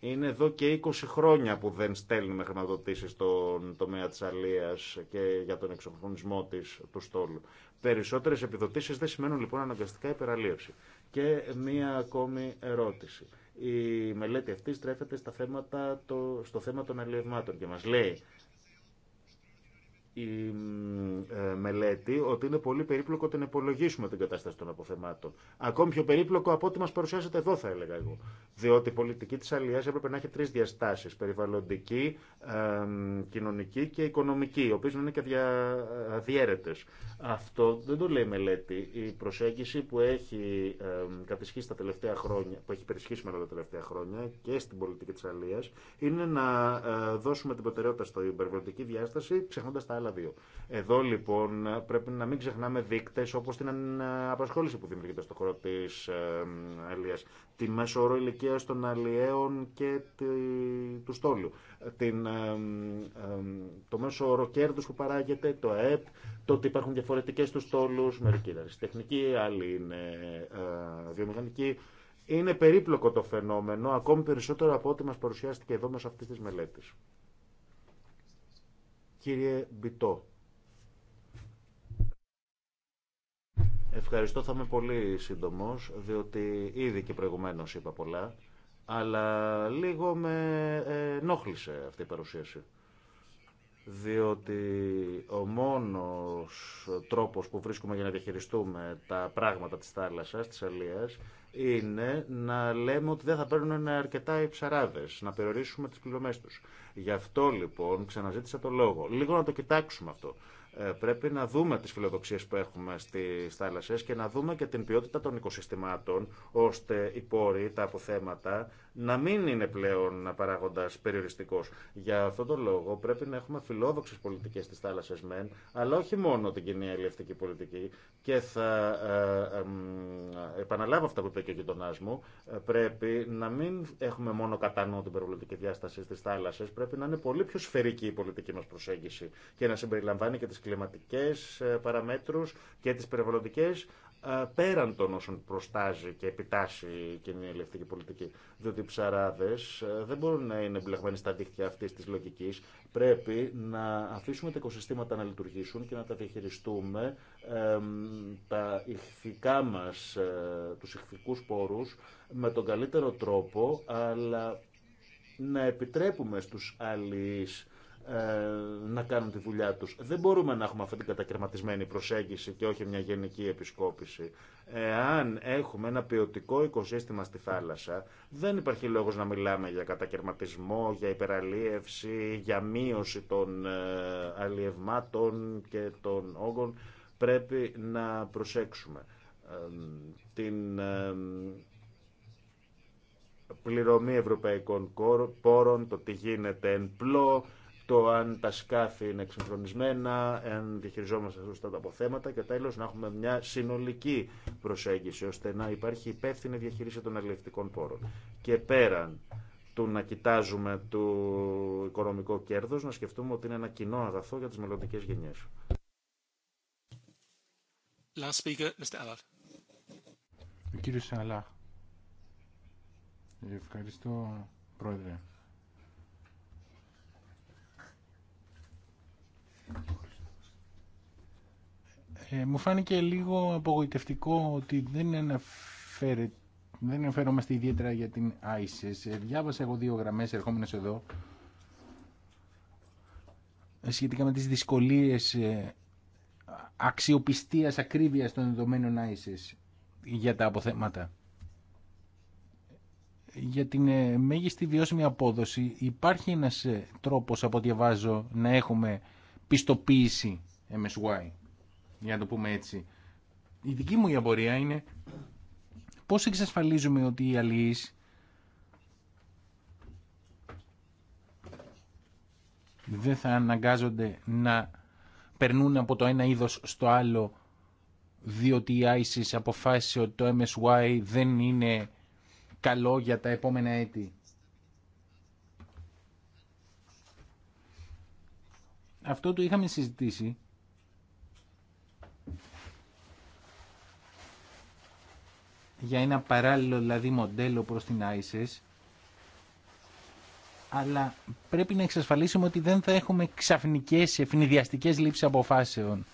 Είναι εδώ και 20 χρόνια που δεν στέλνουμε χρηματοδοτήσεις στον τομέα της αλίας και για τον εξοχρονισμό της του στόλου. Περισσότερες επιδοτήσεις δεν σημαίνουν λοιπόν αναγκαστικά υπεραλίευση. Και μία ακόμη ερώτηση. Η μελέτη αυτή στρέφεται στα θέματα, το, στο θέμα των αλλιευμάτων και μας λέει η ε, μελέτη ότι είναι πολύ περίπλοκο να υπολογίσουμε την κατάσταση των αποθεμάτων. Ακόμη πιο περίπλοκο από ό,τι μα παρουσιάζεται εδώ, θα έλεγα εγώ. Διότι η πολιτική τη αλληλεία έπρεπε να έχει τρει διαστάσει. Περιβαλλοντική, κοινωνική και οικονομική, οι οποίε είναι και δια, Αυτό δεν το λέει η μελέτη. Η προσέγγιση που έχει κατησχίσει τα τελευταία χρόνια, που έχει περισχύσει μάλλον τα τελευταία χρόνια και στην πολιτική τη αλληλεία, είναι να ε, δώσουμε την προτεραιότητα στο περιβαλλοντική διάσταση, ξεχνώντα τα άλλα εδώ λοιπόν πρέπει να μην ξεχνάμε δείκτε όπω την απασχόληση που δημιουργείται στο χώρο τη ε, Αλία, τη μέσο όρο ηλικία των Αλιαίων και του στόλου, την, ε, ε, το μέσο όρο κέρδου που παράγεται, το ΑΕΠ, το ότι υπάρχουν διαφορετικέ του στόλου, μερικοί είναι αριστεχνικοί, άλλοι είναι βιομηχανικοί. Είναι περίπλοκο το φαινόμενο, ακόμη περισσότερο από ό,τι μα παρουσιάστηκε εδώ μέσα αυτή τη μελέτη. Κύριε Μπιτό. Ευχαριστώ, θα είμαι πολύ σύντομος, διότι ήδη και προηγουμένως είπα πολλά, αλλά λίγο με ε, ενόχλησε αυτή η παρουσίαση διότι ο μόνος τρόπος που βρίσκουμε για να διαχειριστούμε τα πράγματα της θάλασσας, της αλίας, είναι να λέμε ότι δεν θα παίρνουν αρκετά οι ψαράδες, να περιορίσουμε τι πληρωμέ του. Γι' αυτό λοιπόν ξαναζήτησα το λόγο. Λίγο να το κοιτάξουμε αυτό. Ε, πρέπει να δούμε τις φιλοδοξίες που έχουμε στις θάλασσε και να δούμε και την ποιότητα των οικοσυστημάτων, ώστε οι πόροι, τα αποθέματα να μην είναι πλέον παράγοντα περιοριστικό. Για αυτόν τον λόγο πρέπει να έχουμε φιλόδοξε πολιτικέ τη θάλασσε μεν, αλλά όχι μόνο την κοινή ελευθερική πολιτική. Και θα ε, ε, επαναλάβω αυτά που είπε και ο γειτονά μου. Ε, πρέπει να μην έχουμε μόνο κατά νου την περιβαλλοντική διάσταση τη θάλασσα. Πρέπει να είναι πολύ πιο σφαιρική η πολιτική μα προσέγγιση και να συμπεριλαμβάνει και τι κλιματικέ παραμέτρου και τι περιβαλλοντικέ, ε, πέραν των όσων προστάζει και επιτάσσει η κοινή ελευθερική πολιτική. Διότι οι ψαράδε ε, δεν μπορούν να είναι εμπλεγμένοι στα δίχτυα αυτή τη λογική. Πρέπει να αφήσουμε τα οικοσυστήματα να λειτουργήσουν και να τα διαχειριστούμε τα ηχθικά μα, ε, του ηχθικού πόρου με τον καλύτερο τρόπο, αλλά να επιτρέπουμε στους αλληλείς ε, να κάνουν τη δουλειά τους. Δεν μπορούμε να έχουμε αυτή την κατακαιρματισμένη προσέγγιση και όχι μια γενική επισκόπηση. Εάν έχουμε ένα ποιοτικό οικοσύστημα στη θάλασσα, δεν υπάρχει λόγος να μιλάμε για κατακαιρματισμό, για υπεραλίευση, για μείωση των ε, αλλιευμάτων και των όγκων. Πρέπει να προσέξουμε την πληρωμή ευρωπαϊκών πόρων, το τι γίνεται εν πλώ, το αν τα σκάφη είναι εξυγχρονισμένα, αν διαχειριζόμαστε σωστά τα αποθέματα και τέλος να έχουμε μια συνολική προσέγγιση ώστε να υπάρχει υπεύθυνη διαχείριση των αλληλευτικών πόρων. Και πέραν του να κοιτάζουμε το οικονομικό κέρδος, να σκεφτούμε ότι είναι ένα κοινό αγαθό για τις μελλοντικέ γενιές. Ευχαριστώ, Πρόεδρε. Ε, μου φάνηκε λίγο απογοητευτικό ότι δεν, αναφέρεται δεν αναφέρομαστε ιδιαίτερα για την ISIS. Ε, διάβασα εγώ δύο γραμμές ερχόμενες εδώ ε, σχετικά με τις δυσκολίες ε, αξιοπιστίας ακρίβειας των δεδομένων ISIS για τα αποθέματα. Για την μέγιστη βιώσιμη απόδοση υπάρχει ένας τρόπος από ό,τι να έχουμε πιστοποίηση MSY, για να το πούμε έτσι. Η δική μου η απορία είναι πώς εξασφαλίζουμε ότι οι αλληλείς δεν θα αναγκάζονται να περνούν από το ένα είδος στο άλλο διότι η ISIS αποφάσισε ότι το MSY δεν είναι καλό για τα επόμενα έτη. Αυτό το είχαμε συζητήσει. Για ένα παράλληλο δηλαδή μοντέλο προς την ISIS. Αλλά πρέπει να εξασφαλίσουμε ότι δεν θα έχουμε ξαφνικές ευνηδιαστικές λήψεις αποφάσεων.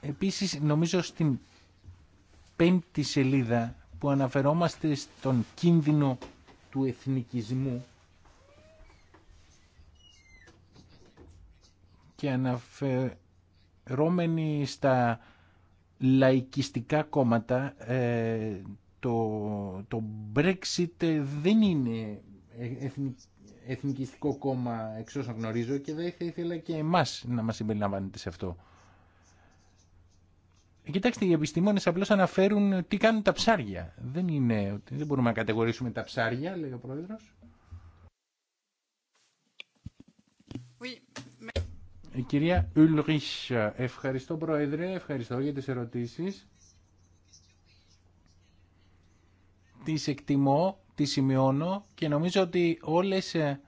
Επίσης νομίζω στην πέμπτη σελίδα που αναφερόμαστε στον κίνδυνο του εθνικισμού και αναφερόμενοι στα λαϊκιστικά κόμματα ε, το, το Brexit δεν είναι εθνικιστικό κόμμα εξ όσων γνωρίζω και δεν θα ήθελα και εμάς να μας συμπεριλαμβάνετε σε αυτό. Ε, κοιτάξτε, οι επιστήμονε απλώ αναφέρουν τι κάνουν τα ψάρια. Δεν είναι, δεν μπορούμε να κατηγορήσουμε τα ψάρια, λέει ο πρόεδρο. κυρία Ουλρίσσα, ευχαριστώ Πρόεδρε, ευχαριστώ για τις ερωτήσεις. Τις εκτιμώ, τις σημειώνω και νομίζω ότι όλες ε,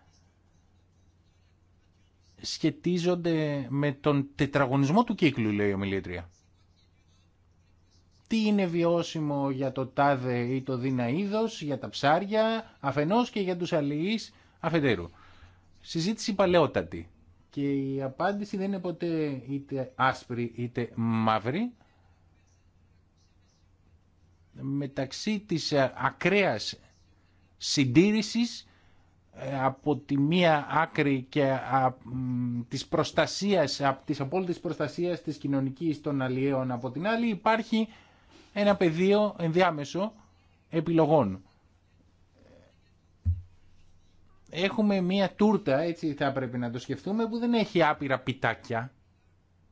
σχετίζονται με τον τετραγωνισμό του κύκλου, λέει η ομιλήτρια τι είναι βιώσιμο για το τάδε ή το δίνα για τα ψάρια, αφενός και για τους αλληλείς αφετέρου. Συζήτηση παλαιότατη και η απάντηση δεν είναι ποτέ είτε άσπρη είτε μαύρη. Μεταξύ της ε, ακραίας συντήρησης ε, από τη μία άκρη και της προστασίας, από της απόλυτης προστασίας της κοινωνικής των αλλιέων από την άλλη υπάρχει ένα πεδίο ενδιάμεσο επιλογών. Έχουμε μία τούρτα, έτσι θα πρέπει να το σκεφτούμε, που δεν έχει άπειρα πιτάκια.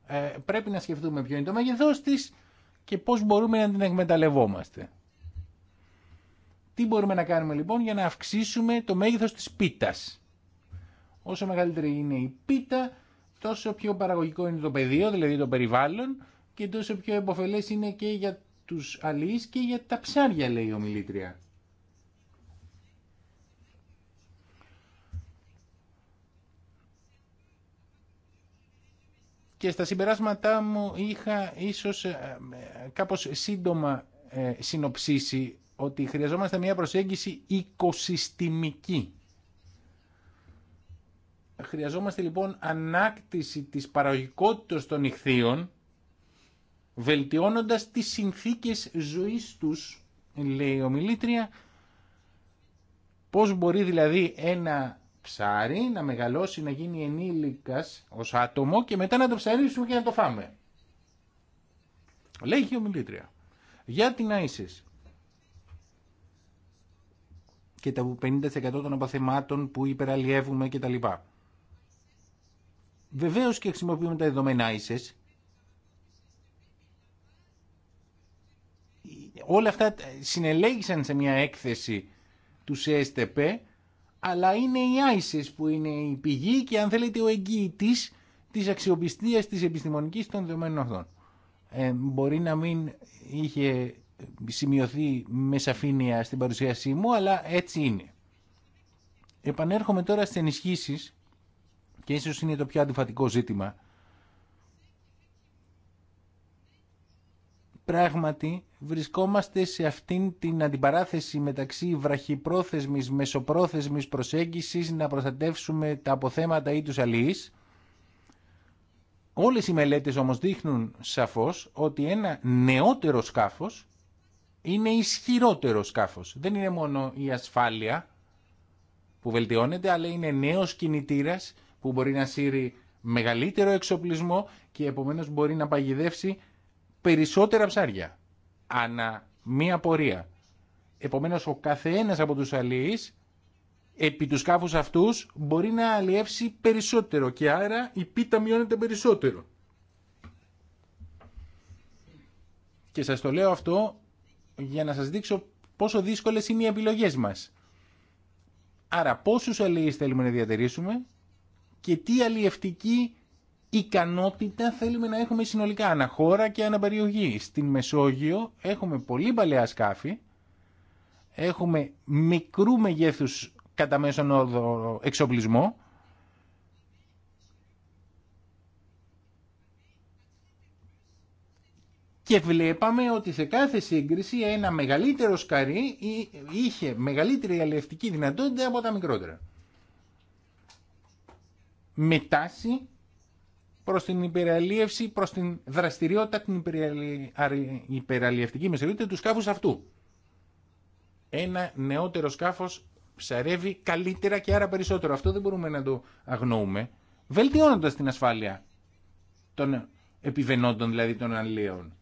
Ε, πρέπει να σκεφτούμε ποιο είναι το μέγεθός της και πώς μπορούμε να την εκμεταλλευόμαστε. Τι μπορούμε να κάνουμε λοιπόν για να αυξήσουμε το μέγεθος της πίτας. Όσο μεγαλύτερη είναι η πίτα, τόσο πιο παραγωγικό είναι το πεδίο, δηλαδή το περιβάλλον, και τόσο πιο είναι και για τους αλείς και για τα ψάρια λέει ο μιλήτρια. Και στα συμπεράσματά μου είχα ίσως ε, ε, κάπως σύντομα ε, συνοψίσει ότι χρειαζόμαστε μια προσέγγιση οικοσυστημική. Χρειαζόμαστε λοιπόν ανάκτηση της παραγωγικότητας των ηχθείων βελτιώνοντας τις συνθήκες ζωής τους, λέει η ομιλήτρια, πώς μπορεί δηλαδή ένα ψάρι να μεγαλώσει, να γίνει ενήλικας ως άτομο και μετά να το ψαρίσουμε και να το φάμε. Λέει η ομιλήτρια. Για την είσαις. και τα 50% των απαθεμάτων που υπεραλλιεύουμε κτλ. Βεβαίως και χρησιμοποιούμε τα δεδομένα ISIS όλα αυτά συνελέγησαν σε μια έκθεση του ΣΕΣΤΕΠΕ, αλλά είναι οι ΆΙΣΕΣ που είναι η πηγή και αν θέλετε ο εγγυητής της αξιοπιστίας της επιστημονικής των δεδομένων αυτών. Ε, μπορεί να μην είχε σημειωθεί με σαφήνεια στην παρουσίασή μου, αλλά έτσι είναι. Επανέρχομαι τώρα στις ενισχύσεις και ίσως είναι το πιο αντιφατικό ζήτημα πράγματι βρισκόμαστε σε αυτήν την αντιπαράθεση μεταξύ βραχυπρόθεσμης, μεσοπρόθεσμης προσέγγισης να προστατεύσουμε τα αποθέματα ή τους αλληλείς. Όλες οι μελέτες όμως δείχνουν σαφώς ότι ένα νεότερο σκάφος είναι ισχυρότερο σκάφος. Δεν είναι μόνο η ασφάλεια που βελτιώνεται, αλλά είναι νέος κινητήρας που μπορεί να σύρει μεγαλύτερο εξοπλισμό και επομένως μπορεί να παγιδεύσει περισσότερα ψάρια ανά μία πορεία. Επομένως ο καθένας από τους αλληλείς επί τους σκάφου αυτούς μπορεί να αλλιεύσει περισσότερο και άρα η πίτα μειώνεται περισσότερο. Και σας το λέω αυτό για να σας δείξω πόσο δύσκολες είναι οι επιλογές μας. Άρα πόσους αλληλείς θέλουμε να διατηρήσουμε και τι αλλιευτική ικανότητα θέλουμε να έχουμε συνολικά αναχώρα και περιοχή. Στην Μεσόγειο έχουμε πολύ παλαιά σκάφη, έχουμε μικρού μεγέθους κατά μέσον όδο εξοπλισμό, Και βλέπαμε ότι σε κάθε σύγκριση ένα μεγαλύτερο σκαρί είχε μεγαλύτερη αλληλευτική δυνατότητα από τα μικρότερα. Με τάση Προ την υπεραλίευση, προς την δραστηριότητα την υπεραλιευτική μεσαιρείτε του σκάφους αυτού. Ένα νεότερο σκάφος ψαρεύει καλύτερα και άρα περισσότερο. Αυτό δεν μπορούμε να το αγνοούμε. Βελτιώνοντα την ασφάλεια των επιβενόντων, δηλαδή των αλλαίων.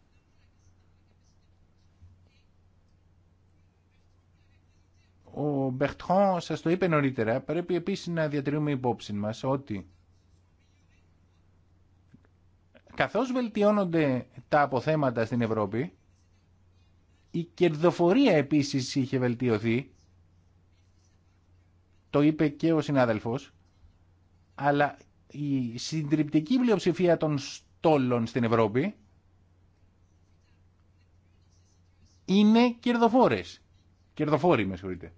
Ο Μπεχτχόν σας το είπε νωρίτερα, πρέπει επίσης να διατηρούμε υπόψη μας ότι καθώς βελτιώνονται τα αποθέματα στην Ευρώπη, η κερδοφορία επίσης είχε βελτιωθεί, το είπε και ο συνάδελφος, αλλά η συντριπτική πλειοψηφία των στόλων στην Ευρώπη είναι κερδοφόρες. Κερδοφόροι, με συγχωρείτε.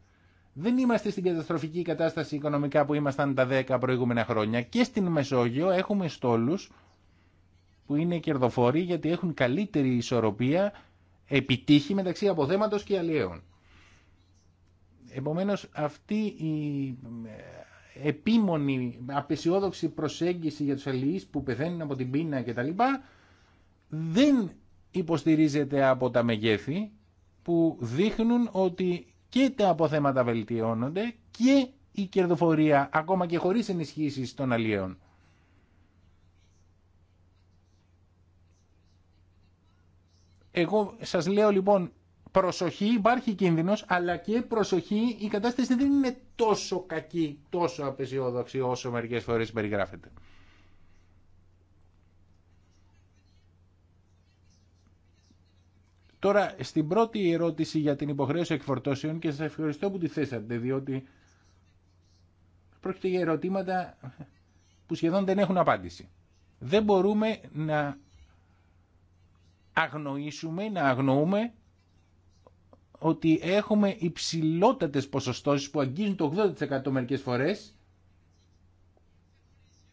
Δεν είμαστε στην καταστροφική κατάσταση οικονομικά που ήμασταν τα 10 προηγούμενα χρόνια. Και στην Μεσόγειο έχουμε στόλους που είναι κερδοφοροί γιατί έχουν καλύτερη ισορροπία επιτύχει μεταξύ αποθέματος και αλλιέων. Επομένως αυτή η ε, επίμονη, απεσιόδοξη προσέγγιση για τους αλληλείς που πεθαίνουν από την πείνα κτλ. δεν υποστηρίζεται από τα μεγέθη που δείχνουν ότι και τα αποθέματα βελτιώνονται και η κερδοφορία ακόμα και χωρίς ενισχύσεις των αλλιέων. Εγώ σας λέω λοιπόν προσοχή, υπάρχει κίνδυνος, αλλά και προσοχή, η κατάσταση δεν είναι τόσο κακή, τόσο απεσιόδοξη όσο μερικέ φορέ περιγράφεται. Τώρα, στην πρώτη ερώτηση για την υποχρέωση εκφορτώσεων και σας ευχαριστώ που τη θέσατε, διότι πρόκειται για ερωτήματα που σχεδόν δεν έχουν απάντηση. Δεν μπορούμε να αγνοήσουμε, να αγνοούμε ότι έχουμε υψηλότατες ποσοστώσεις που αγγίζουν το 80% μερικές φορές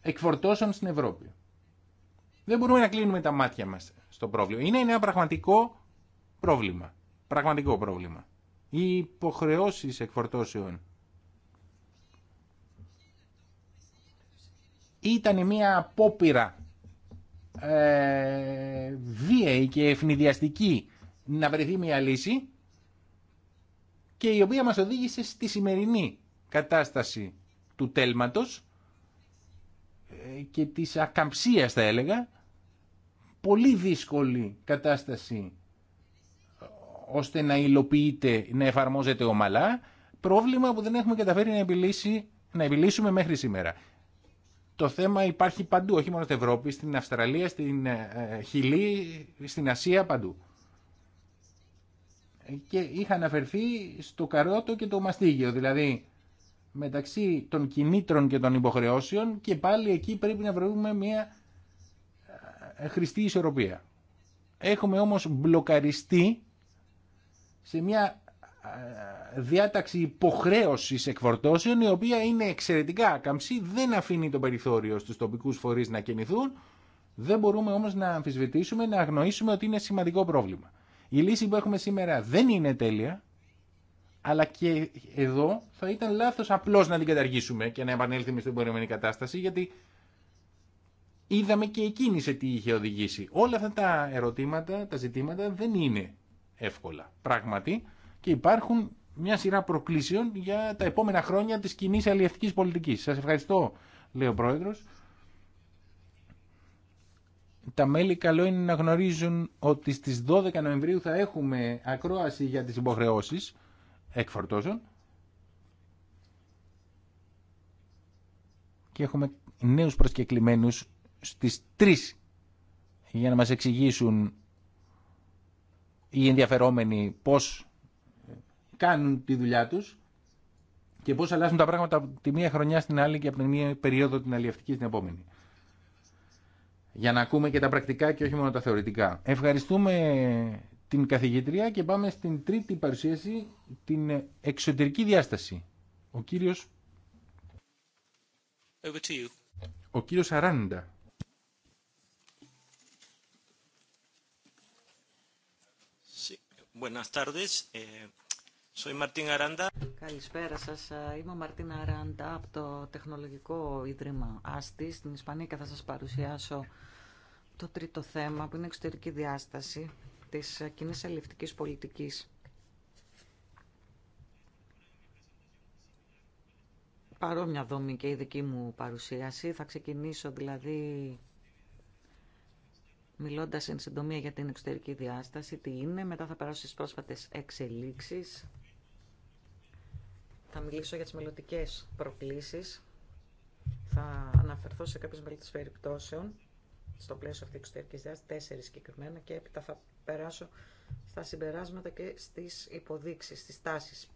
εκφορτώσεων στην Ευρώπη. Δεν μπορούμε να κλείνουμε τα μάτια μας στο πρόβλημα. Είναι ένα πραγματικό πρόβλημα. Πραγματικό πρόβλημα. Οι υποχρεώσεις εκφορτώσεων ήταν μια απόπειρα ε, βίαιη και ευνηδιαστική να βρεθεί μια λύση και η οποία μας οδήγησε στη σημερινή κατάσταση του τέλματος ε, και της ακαμψίας θα έλεγα πολύ δύσκολη κατάσταση ώστε να υλοποιείται, να εφαρμόζεται ομαλά πρόβλημα που δεν έχουμε καταφέρει να, επιλύσει, να επιλύσουμε μέχρι σήμερα το θέμα υπάρχει παντού, όχι μόνο στην Ευρώπη, στην Αυστραλία, στην ε, Χιλή, στην Ασία, παντού. Και είχα αναφερθεί στο καρότο και το μαστίγιο, δηλαδή μεταξύ των κινήτρων και των υποχρεώσεων και πάλι εκεί πρέπει να βρούμε μια ε, χρηστή ισορροπία. Έχουμε όμως μπλοκαριστεί σε μια ε, διάταξη υποχρέωση εκφορτώσεων η οποία είναι εξαιρετικά καμψή, δεν αφήνει το περιθώριο στους τοπικού φορεί να κινηθούν δεν μπορούμε όμω να αμφισβητήσουμε, να αγνοήσουμε ότι είναι σημαντικό πρόβλημα. Η λύση που έχουμε σήμερα δεν είναι τέλεια, αλλά και εδώ θα ήταν λάθο απλώ να την καταργήσουμε και να επανέλθουμε στην προηγούμενη κατάσταση, γιατί είδαμε και εκείνη σε τι είχε οδηγήσει. Όλα αυτά τα ερωτήματα, τα ζητήματα δεν είναι εύκολα. Πράγματι, και υπάρχουν μια σειρά προκλήσεων για τα επόμενα χρόνια της κοινή αλληλευτικής πολιτικής. Σας ευχαριστώ, λέει ο Πρόεδρος. Τα μέλη καλό είναι να γνωρίζουν ότι στις 12 Νοεμβρίου θα έχουμε ακρόαση για τις υποχρεώσεις εκφορτώσεων και έχουμε νέους προσκεκλημένους στις 3 για να μας εξηγήσουν οι ενδιαφερόμενοι πώς κάνουν τη δουλειά του και πώ αλλάζουν τα πράγματα από τη μία χρονιά στην άλλη και από την μία περίοδο την αλλιευτική στην επόμενη. Για να ακούμε και τα πρακτικά και όχι μόνο τα θεωρητικά. Ευχαριστούμε την καθηγήτρια και πάμε στην τρίτη παρουσίαση, την εξωτερική διάσταση. Ο κύριος... Over to you. Ο κύριος Αράντα. Buenas tardes. Eh, Καλησπέρα σα. Είμαι ο Μαρτίν Αράντα από το Τεχνολογικό Ίδρυμα Άστη στην Ισπανία και θα σας παρουσιάσω το τρίτο θέμα που είναι εξωτερική διάσταση της κοινή αλληλευτική πολιτικής. Παρόμοια δομή και η δική μου παρουσίαση. Θα ξεκινήσω δηλαδή μιλώντας εν συντομία για την εξωτερική διάσταση, τι είναι, μετά θα περάσω στις πρόσφατες εξελίξεις θα μιλήσω για τις μελλοντικέ προκλήσεις. Θα αναφερθώ σε κάποιες μελλοντικές περιπτώσεων στο πλαίσιο αυτή εξωτερικής δράσης, τέσσερις συγκεκριμένα και έπειτα θα περάσω στα συμπεράσματα και στις υποδείξεις, στις τάσεις.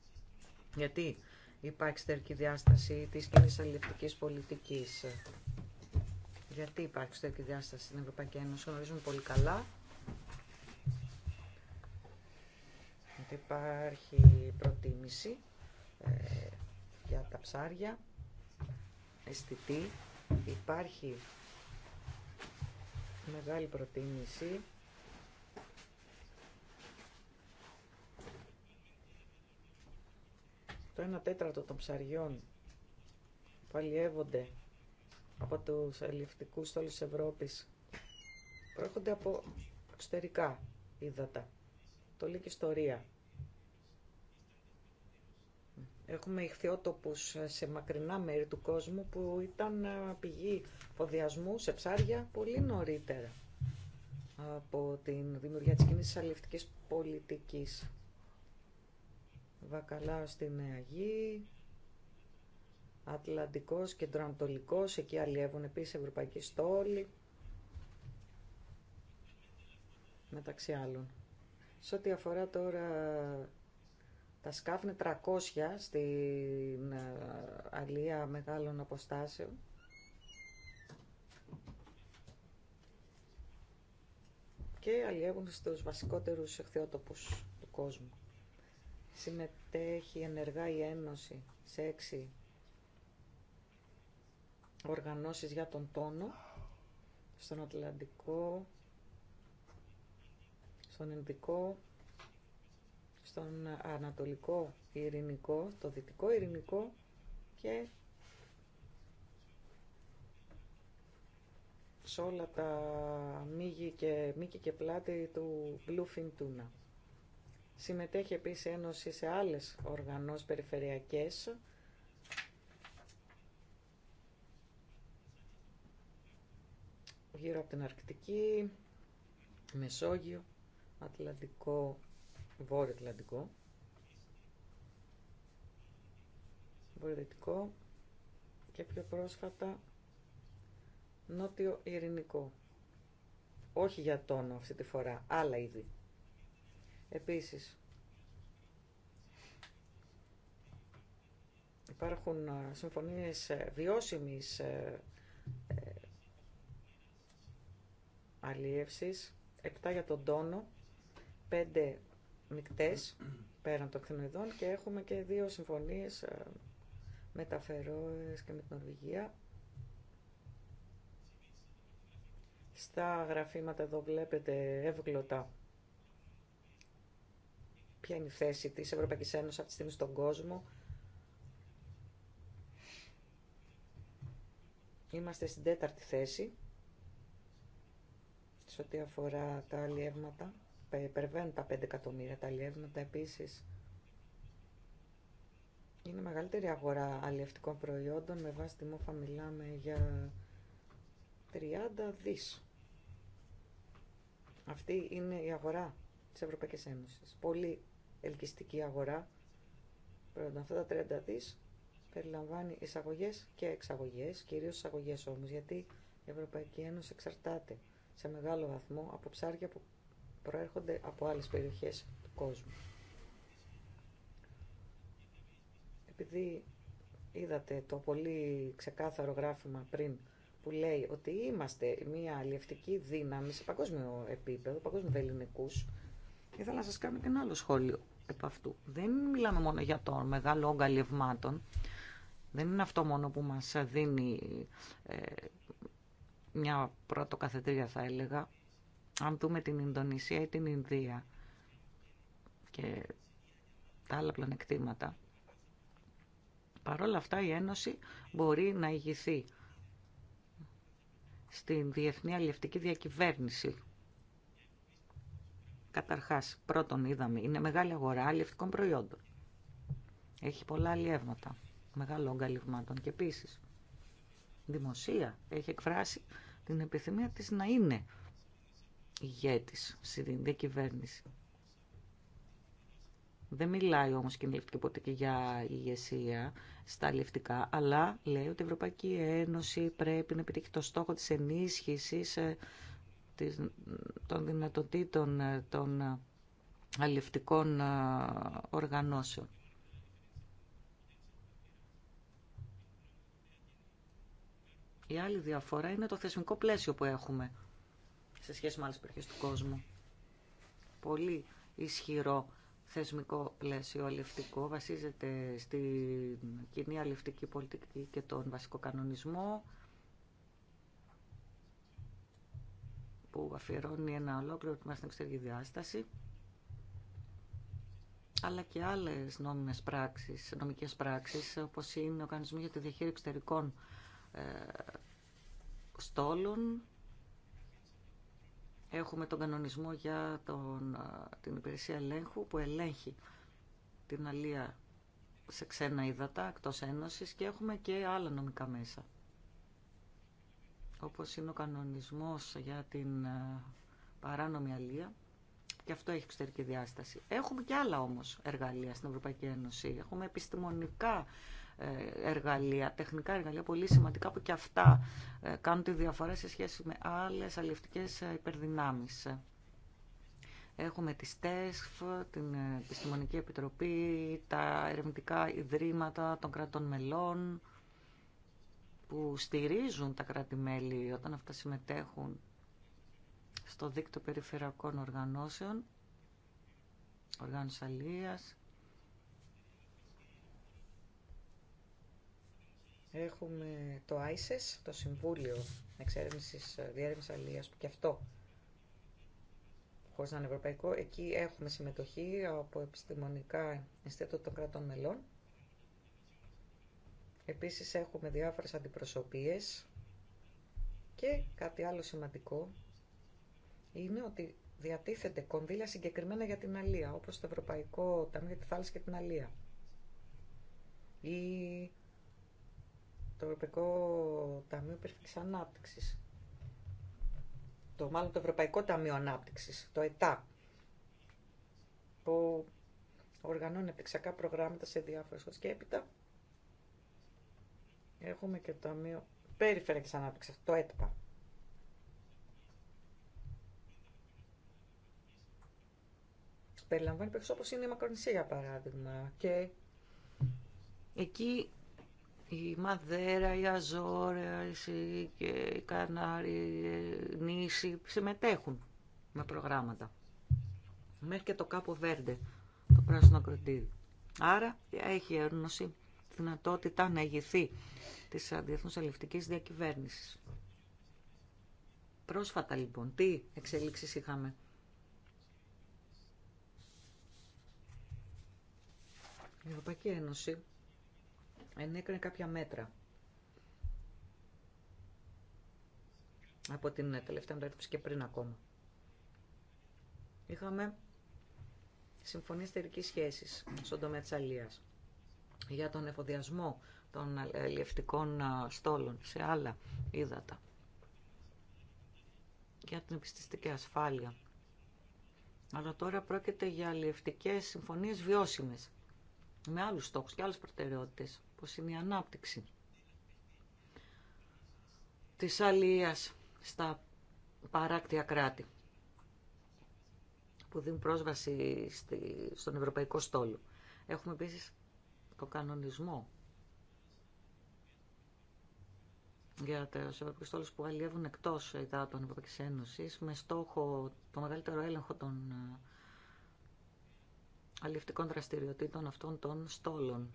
Γιατί υπάρχει εξωτερική διάσταση της κοινής αλληλευτικής πολιτικής. Γιατί υπάρχει εξωτερική διάσταση στην Ευρωπαϊκή Ένωση, γνωρίζουμε πολύ καλά. Γιατί υπάρχει προτίμηση για τα ψάρια αισθητή υπάρχει μεγάλη προτίμηση το 1 τέταρτο των ψαριών που αλλιεύονται από τους αλληλευτικούς στόλους της Ευρώπης προέρχονται από εξωτερικά ύδατα. Το λέει και ιστορία. Έχουμε ηχθειότοπους σε μακρινά μέρη του κόσμου που ήταν ε, πηγή φοδιασμού σε ψάρια πολύ νωρίτερα από τη δημιουργία της κοινής αλληλευτικής πολιτικής. στη στην Γη, Ατλαντικός, Κεντροανατολικός, εκεί αλλιεύουν επίσης Ευρωπαϊκή Στόλη, μεταξύ άλλων. Σε ό,τι αφορά τώρα τα σκάφηνε 300 στην ε, αλία μεγάλων αποστάσεων. και αλλιεύουν στους βασικότερους εχθειότοπους του κόσμου. Συμμετέχει ενεργά η Ένωση σε έξι οργανώσεις για τον τόνο, στον Ατλαντικό, στον Ινδικό, στον Ανατολικό Ειρηνικό, το Δυτικό Ειρηνικό και σε όλα τα μήκη και, μήκη και πλάτη του Bluefin Tuna. Συμμετέχει επίσης Ένωση σε άλλες οργανώσεις περιφερειακές γύρω από την Αρκτική, Μεσόγειο, Ατλαντικό Βόρειο Ατλαντικό. Βορειοδυτικό και πιο πρόσφατα Νότιο Ειρηνικό. Όχι για τόνο αυτή τη φορά, άλλα είδη. Επίσης, υπάρχουν ε, συμφωνίες ε, βιώσιμης ε, αλίευσης, 7 για τον τόνο, 5 μεικτές πέραν των κτηνοδών και έχουμε και δύο συμφωνίες ε, με τα Φερόες και με την Ορβηγία. Στα γραφήματα εδώ βλέπετε εύγλωτα ποια είναι η θέση της Ευρωπαϊκής Ένωσης αυτή τη στιγμή στον κόσμο. Είμαστε στην τέταρτη θέση σε ό,τι αφορά τα αλλιεύματα υπερβαίνουν τα 5 εκατομμύρια τα αλλιεύματα επίσης. Είναι μεγαλύτερη αγορά αλλιευτικών προϊόντων, με βάση τη μόφα μιλάμε για 30 δις. Αυτή είναι η αγορά της Ευρωπαϊκής Ένωσης. Πολύ ελκυστική αγορά. Πρώτα, αυτά τα 30 δις περιλαμβάνει εισαγωγές και εξαγωγές, κυρίως εισαγωγές όμως, γιατί η Ευρωπαϊκή Ένωση εξαρτάται σε μεγάλο βαθμό από ψάρια που προέρχονται από άλλες περιοχές του κόσμου. Επειδή είδατε το πολύ ξεκάθαρο γράφημα πριν που λέει ότι είμαστε μια αλλιευτική δύναμη σε παγκόσμιο επίπεδο, παγκόσμιο ελληνικού. ήθελα να σας κάνω και ένα άλλο σχόλιο επ' αυτού. Δεν μιλάμε μόνο για τον μεγάλο όγκα αλλιευμάτων, δεν είναι αυτό μόνο που μας δίνει ε, μια πρώτο καθετήρια θα έλεγα, αν δούμε την Ινδονησία ή την Ινδία και τα άλλα πλανεκτήματα. Παρόλα αυτά η Ένωση μπορεί να ηγηθεί στην διεθνή αλληλευτική διακυβέρνηση. Καταρχάς, πρώτον είδαμε, είναι μεγάλη αγορά αλληλευτικών προϊόντων. Έχει πολλά αλλιεύματα, μεγάλο ογκαλιευμάτων και επίσης δημοσία έχει εκφράσει την επιθυμία της να είναι ηγέτης στην Ινδία κυβέρνηση. Δεν μιλάει όμως και ποτέ πολιτική για ηγεσία στα αλληλευτικά, αλλά λέει ότι η Ευρωπαϊκή Ένωση πρέπει να επιτύχει το στόχο της ενίσχυσης ε, των δυνατοτήτων ε, των αλληλευτικών ε, οργανώσεων. Η άλλη διαφορά είναι το θεσμικό πλαίσιο που έχουμε σε σχέση με άλλες περιοχές του κόσμου. Πολύ ισχυρό θεσμικό πλαίσιο αλληλευτικό βασίζεται στην κοινή αλληλευτική πολιτική και τον βασικό κανονισμό που αφιερώνει ένα ολόκληρο τμήμα στην εξωτερική διάσταση αλλά και άλλες νόμιμες πράξεις, νομικές πράξεις όπως είναι ο κανονισμός για τη διαχείριση εξωτερικών ε, στόλων Έχουμε τον κανονισμό για τον, την υπηρεσία ελέγχου που ελέγχει την αλία σε ξένα ύδατα εκτός ένωσης και έχουμε και άλλα νομικά μέσα. Όπως είναι ο κανονισμός για την παράνομη αλία και αυτό έχει εξωτερική διάσταση. Έχουμε και άλλα όμως εργαλεία στην Ευρωπαϊκή Ένωση. Έχουμε επιστημονικά ε, εργαλεία, τεχνικά εργαλεία πολύ σημαντικά που και αυτά ε, κάνουν τη διαφορά σε σχέση με άλλες αλληλευτικές ε, υπερδυνάμεις. Έχουμε τη ΣΤΕΣΦ, την Επιστημονική Επιτροπή, τα ερευνητικά ιδρύματα των κρατών μελών που στηρίζουν τα κράτη-μέλη όταν αυτά συμμετέχουν στο δίκτυο περιφερειακών οργανώσεων, οργάνωση αλίας, Έχουμε το ISIS, e το Συμβούλιο Εξέρευνησης Διέρευνησης Αλίας, που και αυτό χωρίς να είναι ευρωπαϊκό, εκεί έχουμε συμμετοχή από επιστημονικά Ινστιτούτα των Κρατών Μελών. Επίσης έχουμε διάφορες αντιπροσωπείες και κάτι άλλο σημαντικό είναι ότι διατίθεται κονδύλια συγκεκριμένα για την αλία, όπως το Ευρωπαϊκό Ταμείο για τη Θάλασσα και την Αλία το Ευρωπαϊκό Ταμείο Περιφερειακής Ανάπτυξης. Το, μάλλον το Ευρωπαϊκό Ταμείο Ανάπτυξης, το ΕΤΑ, που οργανώνει επεξακά προγράμματα σε διάφορες χώρες. Και έπειτα έχουμε και το Ταμείο Περιφερειακής Ανάπτυξης, το ΕΤΠΑ. Περιλαμβάνει περισσότερο όπως είναι η Μακρονησία, για παράδειγμα. Και εκεί η Μαδέρα, η Αζόρα, η και η Κανάρι, συμμετέχουν με προγράμματα. Μέχρι και το Κάπο Βέρντε, το πράσινο κροτίδι. Άρα έχει έρνωση τη δυνατότητα να ηγηθεί της διεθνούς αλληλευτικής διακυβέρνησης. Πρόσφατα λοιπόν, τι εξελίξεις είχαμε. Η Ευρωπαϊκή Ένωση ενέκρινε κάποια μέτρα. Από την τελευταία μεταρρύθμιση και πριν ακόμα. Είχαμε συμφωνίες θερικής σχέσης στον τομέα της αλίας για τον εφοδιασμό των αλλιευτικών ε, στόλων σε άλλα ύδατα για την επιστηστική ασφάλεια. Αλλά τώρα πρόκειται για αλλιευτικές συμφωνίες βιώσιμες με άλλους στόχους και άλλες προτεραιότητες όπως είναι η ανάπτυξη της αλίας στα παράκτια κράτη που δίνουν πρόσβαση στη, στον Ευρωπαϊκό Στόλο. Έχουμε επίσης το κανονισμό για του Ευρωπαϊκούς στόλους που αλλιεύουν εκτός υδάτων Ευρωπαϊκή Ένωση με στόχο το μεγαλύτερο έλεγχο των ε, αλλιευτικών δραστηριοτήτων αυτών των στόλων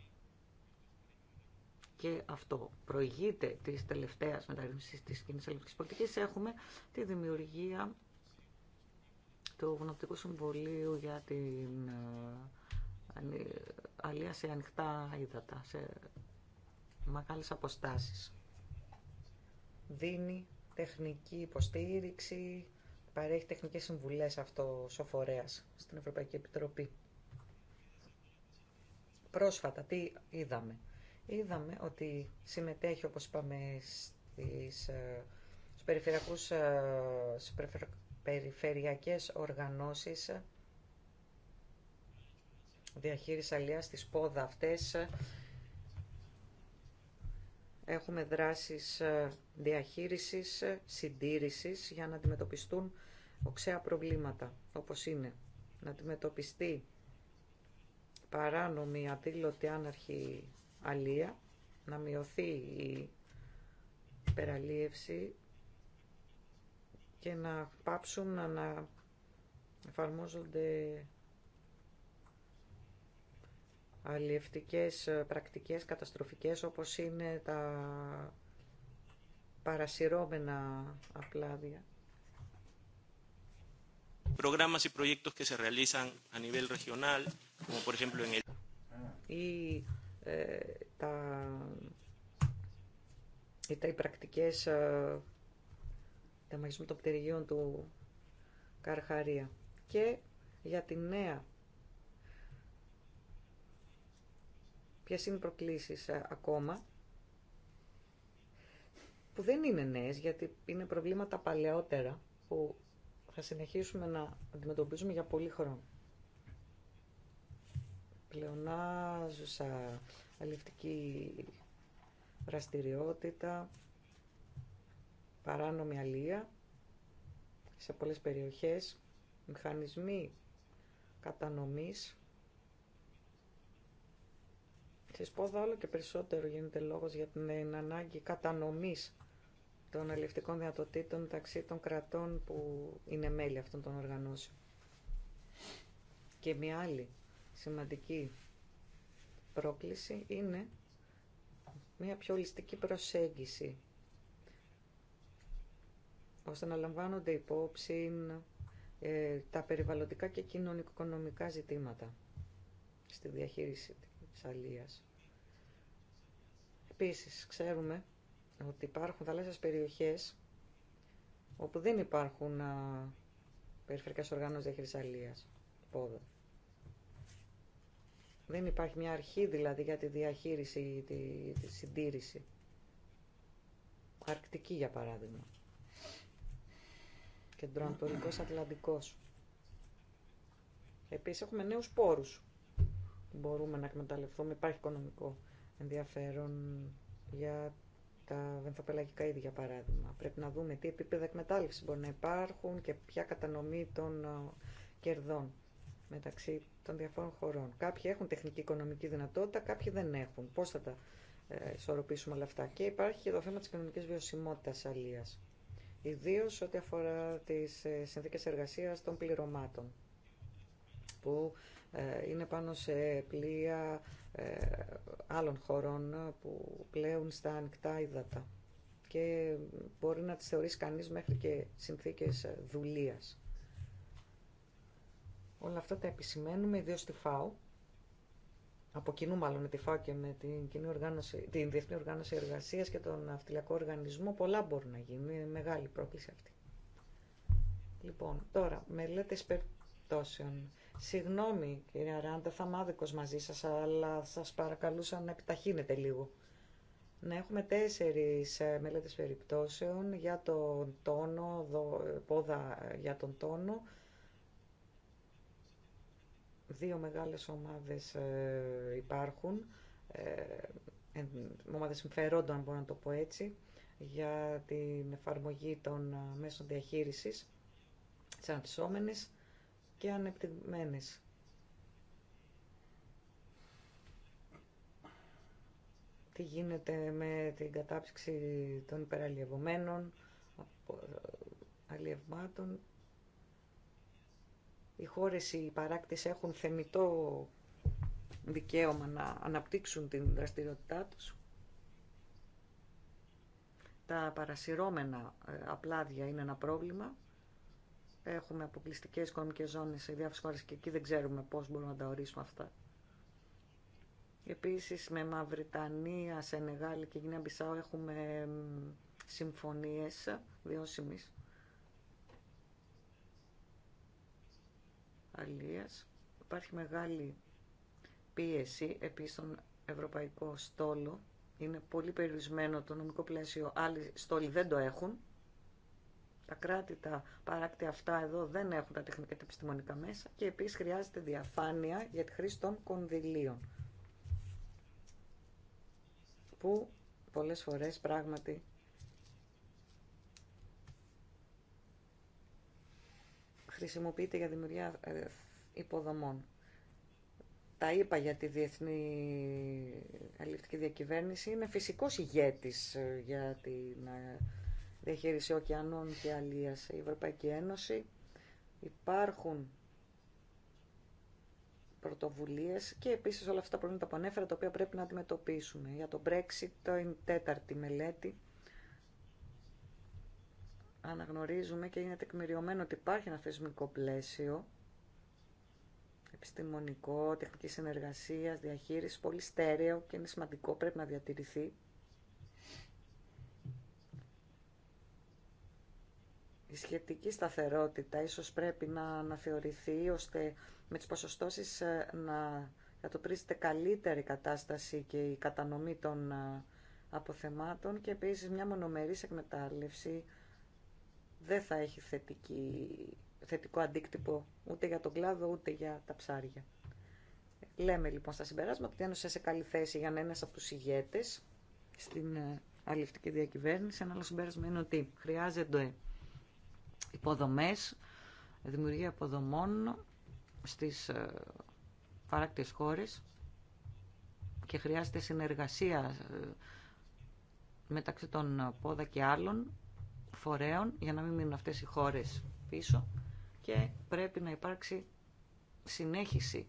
και αυτό προηγείται της τελευταία μεταρρύθμιση της κοινή ελληνική πολιτική έχουμε τη δημιουργία του Γνωπτικού Συμβολίου για την ε, αλία σε ανοιχτά ύδατα, σε μεγάλε αποστάσεις. Δίνει τεχνική υποστήριξη, παρέχει τεχνικές συμβουλές αυτό ο στην Ευρωπαϊκή Επιτροπή. Πρόσφατα τι είδαμε. Είδαμε ότι συμμετέχει, όπως είπαμε, στις, ε, ε, στις περιφερειακούς, περιφερειακές οργανώσεις διαχείρισης αλλιάς της πόδα αυτές. Έχουμε δράσεις ε, διαχείρισης, συντήρησης για να αντιμετωπιστούν οξέα προβλήματα, όπως είναι να αντιμετωπιστεί παράνομη, αδήλωτη, άναρχη αλεία, να μειωθεί η υπεραλίευση και να πάψουν να εφαρμόζονται αλλιευτικές πρακτικές καταστροφικές όπως είναι τα παρασυρώμενα απλάδια. Programas y proyectos que se realizan a nivel regional, como Η ε, τα, ε, τα οι πρακτικές ε, τα των πτυριγίων του Καρχαρία και για τη νέα ποιες είναι οι προκλήσεις ακόμα που δεν είναι νέες γιατί είναι προβλήματα παλαιότερα που θα συνεχίσουμε να αντιμετωπίζουμε για πολύ χρόνο πλεονάζουσα αλληλευτική δραστηριότητα, παράνομη αλία σε πολλές περιοχές, μηχανισμοί κατανομής. Σε σπόδα όλο και περισσότερο γίνεται λόγος για την ανάγκη κατανομής των αλληλευτικών δυνατοτήτων μεταξύ των κρατών που είναι μέλη αυτών των οργανώσεων. Και μια άλλη σημαντική πρόκληση είναι μια πιο ολιστική προσέγγιση ώστε να λαμβάνονται υπόψη ε, τα περιβαλλοντικά και κοινωνικονομικά ζητήματα στη διαχείριση της αλίας. Επίσης, ξέρουμε ότι υπάρχουν θαλάσσιες περιοχές όπου δεν υπάρχουν α, περιφερειακές διαχείρισης αλίας, πόδων. Δεν υπάρχει μια αρχή δηλαδή για τη διαχείριση ή τη, τη συντήρηση. Αρκτική για παράδειγμα. Κεντροανατολικός Ατλαντικός. Επίσης έχουμε νέους πόρους που μπορούμε να εκμεταλλευτούμε. Υπάρχει οικονομικό ενδιαφέρον για τα βενθοπελαγικά είδη για παράδειγμα. Πρέπει να δούμε τι επίπεδα εκμετάλλευση μπορεί να υπάρχουν και ποια κατανομή των ε, κερδών μεταξύ των διαφόρων χωρών. Κάποιοι έχουν τεχνική οικονομική δυνατότητα, κάποιοι δεν έχουν. Πώ θα τα ε, ισορροπήσουμε όλα αυτά. Και υπάρχει και το θέμα τη κοινωνική βιωσιμότητα αλίας. ιδίω ό,τι αφορά τις ε, συνθήκες εργασίας των πληρωμάτων που ε, είναι πάνω σε πλοία ε, άλλων χωρών που πλέουν στα ανοιχτά ύδατα και μπορεί να τις θεωρήσει κανείς μέχρι και συνθήκες ε, δουλείας. Όλα αυτά τα επισημαίνουμε, ιδιω στη ΦΑΟ, από κοινού μάλλον με τη ΦΑΟ και με την, οργάνωση, την Διεθνή Οργάνωση εργασία και τον Αυτιλιακό Οργανισμό, πολλά μπορούν να γίνουν, είναι μεγάλη πρόκληση αυτή. Λοιπόν, τώρα, μελέτε περιπτώσεων. Συγγνώμη, κυρία Ράντα, θα είμαι άδικο μαζί σα, αλλά σα παρακαλούσα να επιταχύνετε λίγο. Να έχουμε τέσσερις ε, μελέτες περιπτώσεων για τον τόνο, ε, πόδα για τον τόνο, Δύο μεγάλες ομάδες ε, υπάρχουν, ε, ομάδες συμφερόντων, αν μπορώ να το πω έτσι, για την εφαρμογή των ε, μέσων διαχείρισης σε αναπτυσσόμενες και ανεπτυγμένες. Τι γίνεται με την κατάψυξη των υπεραλλιευμένων αλλιευμάτων οι χώρες, οι παράκτες έχουν θεμητό δικαίωμα να αναπτύξουν την δραστηριότητά τους. Τα παρασυρώμενα ε, απλάδια είναι ένα πρόβλημα. Έχουμε αποκλειστικέ οικονομικέ ζώνε σε διάφορε χώρε και εκεί δεν ξέρουμε πώ μπορούμε να τα ορίσουμε αυτά. Επίση με Μαυριτανία, Σενεγάλη και Γινέα Μπισάου έχουμε συμφωνίε βιώσιμη Υπάρχει μεγάλη πίεση επίσης στον ευρωπαϊκό στόλο. Είναι πολύ περιορισμένο το νομικό πλαίσιο. Άλλοι στόλοι δεν το έχουν. Τα κράτη, τα παράκτη αυτά εδώ δεν έχουν τα τεχνικά και τα επιστημονικά μέσα και επίσης χρειάζεται διαφάνεια για τη χρήση των κονδυλίων που πολλές φορές πράγματι χρησιμοποιείται για δημιουργία ε, υποδομών. Τα είπα για τη διεθνή αλληλευτική διακυβέρνηση. Είναι φυσικός ηγέτης ε, για τη ε, διαχείριση ωκεανών και αλίας η Ευρωπαϊκή Ένωση. Υπάρχουν πρωτοβουλίες και επίσης όλα αυτά τα προβλήματα που ανέφερα τα οποία πρέπει να αντιμετωπίσουμε. Για το Brexit, το είναι τέταρτη μελέτη αναγνωρίζουμε και είναι τεκμηριωμένο ότι υπάρχει ένα θεσμικό πλαίσιο επιστημονικό, τεχνική συνεργασίας, διαχείριση, πολύ στέρεο και είναι σημαντικό, πρέπει να διατηρηθεί. Η σχετική σταθερότητα ίσως πρέπει να αναθεωρηθεί ώστε με τις ποσοστώσεις ε, να κατοπρίζεται καλύτερη κατάσταση και η κατανομή των ε, αποθεμάτων και επίσης μια μονομερής εκμετάλλευση δεν θα έχει θετική, θετικό αντίκτυπο ούτε για τον κλάδο ούτε για τα ψάρια. Λέμε λοιπόν στα συμπεράσματα ότι ένωσε σε καλή θέση για να από του ηγέτε στην ε, αλληλευτική διακυβέρνηση. Ένα άλλο συμπέρασμα είναι ότι χρειάζονται υποδομέ, δημιουργία υποδομών στι ε, παράκτε χώρε και χρειάζεται συνεργασία ε, μεταξύ των πόδα και άλλων φορέων για να μην μείνουν αυτές οι χώρες πίσω και πρέπει να υπάρξει συνέχιση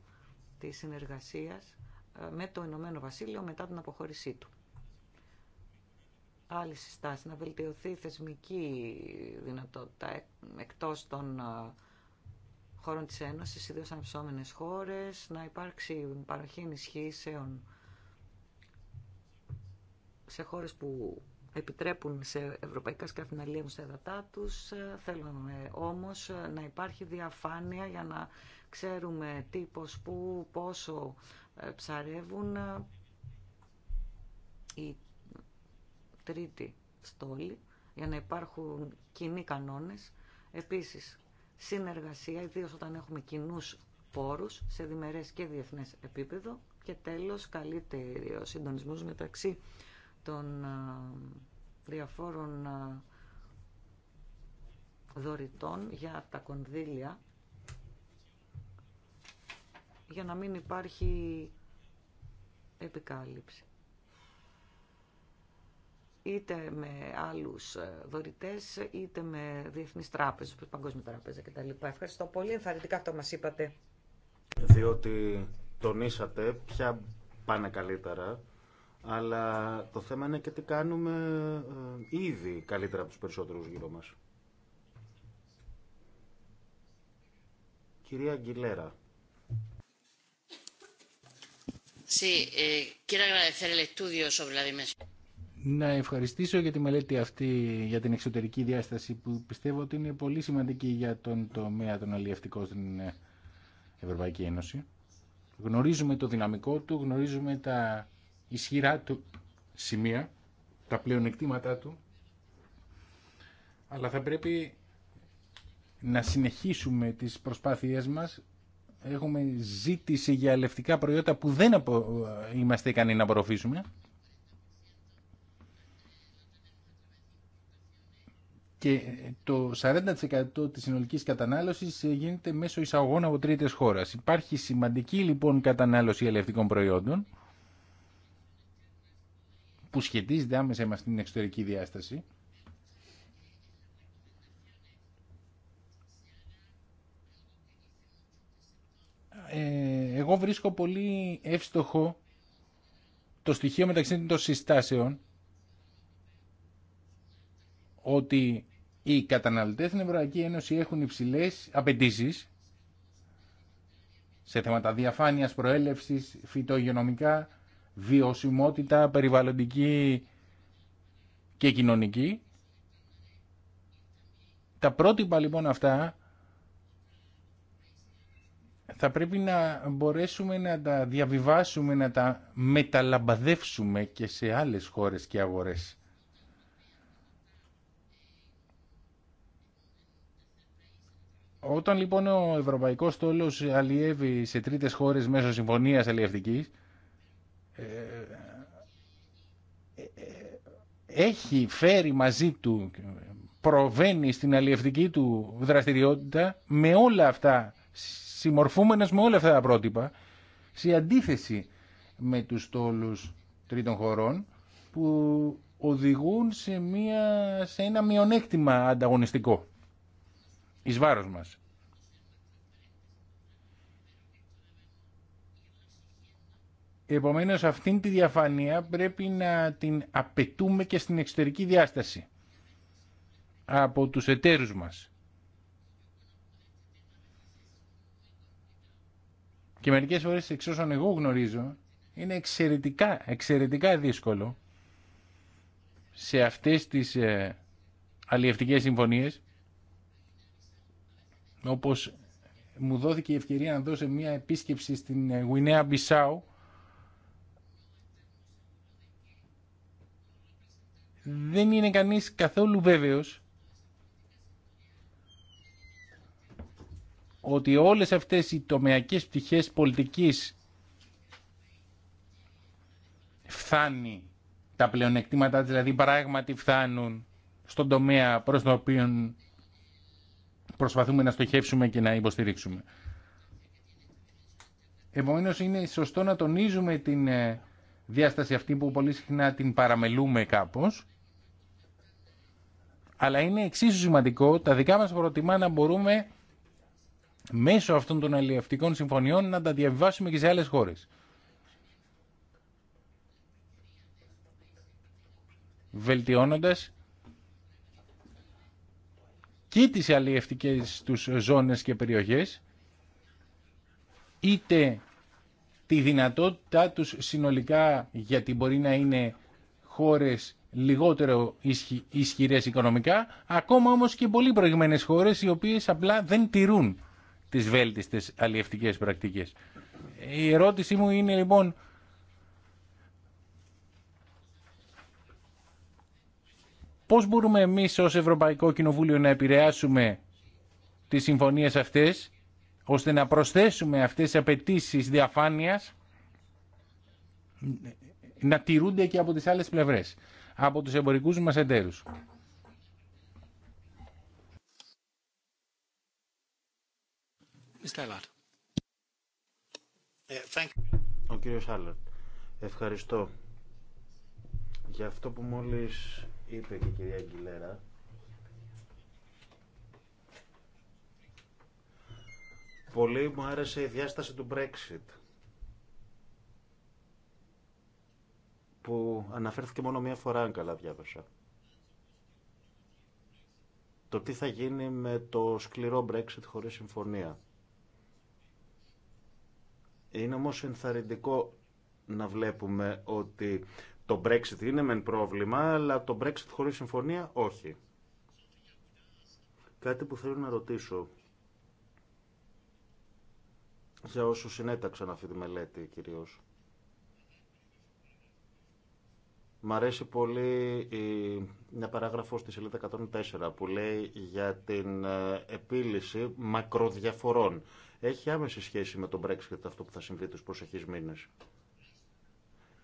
της συνεργασίας ε, με το Ηνωμένο Βασίλειο μετά την αποχώρησή του. Άλλη συστάση, να βελτιωθεί η θεσμική δυνατότητα ε, εκτός των ε, χώρων της Ένωσης, ιδίως ανεψόμενες χώρες, να υπάρξει παροχή ενισχύσεων σε χώρες που επιτρέπουν σε ευρωπαϊκά σκάφη να λύουν στα εδατά τους. Θέλουμε όμως να υπάρχει διαφάνεια για να ξέρουμε τι, πού, πόσο ε, ψαρεύουν η τρίτη στόλη για να υπάρχουν κοινοί κανόνες. Επίσης, συνεργασία, ιδίως όταν έχουμε κοινούς πόρους σε διμερές και διεθνές επίπεδο και τέλος καλύτερο συντονισμός μεταξύ των ε, διαφόρων δωρητών για τα κονδύλια για να μην υπάρχει επικάλυψη. Είτε με άλλους ε, δωρητές, είτε με διεθνείς τράπεζες, όπως Παγκόσμια Τράπεζα κτλ. Ευχαριστώ πολύ. Ενθαρρυντικά αυτό μας είπατε. Διότι τονίσατε ποια πάνε καλύτερα αλλά το θέμα είναι και τι κάνουμε ε, ήδη καλύτερα από τους περισσότερους γύρω μας. Κυρία Αγγιλέρα. Eh, Να ευχαριστήσω για τη μελέτη αυτή για την εξωτερική διάσταση που πιστεύω ότι είναι πολύ σημαντική για τον τομέα των αλλιευτικών στην ε, Ευρωπαϊκή Ένωση. Γνωρίζουμε το δυναμικό του, γνωρίζουμε τα ισχυρά του σημεία, τα πλεονεκτήματά του, αλλά θα πρέπει να συνεχίσουμε τις προσπάθειές μας. Έχουμε ζήτηση για αλλευτικά προϊόντα που δεν απο... είμαστε ικανοί να απορροφήσουμε. Και το 40% της συνολικής κατανάλωσης γίνεται μέσω εισαγωγών από τρίτες χώρες. Υπάρχει σημαντική λοιπόν κατανάλωση ελευτικών προϊόντων που σχετίζεται άμεσα με αυτήν την εξωτερική διάσταση. Ε, εγώ βρίσκω πολύ εύστοχο το στοιχείο μεταξύ των συστάσεων ότι οι καταναλωτές στην Ευρωπαϊκή Ένωση έχουν υψηλές απαιτήσει σε θέματα διαφάνειας, προέλευσης, φυτογενομικά, βιωσιμότητα περιβαλλοντική και κοινωνική. Τα πρότυπα λοιπόν αυτά θα πρέπει να μπορέσουμε να τα διαβιβάσουμε, να τα μεταλαμπαδεύσουμε και σε άλλες χώρες και αγορές. Όταν λοιπόν ο Ευρωπαϊκός Στόλος αλλιεύει σε τρίτες χώρες μέσω συμφωνίας αλλιευτικής, έχει φέρει μαζί του, προβαίνει στην αλλιευτική του δραστηριότητα με όλα αυτά, συμμορφούμενος με όλα αυτά τα πρότυπα, σε αντίθεση με τους τόλους τρίτων χωρών που οδηγούν σε, μια, σε ένα μειονέκτημα ανταγωνιστικό εις βάρος μας. Επομένως αυτήν τη διαφάνεια πρέπει να την απαιτούμε και στην εξωτερική διάσταση από τους εταίρους μας. Και μερικές φορές εξ όσων εγώ γνωρίζω είναι εξαιρετικά, εξαιρετικά δύσκολο σε αυτές τις ε, αλλιευτικές συμφωνίες όπως μου δόθηκε η ευκαιρία να δώσω μια επίσκεψη στην ε, Γουινέα Μπισάου δεν είναι κανείς καθόλου βέβαιος ότι όλες αυτές οι τομεακές πτυχές πολιτικής φθάνει τα πλεονεκτήματα, δηλαδή πράγματι φθάνουν στον τομέα προς τον οποίο προσπαθούμε να στοχεύσουμε και να υποστηρίξουμε. Επομένως είναι σωστό να τονίζουμε την ε, διάσταση αυτή που πολύ συχνά την παραμελούμε κάπως αλλά είναι εξίσου σημαντικό τα δικά μας προτιμά να μπορούμε μέσω αυτών των αλληλευτικών συμφωνιών να τα διαβιβάσουμε και σε άλλες χώρες. Βελτιώνοντας και τις αλλιευτικές τους ζώνες και περιοχές, είτε τη δυνατότητά τους συνολικά γιατί μπορεί να είναι χώρες λιγότερο ισχυρές οικονομικά, ακόμα όμως και πολύ προηγμένες χώρες οι οποίες απλά δεν τηρούν τις βέλτιστες αλλιευτικές πρακτικές. Η ερώτησή μου είναι λοιπόν πώς μπορούμε εμείς ως Ευρωπαϊκό Κοινοβούλιο να επηρεάσουμε τις συμφωνίες αυτές ώστε να προσθέσουμε αυτές τις απαιτήσει διαφάνειας να τηρούνται και από τις άλλες πλευρές από τους εμπορικούς μας εταίρους. Ε, Ο κύριος Άλλαρτ, ευχαριστώ για αυτό που μόλις είπε και η κυρία Αγγιλέρα. Πολύ μου άρεσε η διάσταση του Brexit που αναφέρθηκε μόνο μία φορά, αν καλά διάβασα. Το τι θα γίνει με το σκληρό Brexit χωρίς συμφωνία. Είναι όμως ενθαρρυντικό να βλέπουμε ότι το Brexit είναι μεν πρόβλημα, αλλά το Brexit χωρίς συμφωνία όχι. Κάτι που θέλω να ρωτήσω για όσους συνέταξαν αυτή τη μελέτη κυρίως. Μ' αρέσει πολύ η, μια παράγραφο στη σελίδα 104 που λέει για την ε, επίλυση μακροδιαφορών. Έχει άμεση σχέση με τον Brexit αυτό που θα συμβεί τους προσεχείς μήνες.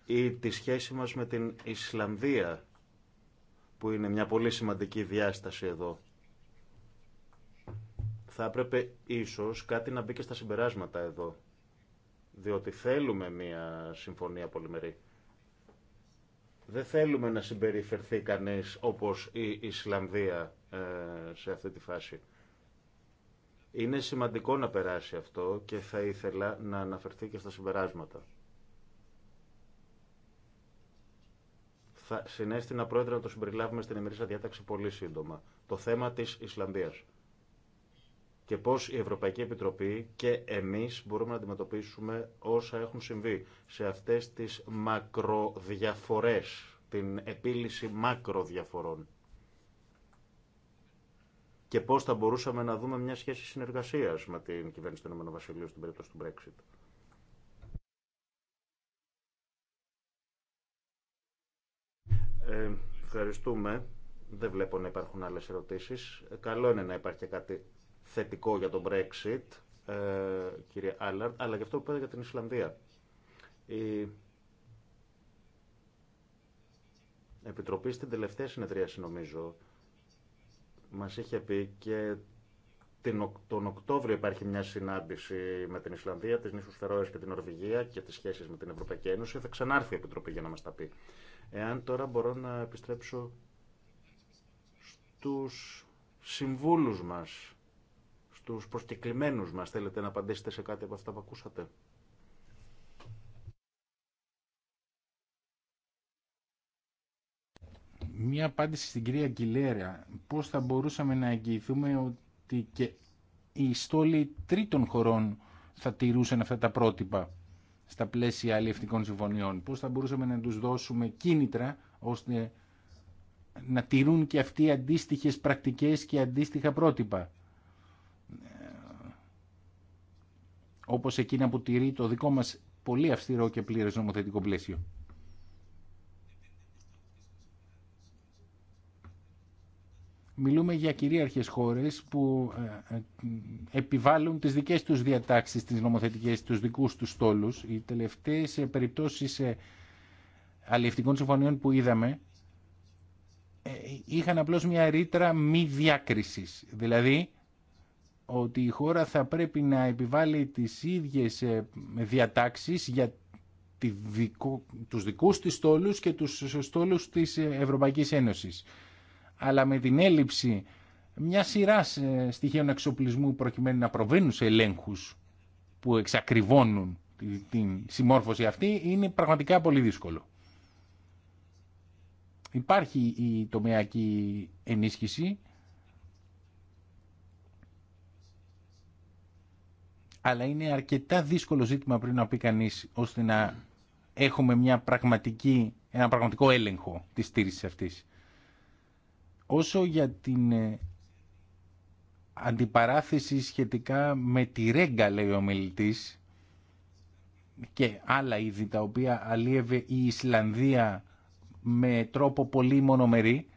Ή τη σχέση μας με την Ισλανδία που είναι μια πολύ σημαντική διάσταση εδώ. Θα έπρεπε ίσως κάτι να μπει και στα συμπεράσματα εδώ. Διότι θέλουμε μια συμφωνία πολυμερή. Δεν θέλουμε να συμπεριφερθεί κανείς όπως η Ισλανδία ε, σε αυτή τη φάση. Είναι σημαντικό να περάσει αυτό και θα ήθελα να αναφερθεί και στα συμπεράσματα. Θα συνέστηνα πρόεδρε να το συμπεριλάβουμε στην ημερήσια διάταξη πολύ σύντομα. Το θέμα της Ισλανδίας και πώς η Ευρωπαϊκή Επιτροπή και εμείς μπορούμε να αντιμετωπίσουμε όσα έχουν συμβεί σε αυτές τις μακροδιαφορές, την επίλυση μακροδιαφορών και πώς θα μπορούσαμε να δούμε μια σχέση συνεργασίας με την κυβέρνηση του ΕΒ στην περίπτωση του Brexit. Ε, ευχαριστούμε. Δεν βλέπω να υπάρχουν άλλες ερωτήσεις. Καλό είναι να υπάρχει και κάτι θετικό για τον Brexit, ε, κύριε Άλλαρντ, αλλά και αυτό που πέρα για την Ισλανδία. Η Επιτροπή στην τελευταία συνεδρίαση, νομίζω, μας είχε πει και τον Οκτώβριο υπάρχει μια συνάντηση με την Ισλανδία, τις νήσους Φερόες και την Νορβηγία και τις σχέσεις με την Ευρωπαϊκή Ένωση. Θα ξανάρθει η Επιτροπή για να μας τα πει. Εάν τώρα μπορώ να επιστρέψω στους συμβούλους μας του προσκεκλημένους μας. Θέλετε να απαντήσετε σε κάτι από αυτά που ακούσατε. Μία απάντηση στην κυρία Αγγιλέρα. Πώς θα μπορούσαμε να εγγυηθούμε ότι και οι στόλοι τρίτων χωρών θα τηρούσαν αυτά τα πρότυπα στα πλαίσια αλληλευτικών συμφωνιών. Πώς θα μπορούσαμε να τους δώσουμε κίνητρα ώστε να τηρούν και αυτοί αντίστοιχες πρακτικές και αντίστοιχα πρότυπα. όπως εκείνα που τηρεί το δικό μας πολύ αυστηρό και πλήρε νομοθετικό πλαίσιο. Μιλούμε για κυρίαρχες χώρες που ε, ε, επιβάλλουν τις δικές τους διατάξεις, τις νομοθετικές, τους δικούς τους στόλους. Οι τελευταίες ε, περιπτώσεις αλληλευτικών συμφωνιών που είδαμε είχαν απλώς μια ρήτρα μη διάκρισης. Δηλαδή, ότι η χώρα θα πρέπει να επιβάλλει τις ίδιες ε, διατάξεις για τη δικού τους δικούς της στόλους και τους στόλους της ε, Ευρωπαϊκής Ένωσης. Αλλά με την έλλειψη μια σειρά ε, στοιχείων εξοπλισμού προκειμένου να προβαίνουν σε ελέγχους που εξακριβώνουν την συμμόρφωση αυτή είναι πραγματικά πολύ δύσκολο. Υπάρχει η τομεακή ενίσχυση αλλά είναι αρκετά δύσκολο ζήτημα πριν να πει κανεί ώστε να έχουμε μια πραγματική, ένα πραγματικό έλεγχο της στήριξη αυτή. Όσο για την ε, αντιπαράθεση σχετικά με τη ρέγκα, λέει ο μιλητή και άλλα είδη τα οποία αλίευε η Ισλανδία με τρόπο πολύ μονομερή,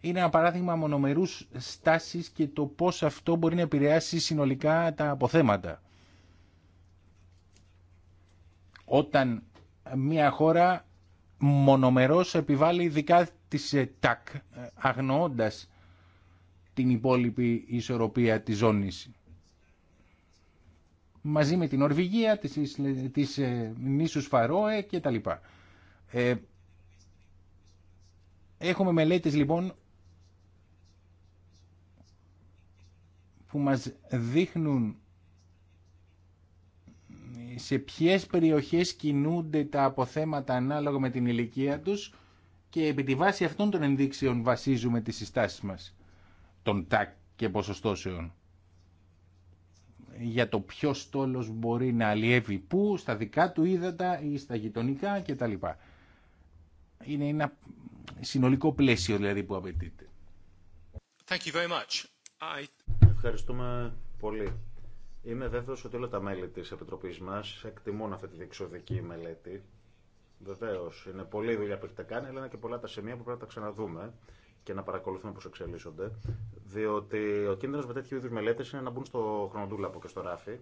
είναι ένα παράδειγμα μονομερούς στάσης και το πώς αυτό μπορεί να επηρεάσει συνολικά τα αποθέματα όταν μια χώρα μονομερός επιβάλλει δικά της ε, τάκ, ε, αγνοώντας την υπόλοιπη ισορροπία της ζώνης. Μαζί με την Ορβηγία, τις, τις ε, νήσους Φαρόε και τα λοιπά. Ε, έχουμε μελέτες λοιπόν που μας δείχνουν σε ποιες περιοχές κινούνται τα αποθέματα ανάλογα με την ηλικία τους και επί τη βάση αυτών των ενδείξεων βασίζουμε τις συστάσεις μας των τάκ και ποσοστώσεων για το ποιο στόλος μπορεί να αλλιεύει πού, στα δικά του ύδατα ή στα γειτονικά κτλ. Είναι ένα συνολικό πλαίσιο δηλαδή που απαιτείται. Thank you very much. I... Ευχαριστούμε πολύ. Είμαι βέβαιο ότι όλα τα μέλη τη Επιτροπή μα εκτιμούν αυτή τη διεξοδική μελέτη. Βεβαίω, είναι πολλή δουλειά που έχετε κάνει, αλλά είναι και πολλά τα σημεία που πρέπει να τα ξαναδούμε και να παρακολουθούμε πώ εξελίσσονται. Διότι ο κίνδυνο με τέτοιου είδου μελέτε είναι να μπουν στο χρονοτούλαπο και στο ράφι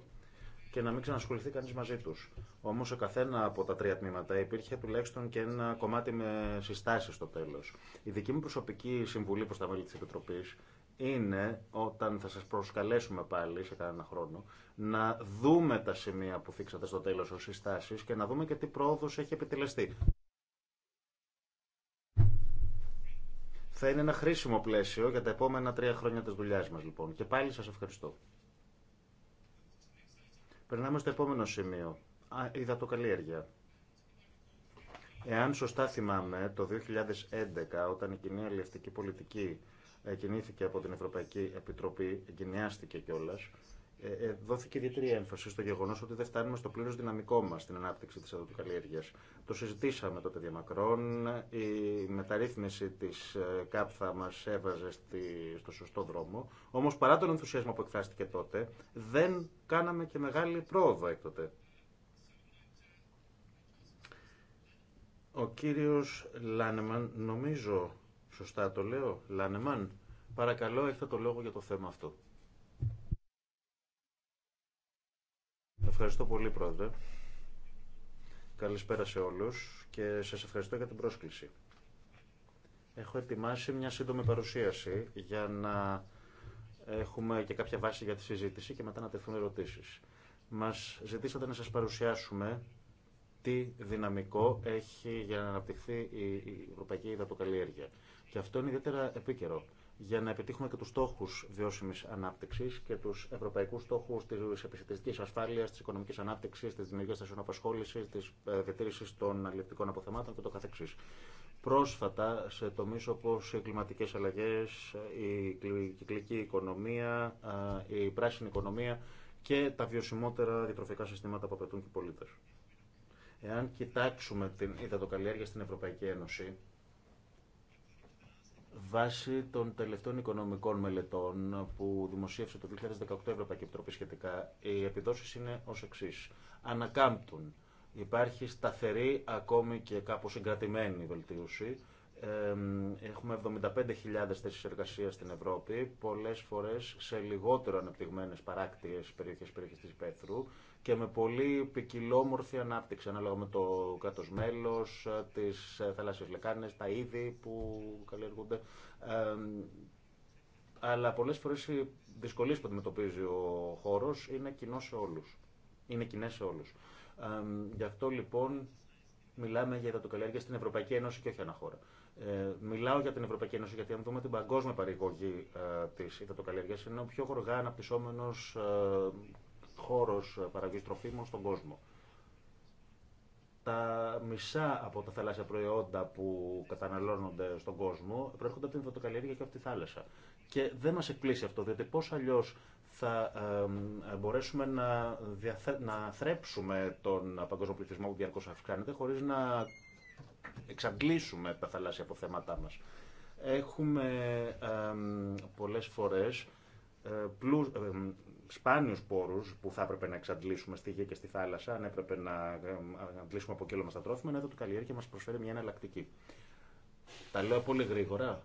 και να μην ξανασχοληθεί κανεί μαζί του. Όμω σε καθένα από τα τρία τμήματα υπήρχε τουλάχιστον και ένα κομμάτι με συστάσει στο τέλο. Η δική μου προσωπική συμβουλή προ τα μέλη τη Επιτροπή είναι όταν θα σας προσκαλέσουμε πάλι σε κανένα χρόνο να δούμε τα σημεία που θίξατε στο τέλος ως συστάσεις και να δούμε και τι πρόοδος έχει επιτελεστεί. Θα είναι ένα χρήσιμο πλαίσιο για τα επόμενα τρία χρόνια της δουλειάς μας λοιπόν. Και πάλι σας ευχαριστώ. Περνάμε στο επόμενο σημείο. Α, καλλιέργεια. Εάν σωστά θυμάμαι, το 2011, όταν η κοινή αλληλευτική πολιτική κινήθηκε από την Ευρωπαϊκή Επιτροπή, εγκαινιάστηκε κιόλα, ε, ε, δόθηκε ιδιαίτερη έμφαση στο γεγονό ότι δεν φτάνουμε στο πλήρω δυναμικό μα στην ανάπτυξη τη αδοτοκαλλιέργεια. Το συζητήσαμε τότε διαμακρών. Η μεταρρύθμιση τη ε, ΚΑΠ θα μα έβαζε στη, στο σωστό δρόμο. Όμω παρά τον ενθουσιασμό που εκφράστηκε τότε, δεν κάναμε και μεγάλη πρόοδο έκτοτε. Ο κύριος Λάνεμαν νομίζω Σωστά το λέω. Λάνεμαν, παρακαλώ έχετε το λόγο για το θέμα αυτό. Ευχαριστώ πολύ πρόεδρε. Καλησπέρα σε όλους και σας ευχαριστώ για την πρόσκληση. Έχω ετοιμάσει μια σύντομη παρουσίαση για να έχουμε και κάποια βάση για τη συζήτηση και μετά να τεθούν ερωτήσεις. Μας ζητήσατε να σας παρουσιάσουμε τι δυναμικό έχει για να αναπτυχθεί η ευρωπαϊκή υδατοκαλλιέργεια. Και αυτό είναι ιδιαίτερα επίκαιρο για να επιτύχουμε και του στόχου βιώσιμη ανάπτυξη και του ευρωπαϊκού στόχου τη επιστημιστική ασφάλεια, τη οικονομική ανάπτυξη, τη δημιουργία θέσεων απασχόληση, τη ε, διατήρηση των αλληλεπτικών αποθεμάτων κ.ο.κ. Πρόσφατα, σε τομεί όπω οι κλιματικέ αλλαγέ, η κυκλική οικονομία, η πράσινη οικονομία και τα βιωσιμότερα διατροφικά συστήματα που απαιτούν και οι πολίτε. Εάν κοιτάξουμε την υδατοκαλλιέργεια στην Ευρωπαϊκή Ένωση, Βάσει των τελευταίων οικονομικών μελετών που δημοσίευσε το 2018 Ευρωπαϊκή Επιτροπή σχετικά, οι επιδόσει είναι ω εξή. Ανακάμπτουν. Υπάρχει σταθερή, ακόμη και κάπω συγκρατημένη βελτίωση. Έχουμε 75.000 θέσει εργασία στην Ευρώπη, πολλέ φορέ σε λιγότερο αναπτυγμένε παράκτιε περιοχέ περιοχή τη Πέθρου και με πολύ ποικιλόμορφη ανάπτυξη ανάλογα με το κράτο μέλο, ε, τι ε, θαλάσσιε λεκάνε, τα είδη που καλλιεργούνται. αλλά πολλέ φορέ οι δυσκολίε που αντιμετωπίζει ο χώρο είναι κοινό σε όλου. Είναι κοινέ σε όλου. γι' αυτό λοιπόν μιλάμε για υδατοκαλλιέργεια στην Ευρωπαϊκή Ένωση και όχι ένα χώρο. Ε, μιλάω για την Ευρωπαϊκή Ένωση γιατί αν δούμε την παγκόσμια παρηγογή ε, τη υδατοκαλλιέργεια είναι ο πιο γοργά αναπτυσσόμενο ε, χώρος παραγωγής τροφίμων στον κόσμο. Τα μισά από τα θαλάσσια προϊόντα που καταναλώνονται στον κόσμο προέρχονται από την φωτοκαλλιέργεια και από τη θάλασσα. Και δεν μας εκπλήσει αυτό, διότι πώς αλλιώς θα μπορέσουμε να, να θρέψουμε τον παγκόσμιο πληθυσμό που διαρκώς αυξάνεται χωρίς να εξαντλήσουμε τα θαλάσσια αποθέματά μας. Έχουμε ε, πολλές φορές ε, πλου, σπάνιου πόρου που θα έπρεπε να εξαντλήσουμε στη γη και στη θάλασσα, αν έπρεπε να αντλήσουμε από κύλο μα τα τρόφιμα, είναι το καλλιέργεια μα προσφέρει μια εναλλακτική. Τα λέω πολύ γρήγορα.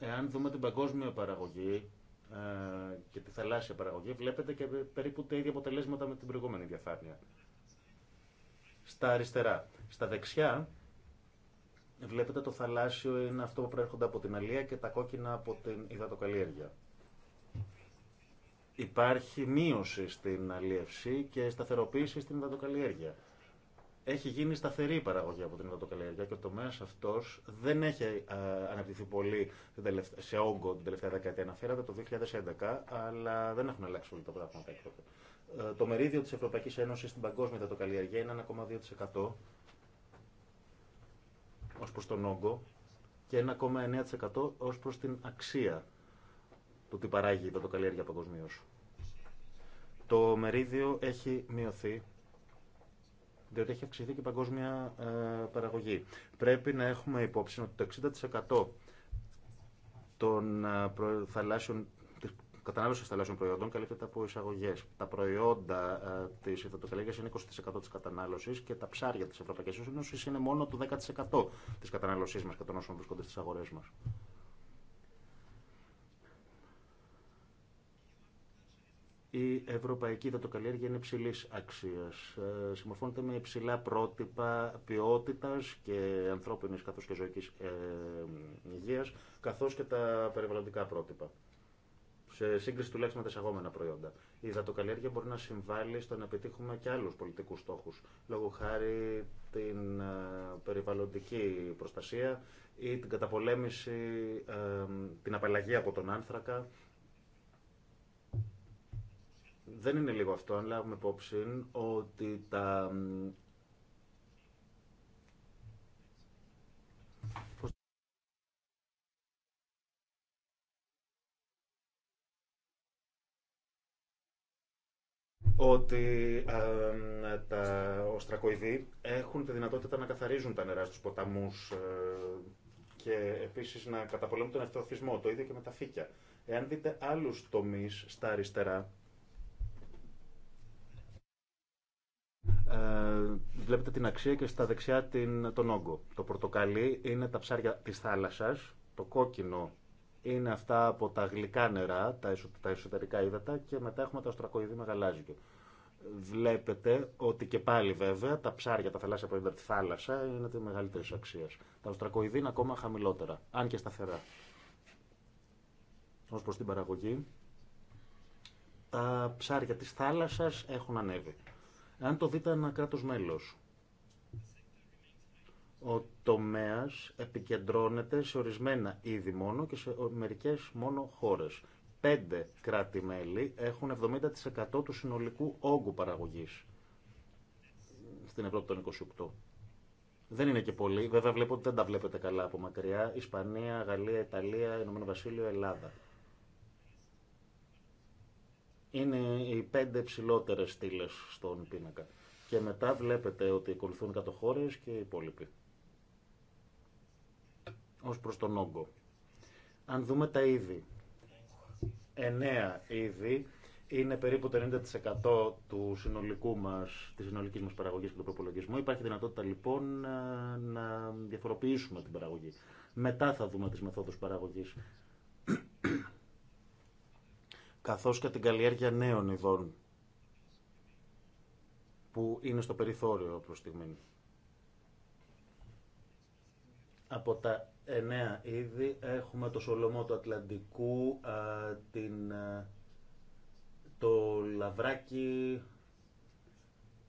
Ε, εάν δούμε την παγκόσμια παραγωγή ε, και τη θαλάσσια παραγωγή, βλέπετε και περίπου τα ίδια αποτελέσματα με την προηγούμενη διαφάνεια. Στα αριστερά. Στα δεξιά βλέπετε το θαλάσσιο είναι αυτό που προέρχονται από την αλία και τα κόκκινα από την υδατοκαλλιέργεια. Υπάρχει μείωση στην αλλιευσή και σταθεροποίηση στην υδατοκαλλιέργεια. Έχει γίνει σταθερή παραγωγή από την υδατοκαλλιέργεια και ο τομέα αυτό δεν έχει ε, αναπτυχθεί πολύ σε όγκο την τελευταία δεκαετία. Αναφέρατε το 2011, αλλά δεν έχουν αλλάξει πολύ τα πράγματα ε, Το μερίδιο τη Ευρωπαϊκή Ένωση στην παγκόσμια υδατοκαλλιέργεια είναι 1,2% ω προ τον όγκο και 1,9% ω προ την αξία του τι παράγει η πρωτοκαλλιέργεια παγκοσμίω. Το μερίδιο έχει μειωθεί διότι έχει αυξηθεί και η παγκόσμια ε, παραγωγή. Πρέπει να έχουμε υπόψη ότι το 60% των ε, θαλάσσιων κατανάλωση θαλάσσιων προϊόντων καλύπτεται από εισαγωγέ. Τα προϊόντα ε, τη υδατοκαλλιέργεια είναι 20% τη κατανάλωση και τα ψάρια τη Ευρωπαϊκή Ένωση είναι μόνο το 10% τη κατανάλωσή μα και των όσων βρίσκονται στι αγορέ μα. Η ευρωπαϊκή υδατοκαλλιέργεια είναι υψηλή αξία. Ε, συμμορφώνεται με υψηλά πρότυπα ποιότητα και ανθρώπινη καθώ και ζωική ε, υγεία, καθώ και τα περιβαλλοντικά πρότυπα. Σε σύγκριση τουλάχιστον με τα εισαγόμενα προϊόντα. Η υδατοκαλλιέργεια μπορεί να συμβάλλει στο να πετύχουμε και άλλου πολιτικού στόχου, λόγω χάρη την ε, περιβαλλοντική προστασία ή την καταπολέμηση, την απαλλαγή από τον άνθρακα δεν είναι λίγο αυτό, αν λάβουμε υπόψη ότι τα ότι τα οστρακοειδή έχουν τη δυνατότητα να καθαρίζουν τα νερά στους ποταμούς ε, και επίσης να καταπολέμουν τον ευθοφυσμό, το ίδιο και με τα φύκια. Εάν δείτε άλλους τομείς στα αριστερά, Ε, βλέπετε την αξία και στα δεξιά την, τον όγκο. Το πορτοκαλί είναι τα ψάρια της θάλασσας, το κόκκινο είναι αυτά από τα γλυκά νερά, τα, εσωτερικά ύδατα και μετά έχουμε τα οστρακοειδή με γαλάζιο. Βλέπετε ότι και πάλι βέβαια τα ψάρια, τα θαλάσσια προϊόντα τη θάλασσα είναι τη μεγαλύτερη αξία. Τα οστρακοειδή είναι ακόμα χαμηλότερα, αν και σταθερά. Ω προ την παραγωγή, τα ψάρια τη θάλασσα έχουν ανέβει. Αν το δείτε ένα κράτος μέλος, ο τομέας επικεντρώνεται σε ορισμένα είδη μόνο και σε μερικές μόνο χώρες. Πέντε κράτη-μέλη έχουν 70% του συνολικού όγκου παραγωγής στην Ευρώπη των 28. Δεν είναι και πολλοί. Βέβαια βλέπω ότι δεν τα βλέπετε καλά από μακριά. Ισπανία, Γαλλία, Ιταλία, Ηνωμένο Βασίλειο, Ελλάδα είναι οι πέντε ψηλότερε στήλε στον πίνακα. Και μετά βλέπετε ότι ακολουθούν οι και οι υπόλοιποι. Ως προς τον όγκο. Αν δούμε τα είδη. Εννέα είδη είναι περίπου το 90% του συνολικού μας, της συνολικής μας παραγωγής και του προπολογισμού. Υπάρχει δυνατότητα λοιπόν να διαφοροποιήσουμε την παραγωγή. Μετά θα δούμε τις μεθόδους παραγωγής καθώς και την καλλιέργεια νέων ειδών που είναι στο περιθώριο προς στιγμή. Από τα εννέα είδη έχουμε το σολομό του Ατλαντικού, την, το λαβράκι,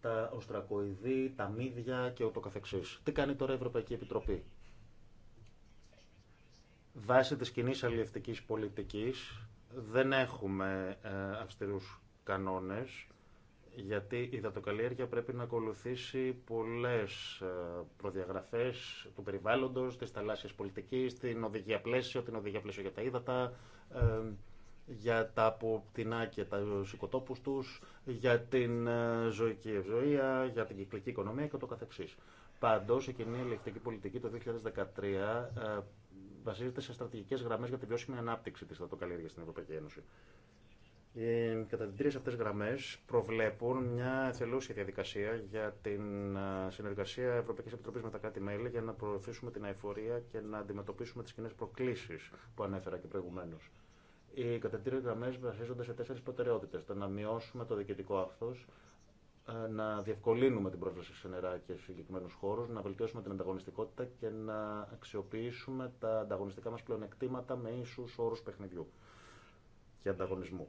τα οστρακοειδή, τα μύδια και ούτω καθεξής. Τι κάνει τώρα η Ευρωπαϊκή Επιτροπή. Βάσει της κοινή αλληλευτικής πολιτικής δεν έχουμε ε, αυστηρούς κανόνες γιατί η υδατοκαλλιέργεια πρέπει να ακολουθήσει πολλές ε, προδιαγραφές του περιβάλλοντος, της θαλάσσιας πολιτικής, την οδηγία πλαίσιο, την οδηγία πλαίσιο για τα ύδατα, ε, για τα αποπτηνά και τα οικοτόπους τους, για την ζωική ευζοία, για την κυκλική οικονομία και το καθεξής. Πάντως, η κοινή ελευθερική πολιτική το 2013 βασίζεται σε στρατηγικέ γραμμέ για τη βιώσιμη ανάπτυξη τη στρατοκαλλιέργεια στην Ευρωπαϊκή Ένωση. Οι ε, τρει αυτέ γραμμέ προβλέπουν μια εθελούσια διαδικασία για την ε, συνεργασία Ευρωπαϊκή Επιτροπή με τα κράτη-μέλη για να προωθήσουμε την αεφορία και να αντιμετωπίσουμε τι κοινέ προκλήσει που ανέφερα και προηγουμένω. Οι κατατηρίε γραμμέ βασίζονται σε τέσσερι προτεραιότητε. Το να μειώσουμε το διοικητικό άχθο, ε, να διευκολύνουμε την πρόσβαση σε νερά και σε συγκεκριμένου χώρου, να βελτιώσουμε την ανταγωνιστικότητα και να αξιοποιήσουμε τα ανταγωνιστικά μα πλεονεκτήματα με ίσου όρου παιχνιδιού και ανταγωνισμού.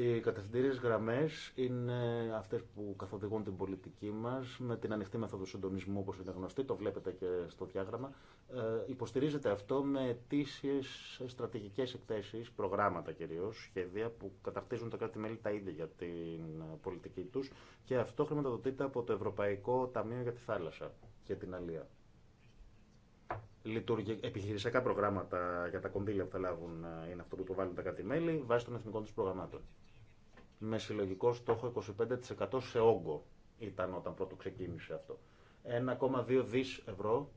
Οι κατευθυντήριε γραμμέ είναι αυτέ που καθοδηγούν την πολιτική μα με την ανοιχτή μέθοδο συντονισμού, όπω είναι γνωστή, το βλέπετε και στο διάγραμμα. Ε, υποστηρίζεται αυτό με αιτήσει στρατηγικέ εκθέσει, προγράμματα κυρίω, σχέδια που καταρτίζουν τα κράτη-μέλη τα ίδια για την πολιτική του και αυτό χρηματοδοτείται από το Ευρωπαϊκό Ταμείο για τη Θάλασσα και την Αλία. Επιχειρησιακά προγράμματα για τα κονδύλια που θα λάβουν ε, είναι αυτό που υποβάλλουν τα κράτη-μέλη βάσει των εθνικών του προγραμμάτων με συλλογικό στόχο 25% σε όγκο ήταν όταν πρώτο ξεκίνησε αυτό. 1,2 δις ευρώ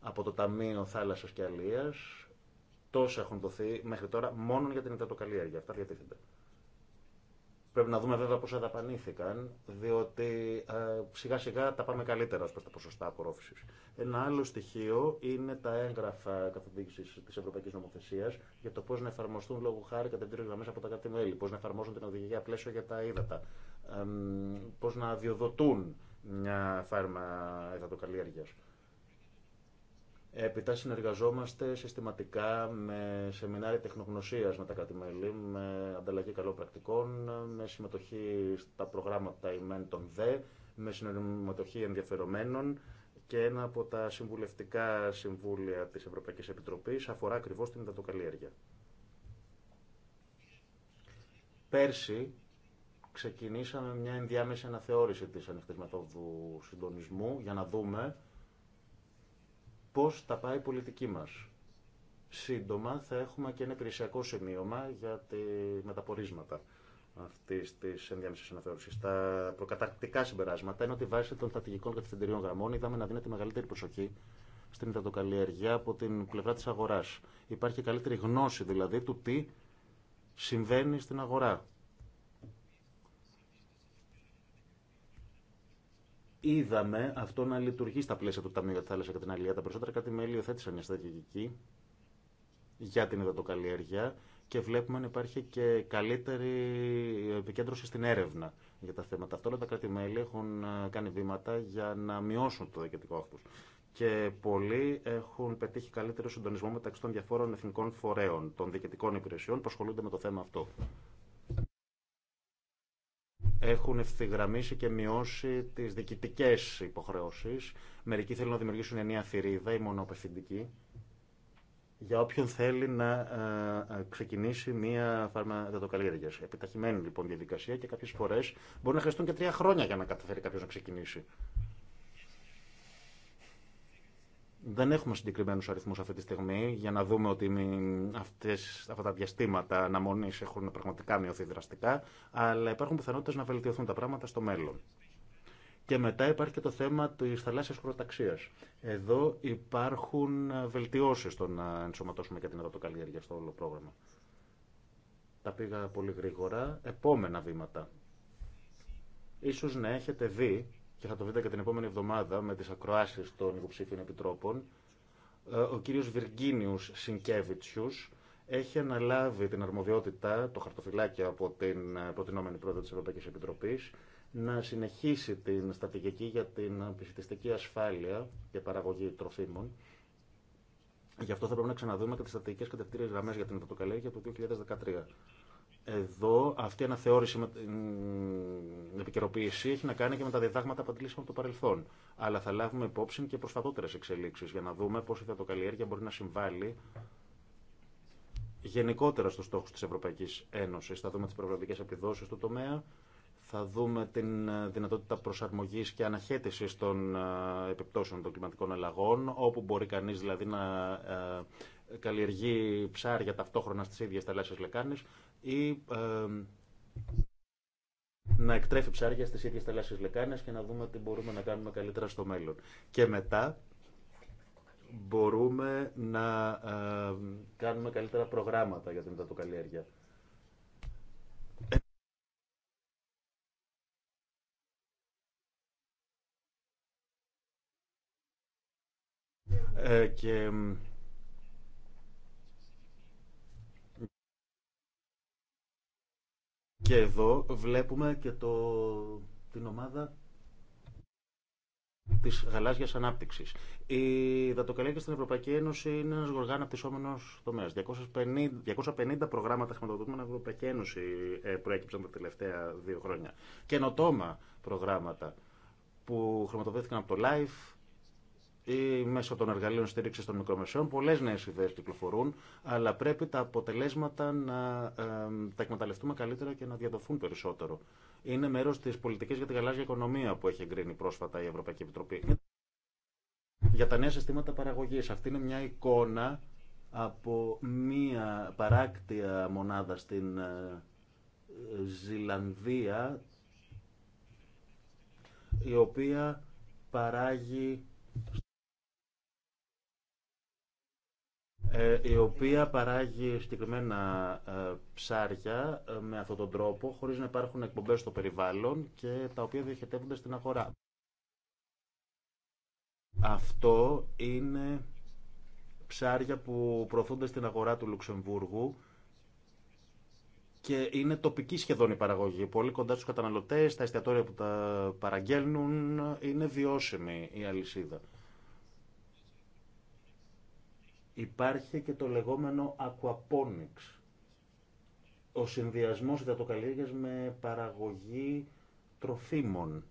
από το Ταμείο Θάλασσας και Αλίας τόσα έχουν δοθεί μέχρι τώρα μόνο για την υδατοκαλλιέργεια. Αυτά διατίθενται. Πρέπει να δούμε βέβαια πώς αδαπανήθηκαν, διότι ε, σιγά σιγά τα πάμε καλύτερα ω προ τα ποσοστά απορρόφησης. Ένα άλλο στοιχείο είναι τα έγγραφα καθοδήγηση της Ευρωπαϊκής Νομοθεσίας για το πώς να εφαρμοστούν λόγω χάρη κατευθυντήρες γραμμές από τα κράτη-μέλη, πώς να εφαρμόζουν την οδηγία πλαίσιο για τα ύδατα, ε, πώς να διοδοτούν μια φάρμα υδατοκαλλιέργεια. Επιτά συνεργαζόμαστε συστηματικά με σεμινάρια τεχνογνωσίας με τα κράτη-μέλη, με ανταλλαγή καλών πρακτικών, με συμμετοχή στα προγράμματα ημέν των ΔΕ, με συμμετοχή ενδιαφερομένων και ένα από τα συμβουλευτικά συμβούλια της Ευρωπαϊκής Επιτροπής αφορά ακριβώς την υδατοκαλλιέργεια. Πέρσι ξεκινήσαμε μια ενδιάμεση αναθεώρηση της ανοιχτής συντονισμού για να δούμε πώς τα πάει η πολιτική μας. Σύντομα θα έχουμε και ένα υπηρεσιακό σημείωμα για τη, με τα πορίσματα αυτή τη ενδιάμεση αναθεώρηση. Τα προκαταρκτικά συμπεράσματα είναι ότι βάσει των στρατηγικών κατευθυντηρίων γραμμών είδαμε να δίνεται μεγαλύτερη προσοχή στην υδατοκαλλιέργεια από την πλευρά τη αγορά. Υπάρχει καλύτερη γνώση δηλαδή του τι συμβαίνει στην αγορά είδαμε αυτό να λειτουργεί στα πλαίσια του Ταμείου για τη Θάλασσα και την Αλία. Τα περισσότερα κάτι μέλη υιοθέτησαν μια στρατηγική για την υδατοκαλλιέργεια και βλέπουμε αν υπάρχει και καλύτερη επικέντρωση στην έρευνα για τα θέματα αυτά. Όλα τα κράτη-μέλη έχουν ε, κάνει βήματα για να μειώσουν το διοικητικό άχθος. Και πολλοί έχουν πετύχει καλύτερο συντονισμό μεταξύ των διαφόρων εθνικών φορέων, των διοικητικών υπηρεσιών που ασχολούνται με το θέμα αυτό έχουν ευθυγραμμίσει και μειώσει τι διοικητικέ υποχρεώσει. Μερικοί θέλουν να δημιουργήσουν μια θηρίδα ή μονοπευθυντική για όποιον θέλει να ε, ε, ξεκινήσει μία φαρμαδατοκαλλιέργεια. Επιταχυμένη λοιπόν διαδικασία και κάποιε φορέ μπορεί να χρειαστούν και τρία χρόνια για να καταφέρει κάποιο να ξεκινήσει. Δεν έχουμε συγκεκριμένου αριθμού αυτή τη στιγμή για να δούμε ότι αυτές, αυτά τα διαστήματα αναμονή έχουν πραγματικά μειωθεί δραστικά, αλλά υπάρχουν πιθανότητε να βελτιωθούν τα πράγματα στο μέλλον. Και μετά υπάρχει και το θέμα τη θαλάσσια χωροταξία. Εδώ υπάρχουν βελτιώσει στο να ενσωματώσουμε και την ευρωτοκαλλιέργεια στο όλο πρόγραμμα. Τα πήγα πολύ γρήγορα. Επόμενα βήματα. Ίσως να έχετε δει και θα το δείτε και την επόμενη εβδομάδα με τις ακροάσεις των υποψήφιων επιτρόπων, ε, ο κύριος Βιργίνιους Σινκέβιτσιους έχει αναλάβει την αρμοδιότητα, το χαρτοφυλάκιο από την ε, προτινόμενη πρόεδρο της Ευρωπαϊκής Επιτροπής, να συνεχίσει την στρατηγική για την πληθυστική ασφάλεια και παραγωγή τροφίμων. Γι' αυτό θα πρέπει να ξαναδούμε και τι στρατηγικές κατευθύνε γραμμέ για την πρωτοκαλλιέργεια του 2013. Εδώ αυτή η αναθεώρηση με την επικαιροποίηση έχει να κάνει και με τα διδάγματα που αντλήσαμε από το παρελθόν. Αλλά θα λάβουμε υπόψη και προσφατότερε εξελίξει για να δούμε πώ η θεατοκαλλιέργεια μπορεί να συμβάλλει γενικότερα στου στόχου τη Ευρωπαϊκή Ένωση. Θα δούμε τι προβληματικέ επιδόσει του τομέα, θα δούμε την δυνατότητα προσαρμογή και αναχέτηση των ε, επιπτώσεων των κλιματικών αλλαγών, όπου μπορεί κανεί δηλαδή να ε, ε, καλλιεργεί ψάρια ταυτόχρονα στις ίδιε θαλάσσιες λεκάνες ή να εκτρέφει ψάρια στις ίδιες θαλάσσιες λεκάνες και να δούμε τι μπορούμε να κάνουμε καλύτερα στο μέλλον. Και μετά μπορούμε να κάνουμε καλύτερα προγράμματα για την υδατοκαλλιέργεια. Ε, και Και εδώ βλέπουμε και το, την ομάδα της γαλάζιας ανάπτυξης. Η δατοκαλλιέργεια στην Ευρωπαϊκή Ένωση είναι ένας γοργά αναπτυσσόμενος τομέας. 250, 250 προγράμματα χρηματοδοτούμενα στην Ευρωπαϊκή Ένωση ε, προέκυψαν τα τελευταία δύο χρόνια. Καινοτόμα προγράμματα που χρηματοδοτήθηκαν από το LIFE, ή μέσω των εργαλείων στήριξη των μικρομεσαίων. Πολλέ νέε ιδέε κυκλοφορούν, αλλά πρέπει τα αποτελέσματα να τα εκμεταλλευτούμε καλύτερα και να διαδοθούν περισσότερο. Είναι μέρο τη πολιτική για τη γαλάζια οικονομία που έχει εγκρίνει πρόσφατα η Ευρωπαϊκή Επιτροπή. Για τα νέα συστήματα παραγωγή. Αυτή είναι μια εικόνα από μία παράκτια μονάδα στην ε, Ζηλανδία η οποία παράγει Ε, η οποία παράγει συγκεκριμένα ε, ψάρια ε, με αυτόν τον τρόπο, χωρίς να υπάρχουν εκπομπές στο περιβάλλον και τα οποία διοχετεύονται στην αγορά. Αυτό είναι ψάρια που προωθούνται στην αγορά του Λουξεμβούργου και είναι τοπική σχεδόν η παραγωγή. Πολύ κοντά στους καταναλωτές, τα εστιατόρια που τα παραγγέλνουν, είναι βιώσιμη η αλυσίδα. Υπάρχει και το λεγόμενο aquaponics, ο συνδυασμός καλλιέργειας με παραγωγή τροφίμων.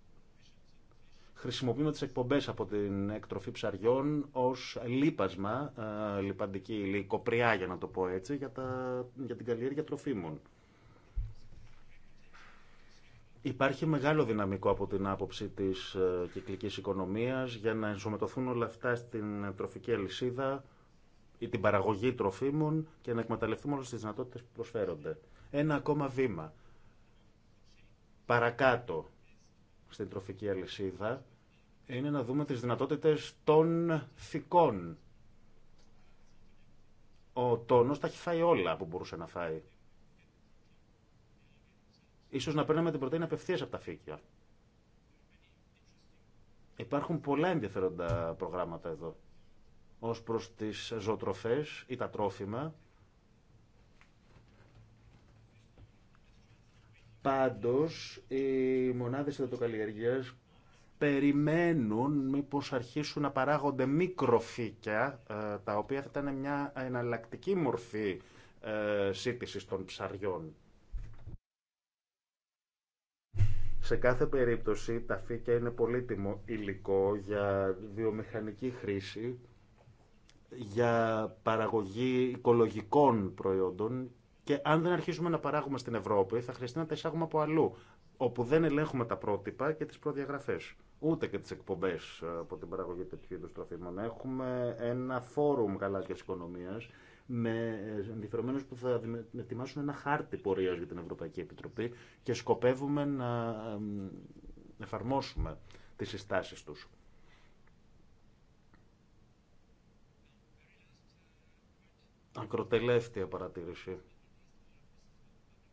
Χρησιμοποιούμε τις εκπομπές από την εκτροφή ψαριών ως λίπασμα, ε, λιπαντική λικοπριά για να το πω έτσι, για, για την καλλιέργεια τροφίμων. Υπάρχει μεγάλο δυναμικό από την άποψη της ε, κυκλικής οικονομίας για να ενσωμετωθούν όλα αυτά στην τροφική αλυσίδα ή την παραγωγή τροφίμων και να εκμεταλλευτούμε όλε τι δυνατότητες που προσφέρονται. Ένα ακόμα βήμα. Παρακάτω στην τροφική αλυσίδα είναι να δούμε τις δυνατότητες των θικών. Ο τόνος τα έχει φάει όλα που μπορούσε να φάει. Ίσως να παίρναμε την πρωτεΐνη απευθείας από τα φύκια. Υπάρχουν πολλά ενδιαφέροντα προγράμματα εδώ ως προς τις ζωοτροφές ή τα τρόφιμα. Πάντως, οι μονάδες υδατοκαλλιεργίας περιμένουν μήπως αρχίσουν να παράγονται μικροφύκια, ε, τα οποία θα ήταν μια εναλλακτική μορφή ε, σύντησης των ψαριών. Σε κάθε περίπτωση τα φύκια είναι πολύτιμο υλικό για βιομηχανική χρήση για παραγωγή οικολογικών προϊόντων και αν δεν αρχίσουμε να παράγουμε στην Ευρώπη θα χρειαστεί να τα εισάγουμε από αλλού όπου δεν ελέγχουμε τα πρότυπα και τις προδιαγραφές ούτε και τις εκπομπές ε, από την παραγωγή τέτοιου είδους τροφίμων. Έχουμε ένα φόρουμ γαλάζιας οικονομίας με ε, ενδιαφερομένους που θα ετοιμάσουν ένα χάρτη πορείας για την Ευρωπαϊκή Επιτροπή και σκοπεύουμε να ε, εφαρμόσουμε τις συστάσεις τους. Ακροτελεύτια παρατήρηση.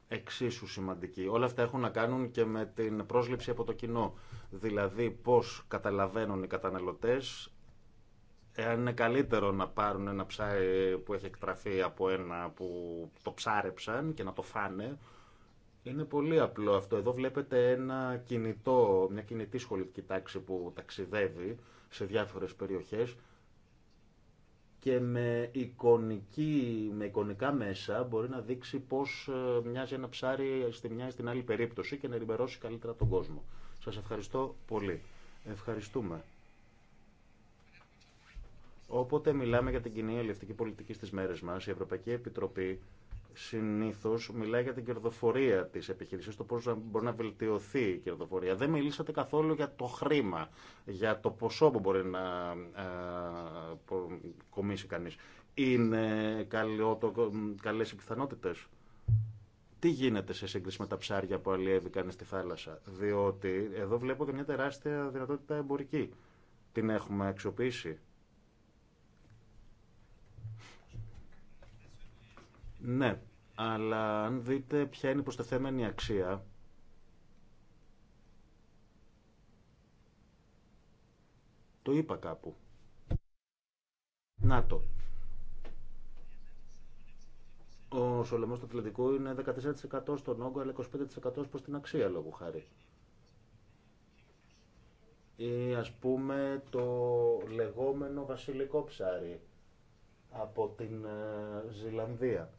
Εξίσου σημαντική. Όλα αυτά έχουν να κάνουν και με την πρόσληψη από το κοινό. Δηλαδή πώς καταλαβαίνουν οι καταναλωτές εάν είναι καλύτερο να πάρουν ένα ψάρι που έχει εκτραφεί από ένα που το ψάρεψαν και να το φάνε. Είναι πολύ απλό αυτό. Εδώ βλέπετε ένα κινητό, μια κινητή σχολική τάξη που ταξιδεύει σε διάφορες περιοχές και με, εικονική, με εικονικά μέσα μπορεί να δείξει πώς ε, μοιάζει ένα ψάρι στη μια ή στην άλλη περίπτωση και να ενημερώσει καλύτερα τον κόσμο. Σας ευχαριστώ πολύ. Ευχαριστούμε. Όποτε μιλάμε για την κοινή ελευθερική πολιτική στις μέρες μας, η Ευρωπαϊκή Επιτροπή συνήθω μιλάει για την κερδοφορία τη επιχείρηση, το πώ μπορεί να βελτιωθεί η κερδοφορία. Δεν μιλήσατε καθόλου για το χρήμα, για το ποσό που μπορεί να ε, κομίσει κανεί. Είναι καλέ οι πιθανότητε. Τι γίνεται σε σύγκριση με τα ψάρια που αλλιεύει στη θάλασσα, Διότι εδώ βλέπω και μια τεράστια δυνατότητα εμπορική. Την έχουμε αξιοποιήσει Ναι, αλλά αν δείτε ποια είναι η αξία, το είπα κάπου. Να το. Ο σολεμός του Αθλητικού είναι 14% στον όγκο, αλλά 25% προς την αξία λόγου χάρη. Ή ας πούμε το λεγόμενο βασιλικό ψάρι από την ε, Ζηλανδία.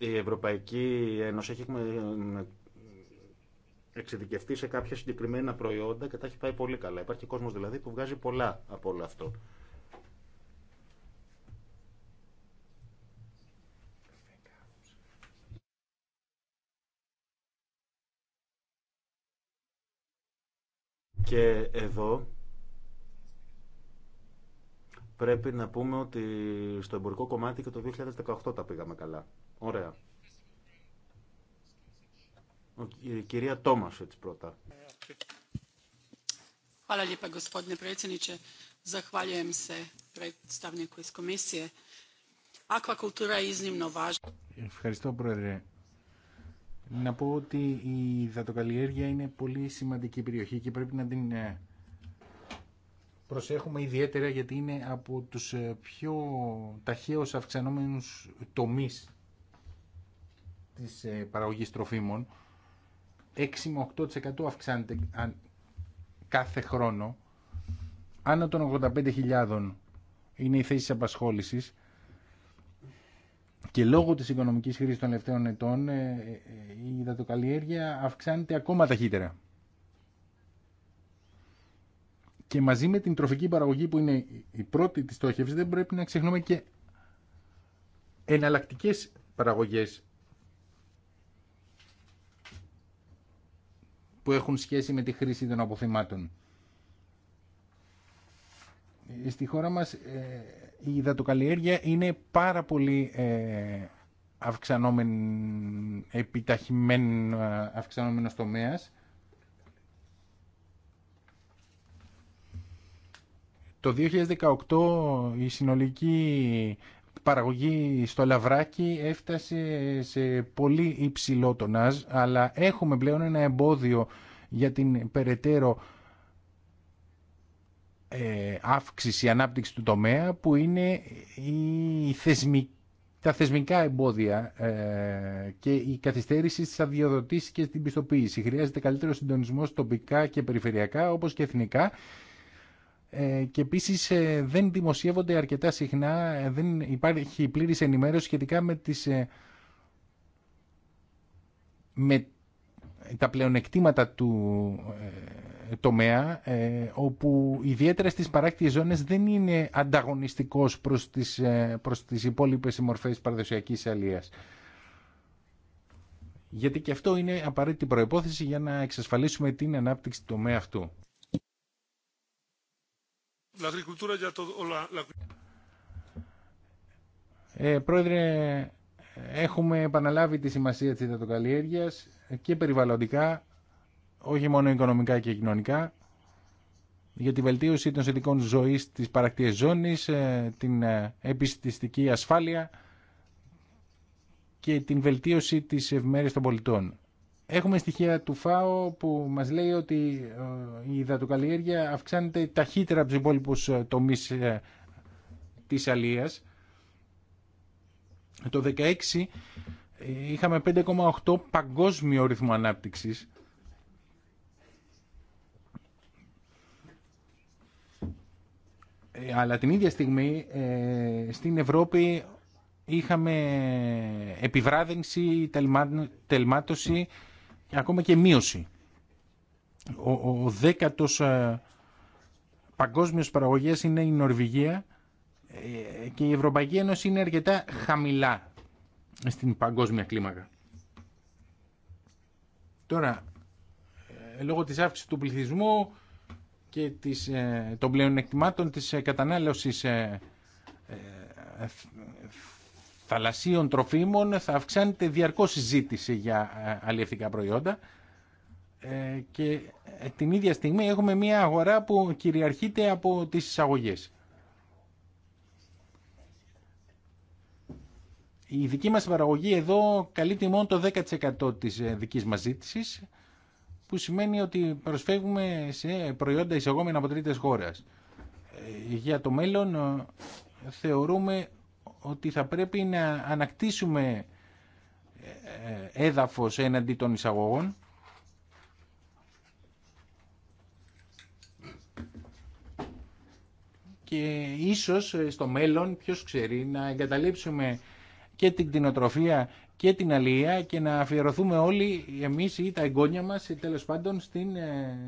Η Ευρωπαϊκή Ένωση έχει εξειδικευτεί σε κάποια συγκεκριμένα προϊόντα και τα έχει πάει πολύ καλά. Υπάρχει κόσμος δηλαδή που βγάζει πολλά από όλο αυτό. Και εδώ Πρέπει να πούμε ότι στο εμπορικό κομμάτι και το 2018 τα πήγαμε καλά. Ωραία. Η κυρία Τόμας έτσι πρώτα. Ευχαριστώ πρόεδρε. Να πω ότι η δατοκαλλιέργεια είναι πολύ σημαντική περιοχή και πρέπει να την ε, προσέχουμε ιδιαίτερα γιατί είναι από τους ε, πιο ταχαίως αυξανόμενους τομείς της ε, παραγωγής τροφίμων. 6 με 8% αυξάνεται κάθε χρόνο. Άνω των 85.000 είναι οι της απασχόλησης και λόγω της οικονομικής χρήσης των τελευταίων ετών ε, η υδατοκαλλιέργεια αυξάνεται ακόμα ταχύτερα. Και μαζί με την τροφική παραγωγή που είναι η πρώτη της στόχευση δεν πρέπει να ξεχνούμε και εναλλακτικέ παραγωγές που έχουν σχέση με τη χρήση των αποθυμάτων. Ε, στη χώρα μας ε, η υδατοκαλλιέργεια είναι πάρα πολύ ε, αυξανόμενο, επιταχυμένο αυξανόμενος τομέας Το 2018 η συνολική παραγωγή στο λαβράκι έφτασε σε πολύ υψηλό τονάζ, αλλά έχουμε πλέον ένα εμπόδιο για την περαιτέρω ε, αύξηση, ανάπτυξη του τομέα που είναι η τα θεσμικά εμπόδια ε, και η καθυστέρηση στι αδειοδοτήσει και στην πιστοποίηση. Χρειάζεται καλύτερο συντονισμό τοπικά και περιφερειακά, όπως και εθνικά, ε, και επίσης ε, δεν δημοσιεύονται αρκετά συχνά, ε, δεν υπάρχει πλήρης ενημέρωση σχετικά με, τις, με τα πλεονεκτήματα του τομέα, όπου ιδιαίτερα στις παράκτιες ζώνες δεν είναι ανταγωνιστικός προς τις, προς τις υπόλοιπες μορφές παραδοσιακής αλίας. Γιατί και αυτό είναι απαραίτητη προϋπόθεση για να εξασφαλίσουμε την ανάπτυξη του τομέα αυτού. Ε, πρόεδρε, έχουμε επαναλάβει τη σημασία της υδατοκαλλιέργειας και περιβαλλοντικά, όχι μόνο οικονομικά και κοινωνικά, για τη βελτίωση των συνδικών ζωής της παρακτίας ζώνης, ε, την ε, επιστηστική ασφάλεια και την βελτίωση της ευμέρειας των πολιτών. Έχουμε στοιχεία του ΦΑΟ που μας λέει ότι ε, η υδατοκαλλιέργεια αυξάνεται ταχύτερα από τους υπόλοιπους ε, τομείς ε, της αλίας. Το 2016 είχαμε 5,8 παγκόσμιο ρυθμό ανάπτυξης. Αλλά την ίδια στιγμή στην Ευρώπη είχαμε επιβράδυνση, τελμάτωση ακόμα και μείωση. Ο, ο, δέκατος παγκόσμιος παραγωγής είναι η Νορβηγία ε, και η Ευρωπαϊκή Ένωση είναι αρκετά χαμηλά στην παγκόσμια κλίμακα. Τώρα, ε, λόγω της αύξησης του πληθυσμού και της, ε, των πλεονεκτημάτων της ε, κατανάλωσης θαλασσίων τροφίμων θα αυξάνεται διαρκώς η ζήτηση για ε, αλλιευτικά προϊόντα ε, και ε, την ίδια στιγμή έχουμε μια αγορά που κυριαρχείται από τις εισαγωγέ. Η δική μας παραγωγή εδώ καλύπτει μόνο το 10% της δικής μας ζήτησης που σημαίνει ότι προσφεύγουμε σε προϊόντα εισαγόμενα από τρίτες χώρες. Για το μέλλον θεωρούμε ότι θα πρέπει να ανακτήσουμε ε, έδαφος έναντι των εισαγωγών. Και ίσως ε, στο μέλλον, ποιος ξέρει, να εγκαταλείψουμε και την κτηνοτροφία και την αλληλεία και να αφιερωθούμε όλοι εμείς ή τα εγγόνια μας τέλος πάντων ε,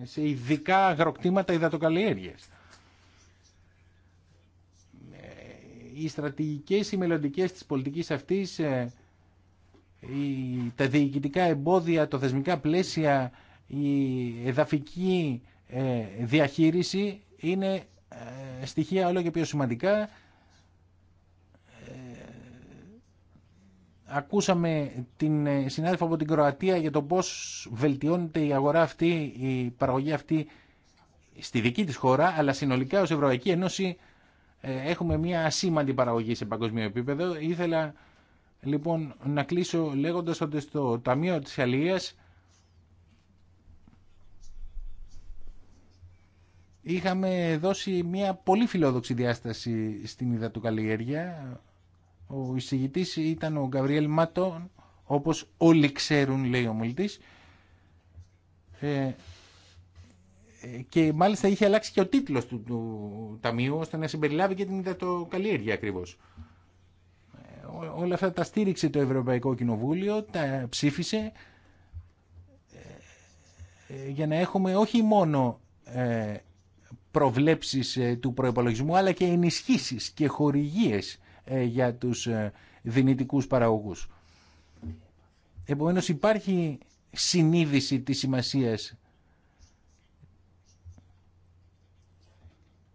σε ειδικά αγροκτήματα υδατοκαλλιέργειας. οι στρατηγικές, οι μελλοντικέ της πολιτικής αυτής, ε, τα διοικητικά εμπόδια, το θεσμικά πλαίσια, η εδαφική ε, διαχείριση είναι ε, στοιχεία όλο και πιο σημαντικά. ακούσαμε την συνάδελφα από την Κροατία για το πώς βελτιώνεται η αγορά αυτή, η παραγωγή αυτή στη δική της χώρα, αλλά συνολικά ως Ευρωπαϊκή Ένωση ε, έχουμε μια ασήμαντη παραγωγή σε παγκοσμίο επίπεδο. Ήθελα λοιπόν να κλείσω λέγοντας ότι στο Ταμείο της Αλίας είχαμε δώσει μια πολύ φιλόδοξη διάσταση στην υδατοκαλλιέργεια. Ο εισηγητής ήταν ο Γκαβριέλ Μάτο, όπως όλοι ξέρουν λέει ο μιλητής. Ε, και μάλιστα είχε αλλάξει και ο τίτλος του, ταμείου ώστε να συμπεριλάβει και την υδατοκαλλιέργεια ακριβώς. Ε, όλα αυτά τα στήριξε το Ευρωπαϊκό Κοινοβούλιο, τα ψήφισε ε, ε, για να έχουμε όχι μόνο προβλέψεις του προϋπολογισμού αλλά και ενισχύσεις και χορηγίες για τους δυνητικούς παραγωγούς. Επομένως υπάρχει συνείδηση της σημασίας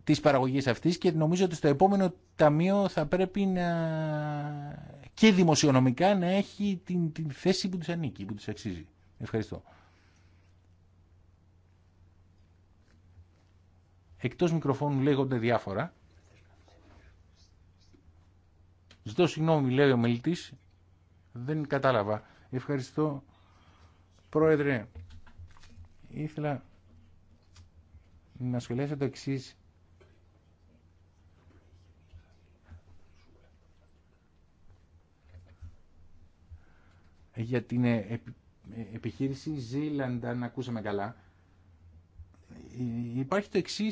Τη παραγωγή αυτή και νομίζω ότι στο επόμενο ταμείο θα πρέπει να και δημοσιονομικά να έχει την, την θέση που τους ανήκει, που τους αξίζει. Ευχαριστώ. Εκτός μικροφώνου λέγονται διάφορα. Ζητώ συγγνώμη, λέει ο μελητής. Δεν κατάλαβα. Ευχαριστώ, Πρόεδρε. Ήθελα να σχολιάσω το εξής για την ε, ε, επιχείρηση Ζήλαντα, αν ακούσαμε καλά, ε, υπάρχει το εξή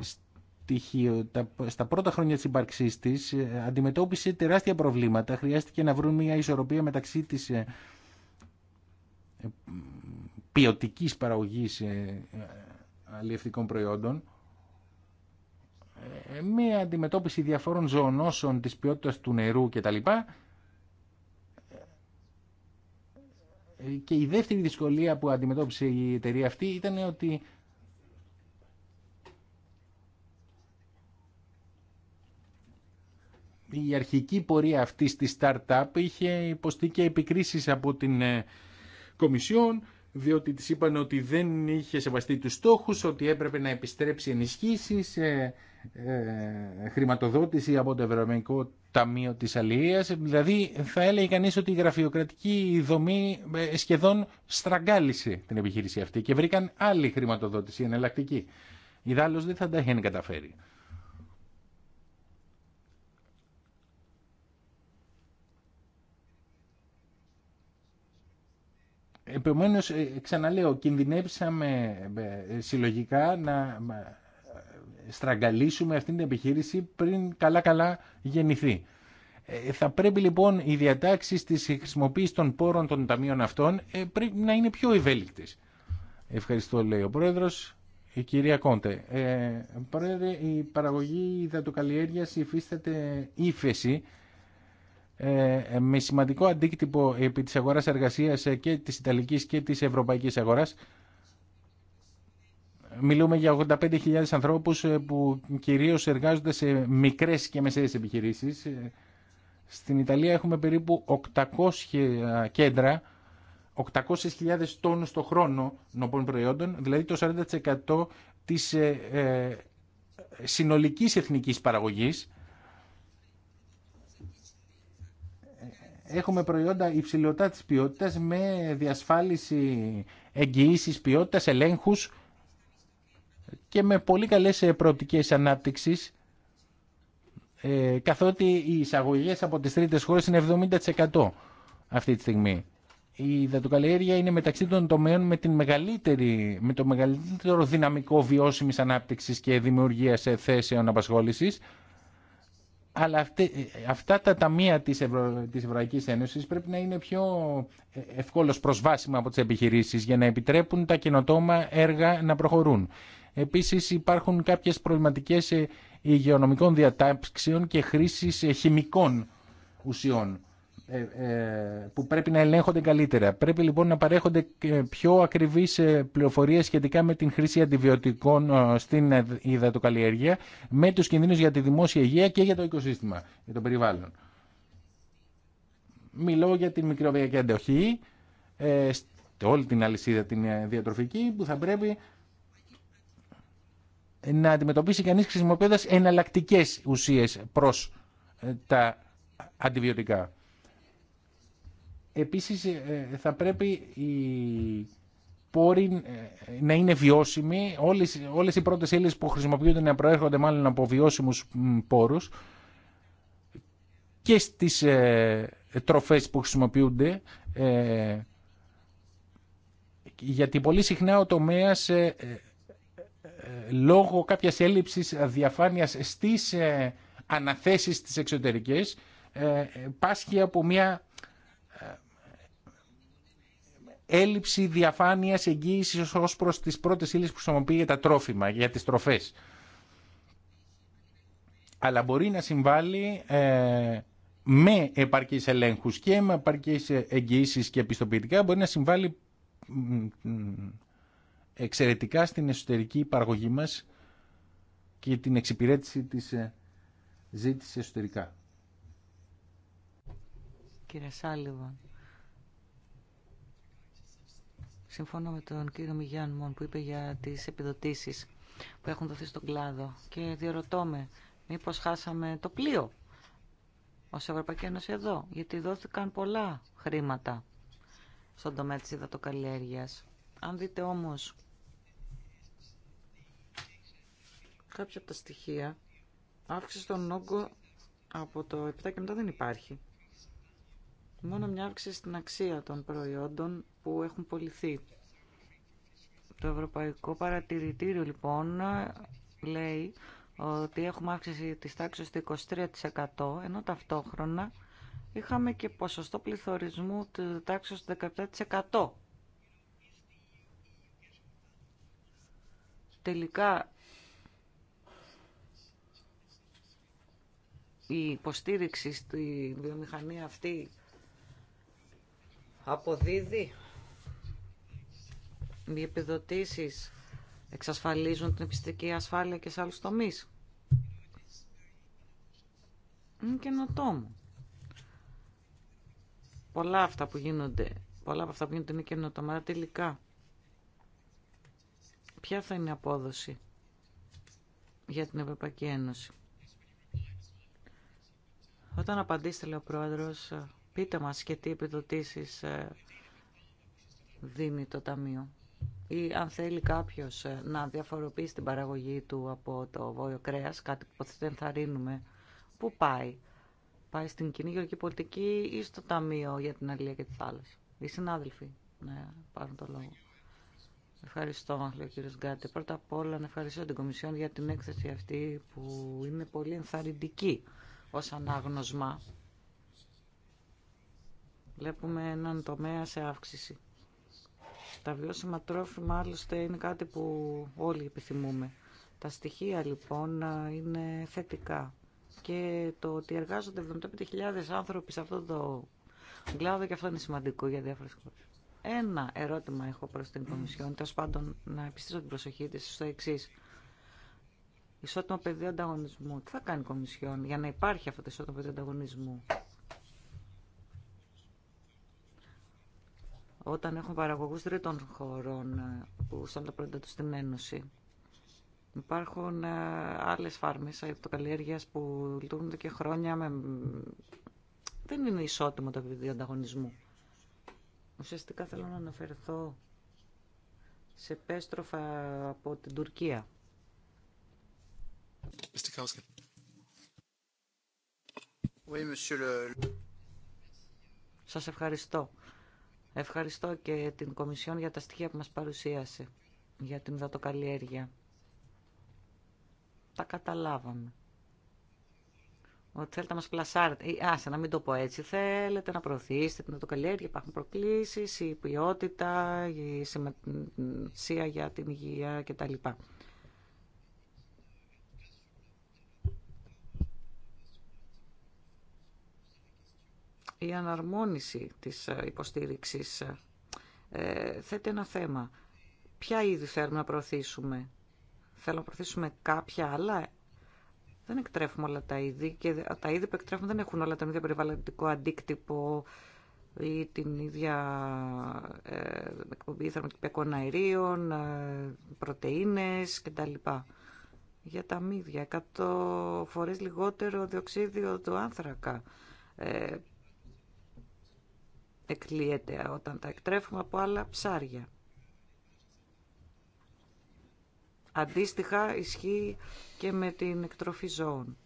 στοιχείο. στα πρώτα χρόνια της ύπαρξής της αντιμετώπισε τεράστια προβλήματα. Χρειάστηκε να βρουν μια ισορροπία μεταξύ της ποιοτικής παραγωγής αλλιευτικών προϊόντων μια αντιμετώπιση διαφόρων ζωονόσων της ποιότητας του νερού κτλ Και η δεύτερη δυσκολία που αντιμετώπισε η εταιρεία αυτή ήταν ότι η αρχική πορεία αυτή τη startup είχε υποστεί και επικρίσεις από την ε, Κομισιόν, διότι της είπαν ότι δεν είχε σεβαστεί τους στόχους, ότι έπρεπε να επιστρέψει ενισχύσεις, ε, ε, χρηματοδότηση από το Ευρωπαϊκό Ταμείο της Αλληλείας. Δηλαδή θα έλεγε κανείς ότι η γραφειοκρατική δομή ε, σχεδόν στραγγάλισε την επιχείρηση αυτή και βρήκαν άλλη χρηματοδότηση εναλλακτική. Δάλλος δεν θα τα έχει καταφέρει. Επομένως, ε, ξαναλέω, κινδυνέψαμε ε, συλλογικά να στραγγαλίσουμε αυτήν την επιχείρηση πριν καλά-καλά γεννηθεί. Ε, θα πρέπει λοιπόν οι διατάξει τη χρησιμοποίηση των πόρων των ταμείων αυτών ε, να είναι πιο ευέλικτε. Ευχαριστώ, λέει ο Πρόεδρο. Η κυρία Κόντε. Ε, πρόεδρε, η παραγωγή υδατοκαλλιέργεια υφίσταται ύφεση ε, ε, με σημαντικό αντίκτυπο επί της αγοράς εργασία και τη Ιταλική και τη Ευρωπαϊκή Αγορα. Μιλούμε για 85.000 ανθρώπους ε, που κυρίως εργάζονται σε μικρές και μεσαίες επιχειρήσεις. Ε, στην Ιταλία έχουμε περίπου 800 κέντρα, 800.000 τόνους το χρόνο νοπών προϊόντων, δηλαδή το 40% της ε, συνολικής εθνικής παραγωγής. Έχουμε προϊόντα υψηλότητα της ποιότητας με διασφάλιση εγγυήσεις ποιότητας, ελέγχους και με πολύ καλές ε, προοπτικές ανάπτυξης, ε, καθότι οι εισαγωγέ από τις τρίτες χώρες είναι 70% αυτή τη στιγμή. Η υδατοκαλλιέργεια είναι μεταξύ των τομέων με, την μεγαλύτερη, με το μεγαλύτερο δυναμικό βιώσιμης ανάπτυξης και δημιουργίας ε, θέσεων απασχόλησης. Αλλά αυτή, αυτά τα ταμεία της, Ευρω, της Ευρωπαϊκής Ένωσης πρέπει να είναι πιο ευκόλως προσβάσιμα από τις επιχειρήσεις για να επιτρέπουν τα καινοτόμα έργα να προχωρούν. Επίσης υπάρχουν κάποιες προβληματικές ε, υγειονομικών διατάξεων και χρήσης ε, χημικών ουσιών ε, που πρέπει να ελέγχονται καλύτερα. Πρέπει λοιπόν να παρέχονται πιο ακριβείς πληροφορίες σχετικά με την χρήση αντιβιωτικών στην υδατοκαλλιέργεια, με τους κινδύνους για τη δημόσια υγεία και για το οικοσύστημα, για το περιβάλλον. Μιλώ για την μικροβιακή αντοχή, όλη την αλυσίδα την διατροφική, που θα πρέπει να αντιμετωπίσει κανείς χρησιμοποιώντας εναλλακτικέ ουσίες προς ε, τα αντιβιωτικά. Επίσης ε, θα πρέπει οι πόροι ε, να είναι βιώσιμοι, όλες, όλες οι πρώτες ύλες που χρησιμοποιούνται να προέρχονται μάλλον από βιώσιμους πόρους και στις τροφές που χρησιμοποιούνται γιατί πολύ συχνά ο τομέας λόγω κάποιας έλλειψης διαφάνειας στις ε, αναθέσεις τις εξωτερικές ε, πάσχει από μια ε, έλλειψη διαφάνειας εγγύησης ως προς τις πρώτες ύλες που χρησιμοποιεί για τα τρόφιμα, για τις τροφές. Αλλά μπορεί να συμβάλλει με επαρκείς ελέγχους και με επαρκείς εγγύησεις και επιστοποιητικά μπορεί να συμβάλλει εξαιρετικά στην εσωτερική παραγωγή μας και την εξυπηρέτηση της ε, ζήτησης εσωτερικά. Κύριε Σάλιβα, συμφωνώ με τον κύριο Μιγιάν Μον που είπε για τις επιδοτήσεις που έχουν δοθεί στον κλάδο και διαρωτώ με μήπως χάσαμε το πλοίο ως Ευρωπαϊκή Ένωση εδώ, γιατί δόθηκαν πολλά χρήματα στον τομέα της υδατοκαλλιέργειας αν δείτε όμως κάποια από τα στοιχεία, αύξηση στον όγκο από το 7 και μετά δεν υπάρχει. Μόνο μια αύξηση στην αξία των προϊόντων που έχουν πολιθεί. Το Ευρωπαϊκό Παρατηρητήριο λοιπόν λέει ότι έχουμε αύξηση της τάξης του 23% ενώ ταυτόχρονα είχαμε και ποσοστό πληθωρισμού της τάξης του 17%. τελικά η υποστήριξη στη βιομηχανία αυτή αποδίδει. Οι επιδοτήσεις εξασφαλίζουν την επιστική ασφάλεια και σε άλλους τομείς. Είναι καινοτόμο. Πολλά αυτά που γίνονται, πολλά από αυτά που γίνονται είναι καινοτόμα τελικά Ποια θα είναι η απόδοση για την Ευρωπαϊκή Ένωση. Όταν απαντήσετε, λέει ο Πρόεδρος, πείτε μας και τι επιδοτήσεις ε, δίνει το Ταμείο. Ή αν θέλει κάποιος ε, να διαφοροποιήσει την παραγωγή του από το βόλιο κρέας, κάτι που δεν θα πού πάει. Πάει στην κοινή γεωργική πολιτική ή στο Ταμείο για την Αλία και τη Θάλασσα. Οι συνάδελφοι να πάρουν το λόγο. Ευχαριστώ, λέει ο κύριος Γκάτε. Πρώτα απ' όλα να ευχαριστώ την Κομισιόν για την έκθεση αυτή που είναι πολύ ενθαρρυντική ως ανάγνωσμα. Βλέπουμε έναν τομέα σε αύξηση. Τα βιώσιμα τρόφιμα άλλωστε είναι κάτι που όλοι επιθυμούμε. Τα στοιχεία λοιπόν είναι θετικά. Και το ότι εργάζονται 75.000 άνθρωποι σε αυτό το κλάδο και αυτό είναι σημαντικό για διάφορες χώρες. Ένα ερώτημα έχω προς την Κομισιόν, τέλο πάντων να επιστήσω την προσοχή της στο εξή. Ισότιμο πεδίο ανταγωνισμού. Τι θα κάνει η Κομισιόν για να υπάρχει αυτό το ισότιμο πεδίο ανταγωνισμού. Όταν έχουμε παραγωγούς τρίτων χωρών ε, που σαν τα πρώτα του στην Ένωση, υπάρχουν ε, άλλες φάρμες αυτοκαλλιέργειας που λειτουργούν και χρόνια με... Δεν είναι ισότιμο το πεδίο ανταγωνισμού. Ουσιαστικά θέλω να αναφερθώ σε πέστροφα από την Τουρκία. Σας ευχαριστώ. Ευχαριστώ και την Κομισιόν για τα στοιχεία που μας παρουσίασε για την δατοκαλλιέργεια. Τα καταλάβαμε ότι θέλετε να μα πλασάρετε, ε, άσε να μην το πω έτσι, θέλετε να προωθήσετε την ατοκαλλιέργεια, υπάρχουν προκλήσεις, η ποιότητα, η σημασία για την υγεία κτλ. Η αναρμόνιση της υποστήριξης ε, θέτει ένα θέμα. Ποια είδη θέλουμε να προωθήσουμε. Θέλω να προωθήσουμε κάποια άλλα δεν εκτρέφουμε όλα τα είδη και τα είδη που εκτρέφουμε δεν έχουν όλα τον ίδιο περιβαλλοντικό αντίκτυπο ή την ίδια ε, εκπομπή θερμοκυπιακών αερίων, ε, πρωτεΐνες κτλ. Για τα μύδια, 100 φορές λιγότερο διοξίδιο του άνθρακα ε, εκλείεται όταν τα εκτρέφουμε από άλλα ψάρια. Αντίστοιχα ισχύει και με την εκτροφή ζώων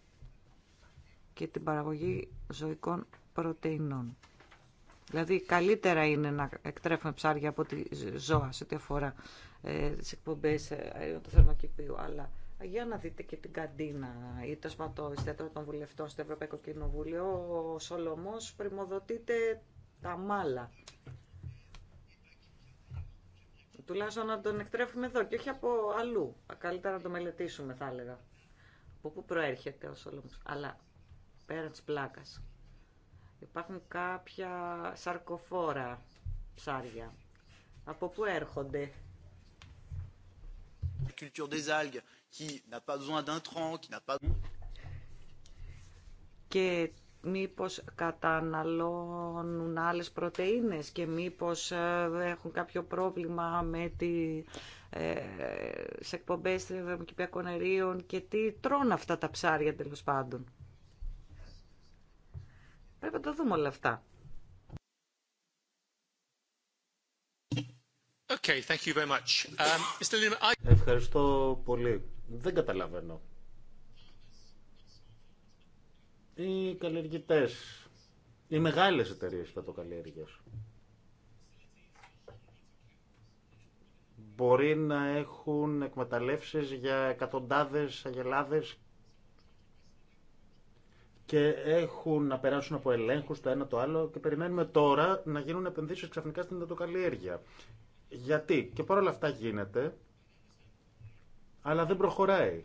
και την παραγωγή ζωικών πρωτεϊνών. Δηλαδή καλύτερα είναι να εκτρέφουμε ψάρια από τη ζώα σε ό,τι αφορά ε, τις εκπομπές ε, του θερμοκηπίου. Αλλά για να δείτε και την καντίνα ή το σπατόιστατρο των βουλευτών στο Ευρωπαϊκό Κοινοβούλιο, ο Σολομός πρημοδοτείται τα μάλα Τουλάχιστον να τον εκτρέφουμε εδώ και όχι από αλλού. Καλύτερα να το μελετήσουμε, θα έλεγα. Από πού προέρχεται ο Σολομός. Αλλά πέρα τη πλάκα. Υπάρχουν κάποια σαρκοφόρα ψάρια. Από πού έρχονται. Και μήπως καταναλώνουν άλλες πρωτεΐνες και μήπως ε, έχουν κάποιο πρόβλημα με τη ε, σε εκπομπές θερμοκηπιακών και τι τρώνε αυτά τα ψάρια τέλος πάντων. Πρέπει να τα δούμε όλα αυτά. Okay, thank you very much. Um, Ευχαριστώ πολύ. Δεν καταλαβαίνω οι καλλιεργητές, οι μεγάλες εταιρείες κατοκαλλιέργειας. Μπορεί να έχουν εκμεταλλεύσεις για εκατοντάδες αγελάδες και έχουν να περάσουν από ελέγχους το ένα το άλλο και περιμένουμε τώρα να γίνουν επενδύσεις ξαφνικά στην εντατοκαλλιέργεια. Γιατί και παρόλα αυτά γίνεται, αλλά δεν προχωράει.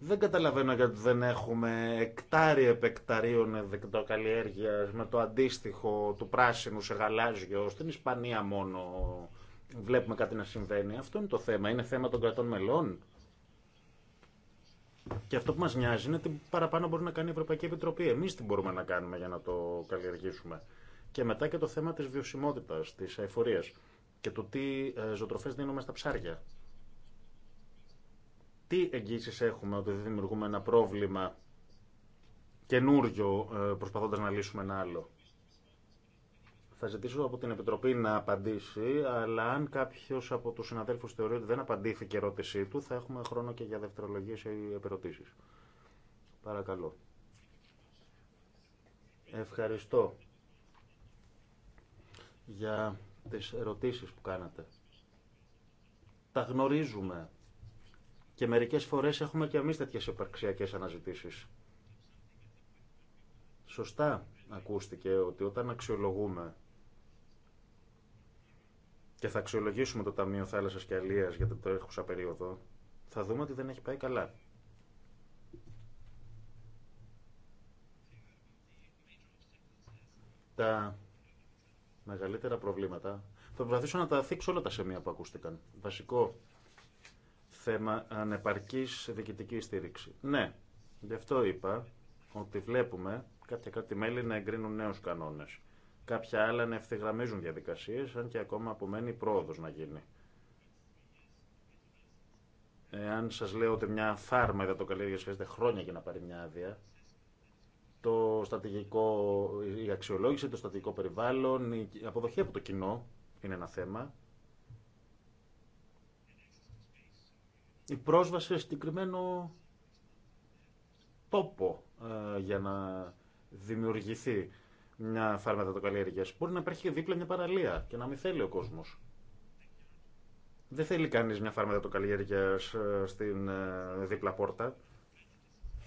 Δεν καταλαβαίνω γιατί δεν έχουμε εκτάρια επεκταρίων καλλιέργεια με το αντίστοιχο του πράσινου σε γαλάζιο. Στην Ισπανία μόνο βλέπουμε κάτι να συμβαίνει. Αυτό είναι το θέμα. Είναι θέμα των κρατών μελών. Και αυτό που μας νοιάζει είναι τι παραπάνω μπορεί να κάνει η Ευρωπαϊκή Επιτροπή. Εμείς τι μπορούμε να κάνουμε για να το καλλιεργήσουμε. Και μετά και το θέμα της βιωσιμότητας, της εφορίας και το τι ε, ζωοτροφές δίνουμε στα ψάρια τι εγγύσει έχουμε ότι δημιουργούμε ένα πρόβλημα καινούριο ε, προσπαθώντας να λύσουμε ένα άλλο. Θα ζητήσω από την Επιτροπή να απαντήσει, αλλά αν κάποιο από του συναδέλφου θεωρεί ότι δεν απαντήθηκε η ερώτησή του, θα έχουμε χρόνο και για δευτερολογίε ή επερωτήσει. Παρακαλώ. Ευχαριστώ για τις ερωτήσεις που κάνατε. Τα γνωρίζουμε και μερικές φορές έχουμε και εμείς τέτοιες υπαρξιακές αναζητήσεις. Σωστά ακούστηκε ότι όταν αξιολογούμε και θα αξιολογήσουμε το Ταμείο Θάλασσας και Αλίας για την τρέχουσα περίοδο, θα δούμε ότι δεν έχει πάει καλά. Τα μεγαλύτερα προβλήματα. Θα προσπαθήσω να τα θίξω όλα τα σημεία που ακούστηκαν. Βασικό θέμα ανεπαρκής διοικητική στήριξη. Ναι, γι' αυτό είπα ότι βλέπουμε κάποια κάποια μέλη να εγκρίνουν νέου κανόνε. Κάποια άλλα να ευθυγραμμίζουν διαδικασίε αν και ακόμα απομένει πρόοδο να γίνει. Εάν σα λέω ότι μια φάρμα καλλιέργεια χρειάζεται χρόνια για να πάρει μια άδεια, το η αξιολόγηση, το στατηγικό περιβάλλον, η αποδοχή από το κοινό είναι ένα θέμα η πρόσβαση σε συγκεκριμένο τόπο ε, για να δημιουργηθεί μια καλλιέργεια Μπορεί να υπάρχει και δίπλα μια παραλία και να μην θέλει ο κόσμο. Δεν θέλει κανεί μια καλλιέργεια ε, στην ε, δίπλα πόρτα.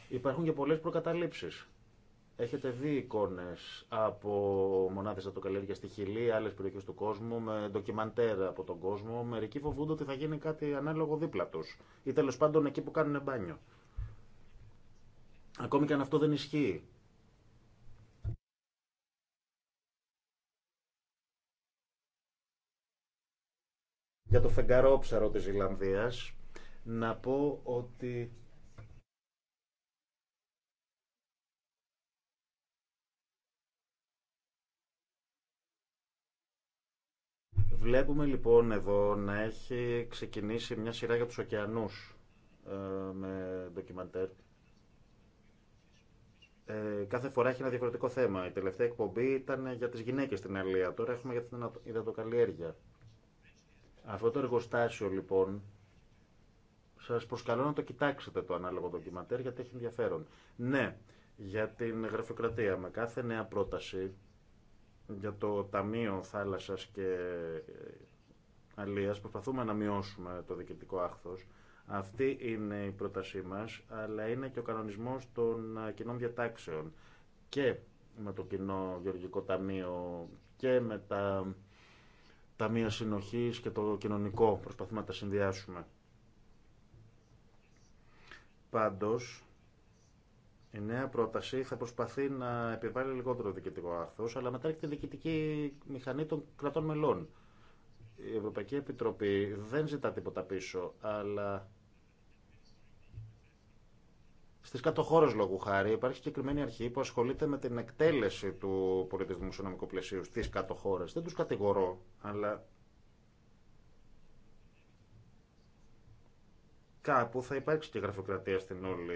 Υπάρχουν και πολλέ προκαταλήψει. Έχετε δει εικόνε από μονάδε αυτοκαλλιέργεια στη Χιλή, άλλε περιοχέ του κόσμου, με ντοκιμαντέρ από τον κόσμο. Μερικοί φοβούνται ότι θα γίνει κάτι ανάλογο δίπλα του ή τέλο πάντων εκεί που κάνουν μπάνιο. Ακόμη και αν αυτό δεν ισχύει. Για το φεγγαρόψαρο της Ιλανδίας, να πω ότι Βλέπουμε λοιπόν εδώ να έχει ξεκινήσει μια σειρά για τους ωκεανούς ε, με ντοκιμαντέρ. Ε, κάθε φορά έχει ένα διαφορετικό θέμα. Η τελευταία εκπομπή ήταν για τις γυναίκες στην Αλία. Τώρα έχουμε για την υδατοκαλλιέργεια. Αυτό το εργοστάσιο λοιπόν σας προσκαλώ να το κοιτάξετε το ανάλογο ντοκιμαντέρ γιατί έχει ενδιαφέρον. Ναι, για την γραφειοκρατία με κάθε νέα πρόταση για το Ταμείο Θάλασσας και ε, Αλίας προσπαθούμε να μειώσουμε το διοικητικό άχθος. Αυτή είναι η πρότασή μας, αλλά είναι και ο κανονισμός των ε, κοινών διατάξεων και με το κοινό γεωργικό ταμείο και με τα ταμεία συνοχής και το κοινωνικό. Προσπαθούμε να τα συνδυάσουμε. Πάντως, η νέα πρόταση θα προσπαθεί να επιβάλλει λιγότερο διοικητικό άρθρο, αλλά μετά έχει τη διοικητική μηχανή των κρατών μελών. Η Ευρωπαϊκή Επιτροπή δεν ζητά τίποτα πίσω, αλλά στι κατοχώρε λόγου χάρη υπάρχει συγκεκριμένη αρχή που ασχολείται με την εκτέλεση του πολιτισμού νομικό πλαισίου στι κατοχώρε. Δεν του κατηγορώ, αλλά κάπου θα υπάρξει και γραφειοκρατία στην όλη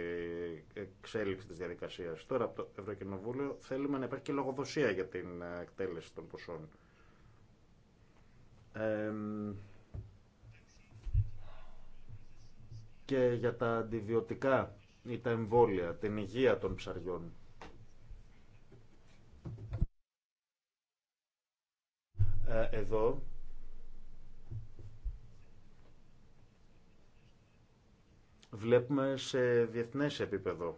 εξέλιξη της διαδικασίας. Τώρα από το Ευρωκοινοβούλιο θέλουμε να υπάρχει και λογοδοσία για την ε, εκτέλεση των ποσών. και για τα αντιβιωτικά ή τα εμβόλια, την υγεία των ψαριών. Ε, εδώ Βλέπουμε σε διεθνές επίπεδο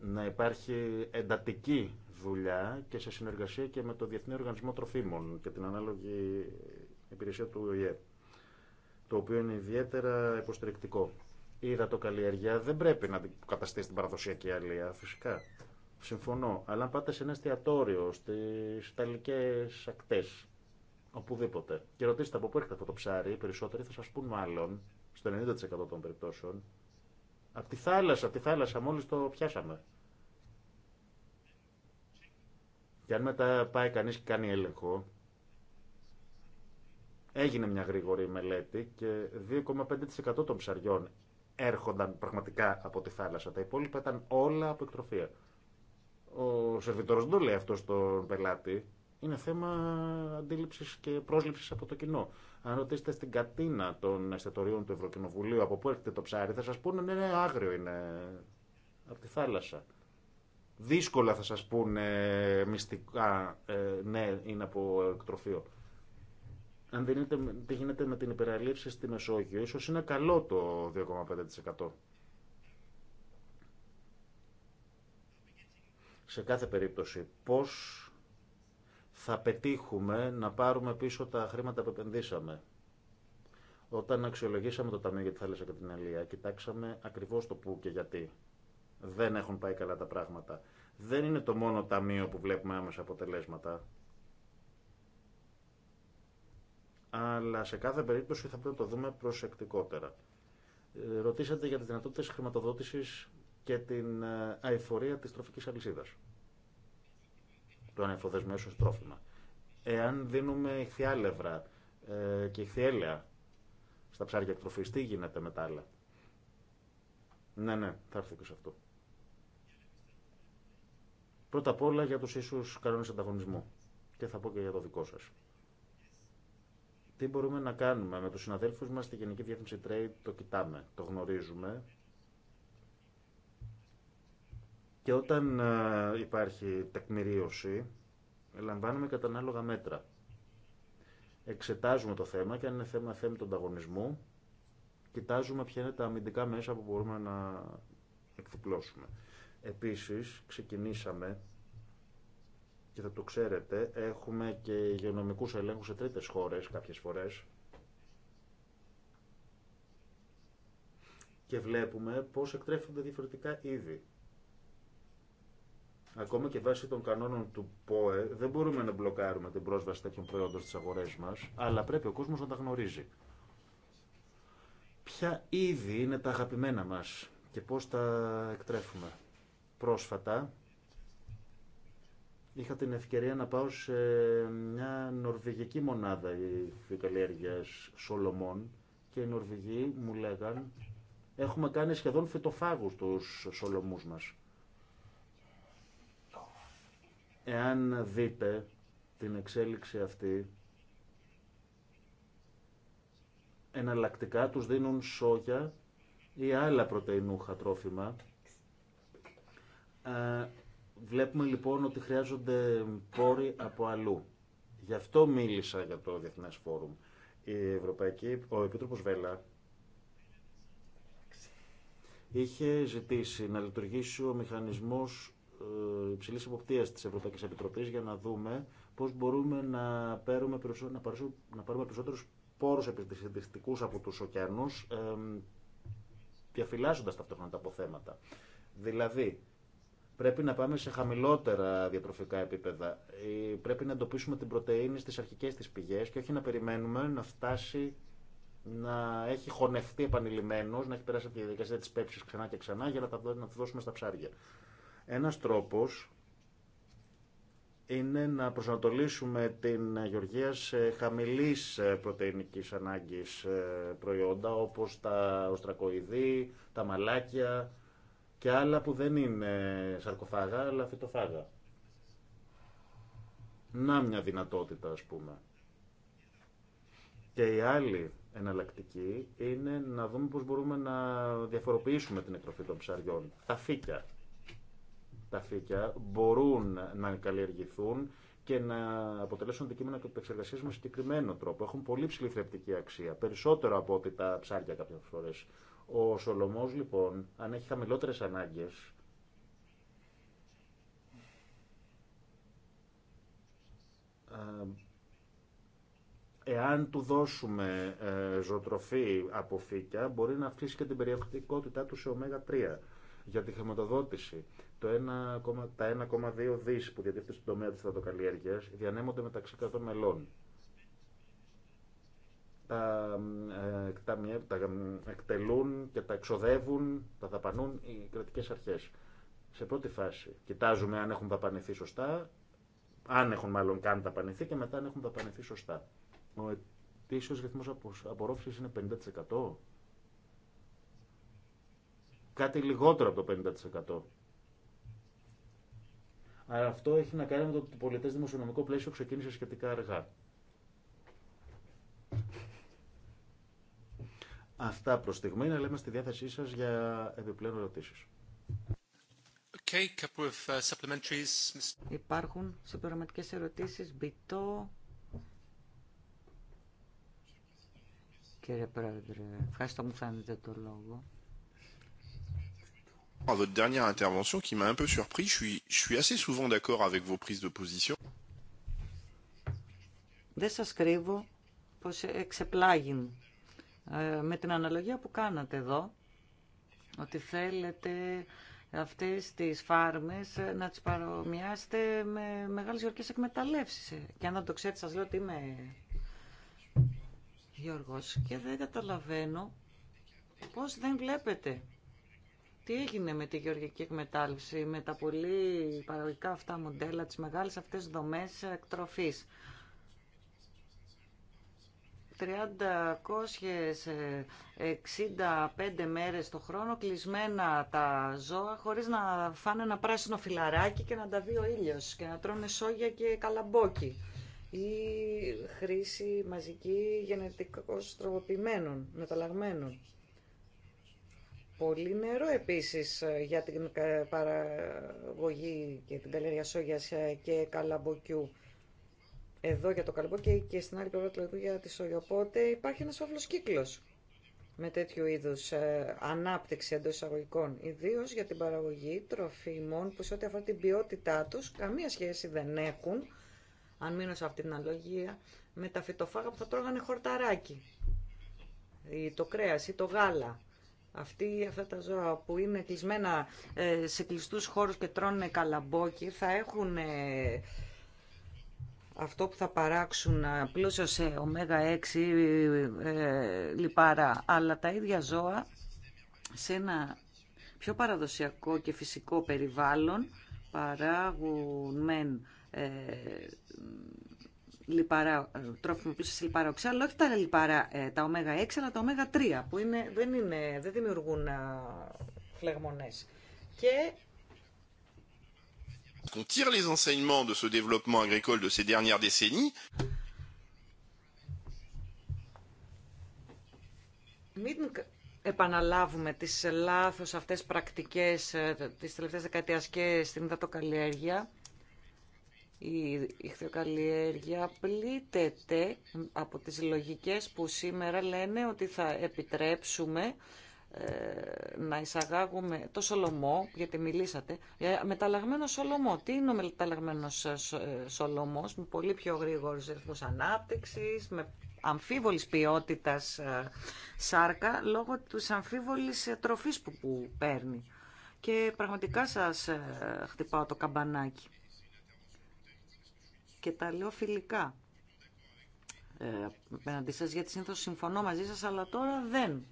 να υπάρχει εντατική δουλειά και σε συνεργασία και με το Διεθνή Οργανισμό Τροφίμων και την ανάλογη υπηρεσία του ΟΗΕ, το οποίο είναι ιδιαίτερα υποστηρικτικό. Η υδατοκαλλιεργία δεν πρέπει να καταστεί στην παραδοσιακή αλεία, φυσικά. Συμφωνώ. Αλλά αν πάτε σε ένα εστιατόριο, στι Ιταλικέ ακτέ, οπουδήποτε, και ρωτήσετε από πού έρχεται αυτό το ψάρι, οι περισσότεροι θα σα πούν μάλλον στο 90% των περιπτώσεων. Από τη θάλασσα, από τη θάλασσα μόλις το πιάσαμε. Και αν μετά πάει κανείς και κάνει έλεγχο, έγινε μια γρήγορη μελέτη και 2,5% των ψαριών έρχονταν πραγματικά από τη θάλασσα. Τα υπόλοιπα ήταν όλα από εκτροφία. Ο σερβιτόρος δεν το λέει αυτό στον πελάτη, είναι θέμα αντίληψη και πρόσληψη από το κοινό. Αν ρωτήσετε στην κατίνα των εστιατορίων του Ευρωκοινοβουλίου από πού έρχεται το ψάρι, θα σα πούνε ναι, ναι, άγριο είναι. Από τη θάλασσα. Δύσκολα θα σας πούνε μυστικά, ε, ναι, είναι από εκτροφείο. Αν δείτε τι γίνεται με την υπεραλήψη στη Μεσόγειο, ίσως είναι καλό το 2,5%. Σε κάθε περίπτωση, πώς θα πετύχουμε να πάρουμε πίσω τα χρήματα που επενδύσαμε. Όταν αξιολογήσαμε το Ταμείο για τη Θάλασσα και την Αλία, κοιτάξαμε ακριβώς το πού και γιατί δεν έχουν πάει καλά τα πράγματα. Δεν είναι το μόνο ταμείο που βλέπουμε άμεσα αποτελέσματα. Αλλά σε κάθε περίπτωση θα πρέπει να το δούμε προσεκτικότερα. Ε, ρωτήσατε για τις δυνατότητες χρηματοδότησης και την ε, αηφορία της τροφικής αλυσίδας το ανεφοδεσμένο στο τρόφιμα. Εάν δίνουμε ηχθιάλευρα ε, και ηχθιέλαια στα ψάρια εκτροφή, τι γίνεται με τα άλλα. Ναι, ναι, θα έρθω και σε αυτό. Πρώτα απ' όλα για τους ίσους κανόνες ανταγωνισμού. Και θα πω και για το δικό σας. Τι μπορούμε να κάνουμε με τους συναδέλφους μας στη Γενική Διεύθυνση Trade, το κοιτάμε, το γνωρίζουμε, Και όταν ε, υπάρχει τεκμηρίωση, λαμβάνουμε κατά ανάλογα μέτρα. Εξετάζουμε το θέμα και αν είναι θέμα θέμα του ανταγωνισμού, κοιτάζουμε ποια είναι τα αμυντικά μέσα που μπορούμε να εκδιπλώσουμε. Επίσης, ξεκινήσαμε και θα το ξέρετε, έχουμε και υγειονομικούς ελέγχους σε τρίτες χώρες κάποιες φορές και βλέπουμε πώς εκτρέφονται διαφορετικά είδη Ακόμα και βάσει των κανόνων του ΠΟΕ δεν μπορούμε να μπλοκάρουμε την πρόσβαση τέτοιων προϊόντων στις αγορές μας, αλλά πρέπει ο κόσμος να τα γνωρίζει. Ποια είδη είναι τα αγαπημένα μας και πώς τα εκτρέφουμε. Πρόσφατα είχα την ευκαιρία να πάω σε μια νορβηγική μονάδα υφικαλλιέργειας Σολομών και οι Νορβηγοί μου λέγαν έχουμε κάνει σχεδόν φυτοφάγους τους Σολομούς μας. Εάν δείτε την εξέλιξη αυτή, εναλλακτικά τους δίνουν σόγια ή άλλα πρωτεϊνούχα τρόφιμα. Ε, βλέπουμε λοιπόν ότι χρειάζονται πόροι από αλλού. Γι' αυτό μίλησα για το Διεθνές Φόρουμ. Η Ευρωπαϊκή, ο Επίτροπος Βέλα είχε ζητήσει να λειτουργήσει ο μηχανισμός ε, Υψηλή υποπτία τη Ευρωπαϊκή Επιτροπή για να δούμε πώ μπορούμε να, παίρουμε, να, να πάρουμε περισσότερου πόρου επιστημιστικού από του ωκεανού, ε, τα ταυτόχρονα τα αποθέματα. Δηλαδή, πρέπει να πάμε σε χαμηλότερα διατροφικά επίπεδα. Ε, πρέπει να εντοπίσουμε την πρωτενη στι αρχικέ τη πηγέ και όχι να περιμένουμε να φτάσει να έχει χωνευτεί επανειλημμένος, να έχει περάσει από τη διαδικασία της πέψης ξανά και ξανά για να τα δώσουμε στα ψάρια. Ένας τρόπος είναι να προσανατολίσουμε την γεωργία σε χαμηλής ε, πρωτεϊνικής ανάγκης ε, προϊόντα όπως τα οστρακοειδή, τα μαλάκια και άλλα που δεν είναι σαρκοφάγα αλλά φυτοφάγα. Να μια δυνατότητα ας πούμε. Και η άλλη εναλλακτική είναι να δούμε πώς μπορούμε να διαφοροποιήσουμε την εκτροφή των ψαριών. Τα φύκια, τα φύκια μπορούν να καλλιεργηθούν και να αποτελέσουν αντικείμενα επεξεργασία με συγκεκριμένο τρόπο. Έχουν πολύ ψηλή θρεπτική αξία, περισσότερο από ότι τα ψάρια κάποιε φορέ. Ο Σολομό, λοιπόν, αν έχει χαμηλότερε ανάγκε, ε, εάν του δώσουμε ε, ζωοτροφή από φύκια, μπορεί να αυξήσει και την περιεκτικότητά του σε ω3 για τη χρηματοδότηση. Το 1, τα 1,2 δις που διατίθεται στον τομέα της θεατοκαλλιέργειας διανέμονται μεταξύ κρατών μελών. Τα, ε, τα, ε, τα ε, εκτελούν και τα εξοδεύουν, τα δαπανούν οι κρατικές αρχές. Σε πρώτη φάση κοιτάζουμε αν έχουν δαπανηθεί σωστά, αν έχουν μάλλον καν δαπανηθεί και μετά αν έχουν δαπανηθεί σωστά. Ο ετήσιος ρυθμός απορρόφησης είναι 50%. Κάτι λιγότερο από το 50%. Αλλά αυτό έχει να κάνει με το ότι το πολιτέ δημοσιονομικό πλαίσιο ξεκίνησε σχετικά αργά. Αυτά προ στιγμή. Να λέμε στη διάθεσή σα για επιπλέον ερωτήσει. Uh, Υπάρχουν συμπληρωματικέ ερωτήσει. Μπιτό. Κύριε Πρόεδρε, ευχαριστώ μου φάνετε το λόγο à votre dernière intervention qui m'a un peu surpris. Je suis, je suis assez souvent d'accord avec vos prises de position. Δεν σας κρύβω πως εξεπλάγει ε, με την αναλογία που κάνατε εδώ, ότι θέλετε αυτές τις φάρμες ε, να τις παρομοιάσετε με μεγάλες γεωργικές εκμεταλλεύσεις. Ε, και αν δεν το ξέρετε σας λέω ότι είμαι Γιώργος και δεν καταλαβαίνω πώς δεν βλέπετε τι έγινε με τη γεωργική εκμετάλλευση, με τα πολύ παραγωγικά αυτά μοντέλα, τις μεγάλες αυτές δομές εκτροφής. 365 μέρες το χρόνο κλεισμένα τα ζώα χωρίς να φάνε ένα πράσινο φιλαράκι και να τα δει ο ήλιος και να τρώνε σόγια και καλαμπόκι ή χρήση μαζική γενετικώς τροποποιημένων, μεταλλαγμένων πολύ νερό επίσης ε, για την ε, παραγωγή και την καλλιέργεια σόγιας ε, και καλαμποκιού. Εδώ για το καλαμπόκι και στην άλλη πλευρά του για τη σόγια. Οπότε υπάρχει ένας φαύλος κύκλος με τέτοιου είδους ανάπτυξη εντό εισαγωγικών, ιδίω για την παραγωγή τροφίμων που σε ό,τι αφορά την ποιότητά τους καμία σχέση δεν έχουν, αν μείνω σε αυτή την αλογία, με τα φυτοφάγα που θα τρώγανε χορταράκι, ή το κρέας ή το γάλα αυτή, αυτά τα ζώα που είναι κλεισμένα ε, σε κλειστούς χώρους και τρώνε καλαμπόκι θα έχουν ε, αυτό που θα παράξουν ε, πλούσιο σε ωμέγα 6 λιπαρά. Αλλά τα ίδια ζώα σε ένα πιο παραδοσιακό και φυσικό περιβάλλον παράγουν μεν λιπαρά, ε, τρόφιμα πλούσια σε λιπαρά οξέα, αλλά όχι τα λιπαρά, ε, τα ω 6, αλλά τα ω 3, που είναι, δεν, είναι, δεν δημιουργούν φλεγμονές. Και on tire les enseignements de ce développement agricole de ces dernières décennies. Μην επαναλάβουμε τις λάθος αυτές πρακτικές ε, της τελευταίας δεκαετίας και στην υδατοκαλλιέργεια η ηχθειοκαλλιέργεια πλήττεται από τις λογικές που σήμερα λένε ότι θα επιτρέψουμε ε, να εισαγάγουμε το σολομό, γιατί μιλήσατε, για μεταλλαγμένο σολομό. Τι είναι ο μεταλλαγμένο ε, ε, σολομός με πολύ πιο γρήγορου ρυθμού ανάπτυξη, με αμφίβολης ποιότητας σάρκα, λόγω του αμφίβολης τροφής που, που παίρνει. Και πραγματικά σας χτυπάω το καμπανάκι και τα λέω φιλικά ε, απέναντι σας, γιατί συνήθως συμφωνώ μαζί σας, αλλά τώρα δεν.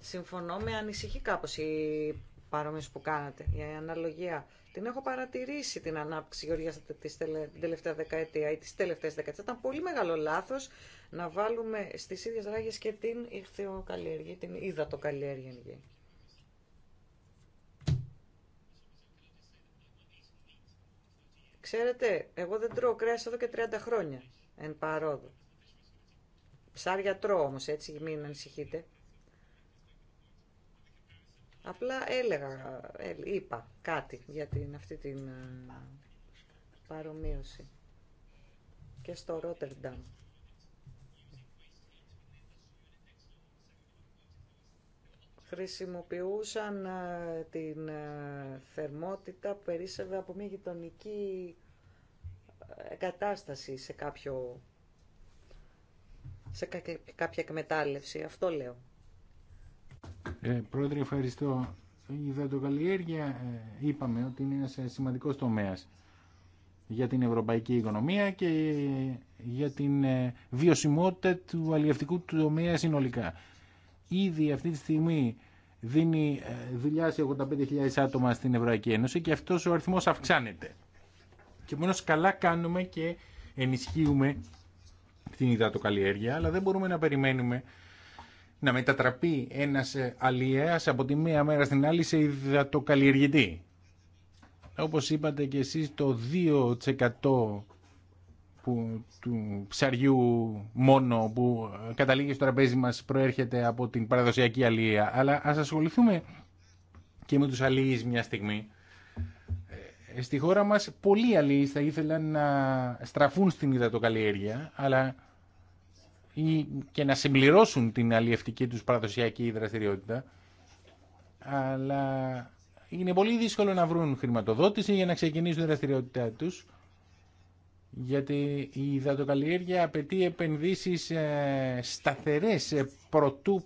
Συμφωνώ, με ανησυχεί κάπως η παρόμοιες που κάνατε, η αναλογία. Την έχω παρατηρήσει την ανάπτυξη Γιώργια, την τελευταία δεκαετία ή τις τελευταίες δεκαετίες. Ήταν πολύ μεγάλο λάθος να βάλουμε στις ίδιες ράγες και την την υδατοκαλλιέργεια. Ξέρετε, εγώ δεν τρώω κρέας εδώ και 30 χρόνια, εν παρόδο. Ψάρια τρώω όμως, έτσι, μην ανησυχείτε. Απλά έλεγα, ε, είπα κάτι για την, αυτή την ε, παρομοίωση. Και στο Ρότερνταμ. χρησιμοποιούσαν ε, την ε, θερμότητα που περίσσευε από μια γειτονική ε, κατάσταση σε, κάποιο, σε κάποια εκμετάλλευση. Αυτό λέω. Ε, πρόεδρε, ευχαριστώ. Η υδατοκαλλιέργεια είπαμε ότι είναι ένας σημαντικός τομέας για την ευρωπαϊκή οικονομία και για την βιωσιμότητα του αλλιευτικού τομέα συνολικά ήδη αυτή τη στιγμή δίνει ε, δουλειά σε 85.000 άτομα στην Ευρωπαϊκή Ένωση και αυτός ο αριθμός αυξάνεται. Και μόνος καλά κάνουμε και ενισχύουμε την υδατοκαλλιέργεια, αλλά δεν μπορούμε να περιμένουμε να μετατραπεί ένας ε, αλλιέας από τη μία μέρα στην άλλη σε υδατοκαλλιεργητή. Όπως είπατε και εσείς το 2% που, του ψαριού μόνο που καταλήγει στο τραπέζι μας προέρχεται από την παραδοσιακή αλληλεία. Αλλά ας ασχοληθούμε και με τους αλληλείς μια στιγμή. Ε, στη χώρα μας πολλοί αλληλείς θα ήθελαν να στραφούν στην υδατοκαλλιέργεια αλλά και να συμπληρώσουν την αλλιευτική τους παραδοσιακή δραστηριότητα αλλά είναι πολύ δύσκολο να βρουν χρηματοδότηση για να ξεκινήσουν τη δραστηριότητά τους γιατί η υδατοκαλλιέργεια απαιτεί επενδύσεις ε, σταθερές ε, προτού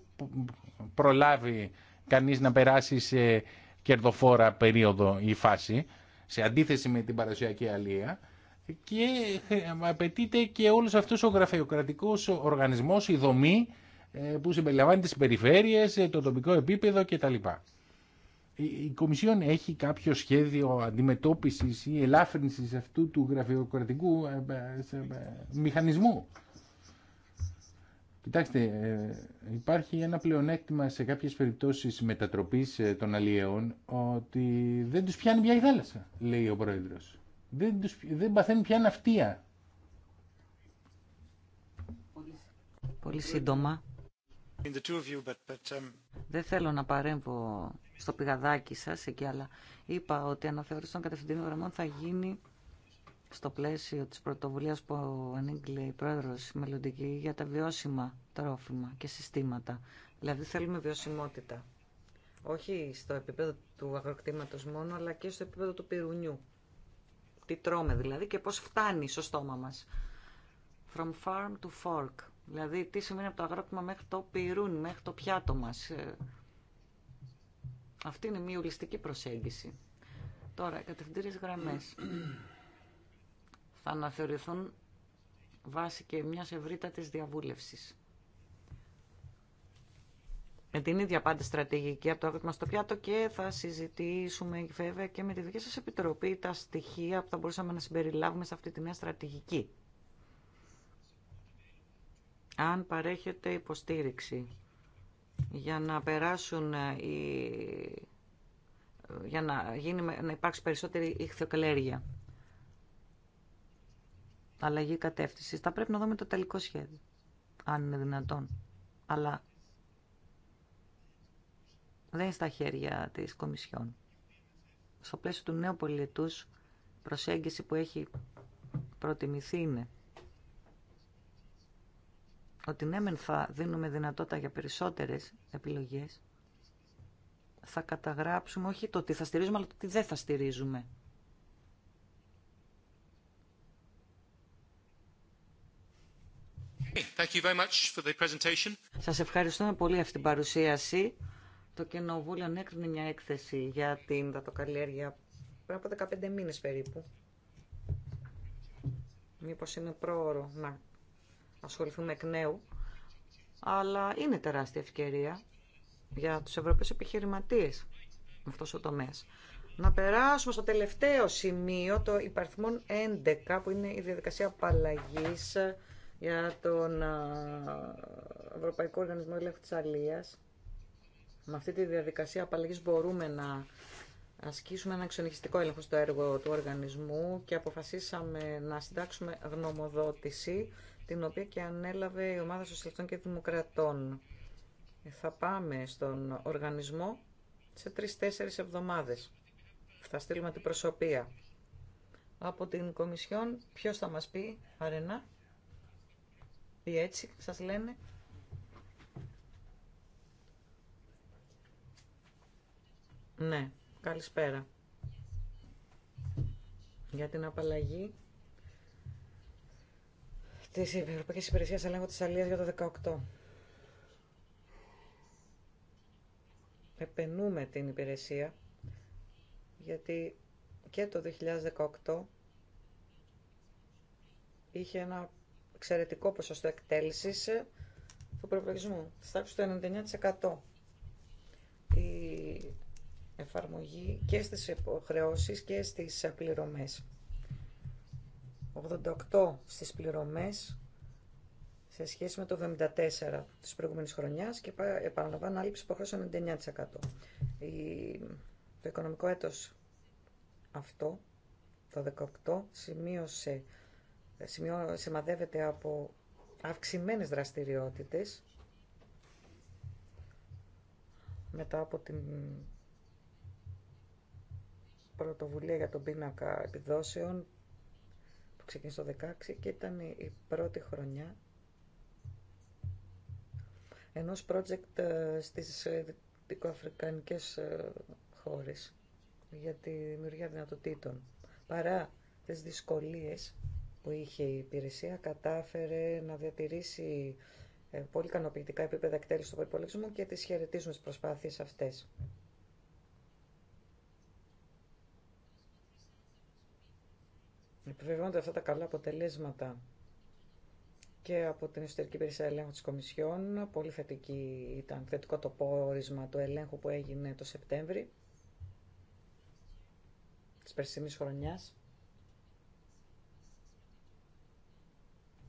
προλάβει κανείς να περάσει σε κερδοφόρα περίοδο η φάση, σε αντίθεση με την παρασιακή αλία και ε, απαιτείται και όλος αυτός ο γραφειοκρατικός οργανισμός, η δομή που συμπεριλαμβάνει τις περιφέρειες, το τοπικό επίπεδο κτλ. Ε, η Κομισιόν έχει κάποιο σχέδιο αντιμετώπισης ή ελάφρυνσης αυτού του γραφειοκρατικού ε, ε, μηχανισμού. Κοιτάξτε, υπάρχει ένα πλεονέκτημα σε κάποιες περιπτώσεις μετατροπής των αλλιέων ότι δεν τους πιάνει πια η θάλασσα, λέει ο πρόεδρος. Δεν, τους, δεν παθαίνουν πια ναυτία. Πολύ σύντομα. Um, δεν θέλω να παρέμβω στο πηγαδάκι σα εκεί, αλλά είπα ότι η αναθεώρηση των κατευθυντήριων γραμμών θα γίνει στο πλαίσιο τη πρωτοβουλία που ανήκει η πρόεδρο μελλοντική για τα βιώσιμα τρόφιμα και συστήματα. Δηλαδή θέλουμε βιωσιμότητα. Όχι στο επίπεδο του αγροκτήματο μόνο, αλλά και στο επίπεδο του πυρουνιού. Τι τρώμε δηλαδή και πώ φτάνει στο στόμα μα. From farm to fork. Δηλαδή τι σημαίνει από το αγρόκτημα μέχρι το πυρούν, μέχρι το πιάτο μας. Ε, αυτή είναι μια ολιστική προσέγγιση. Τώρα, κατευθυντήριες γραμμές θα αναθεωρηθούν βάσει και μιας ευρύτατης διαβούλευσης. Με την ίδια πάντα στρατηγική από το άγρισμα στο πιάτο και θα συζητήσουμε βέβαια και με τη δική σας επιτροπή τα στοιχεία που θα μπορούσαμε να συμπεριλάβουμε σε αυτή τη νέα στρατηγική. Αν παρέχετε υποστήριξη για να περάσουν ε, ε, για να, γίνει, να υπάρξει περισσότερη ηχθιοκαλλιέργεια. Αλλαγή κατεύθυνση. Θα πρέπει να δούμε το τελικό σχέδιο, αν είναι δυνατόν. Αλλά δεν είναι στα χέρια της Κομισιόν. Στο πλαίσιο του νέου πολιτού, προσέγγιση που έχει προτιμηθεί είναι ότι ναι μεν θα δίνουμε δυνατότητα για περισσότερες επιλογές, θα καταγράψουμε όχι το τι θα στηρίζουμε, αλλά το τι δεν θα στηρίζουμε. Thank Σας ευχαριστούμε πολύ αυτή την παρουσίαση. Το Κοινοβούλιο ανέκρινε μια έκθεση για την δατοκαλλιέργεια πριν από 15 μήνες περίπου. Μήπως είναι πρόωρο να ασχοληθούμε εκ νέου, αλλά είναι τεράστια ευκαιρία για τους Ευρωπαίους επιχειρηματίες με αυτός ο τομέας. Να περάσουμε στο τελευταίο σημείο, το υπαριθμόν 11, που είναι η διαδικασία απαλλαγή για τον Ευρωπαϊκό Οργανισμό Ελέγχου της Αλίας. Με αυτή τη διαδικασία απαλλαγή μπορούμε να ασκήσουμε ένα εξονυχιστικό έλεγχο στο έργο του οργανισμού και αποφασίσαμε να συντάξουμε γνωμοδότηση την οποία και ανέλαβε η ομάδα Σοσιαλιστών και Δημοκρατών. Θα πάμε στον οργανισμό σε τρεις-τέσσερις εβδομάδες. Θα στείλουμε την προσωπία. Από την Κομισιόν, ποιος θα μας πει, αρενά, ή έτσι σας λένε. Ναι, καλησπέρα. Για την απαλλαγή τη Ευρωπαϊκή Υπηρεσία Ελέγχου τη Αλία για το 2018. Επενούμε την υπηρεσία γιατί και το 2018 είχε ένα εξαιρετικό ποσοστό εκτέλεσης του προπολογισμού, στάξει το 99%. Η εφαρμογή και στις υποχρεώσεις και στις πληρωμές. 88 στις πληρωμές σε σχέση με το 74 της προηγούμενης χρονιάς και επαναλαμβάνω άλλη 99%. Η, το οικονομικό έτος αυτό, το 18, σημείωσε, σημειώ, σημαδεύεται από αυξημένες δραστηριότητες μετά από την πρωτοβουλία για τον πίνακα επιδόσεων ξεκίνησε το 2016 και ήταν η πρώτη χρονιά ενός project ε, στις ε, δικοαφρικανικές ε, χώρες για τη δημιουργία δυνατοτήτων. Παρά τις δυσκολίες που είχε η υπηρεσία, κατάφερε να διατηρήσει πολύ ικανοποιητικά επίπεδα εκτέλεσης του προπολογισμού και τις χαιρετίζουμε τις προσπάθειες αυτές. Επιβεβαιώνονται αυτά τα καλά αποτελέσματα και από την εσωτερική υπηρεσία ελέγχου της Κομισιόν. Πολύ θετική ήταν θετικό το πόρισμα του ελέγχου που έγινε το Σεπτέμβρη της περσινής χρονιάς.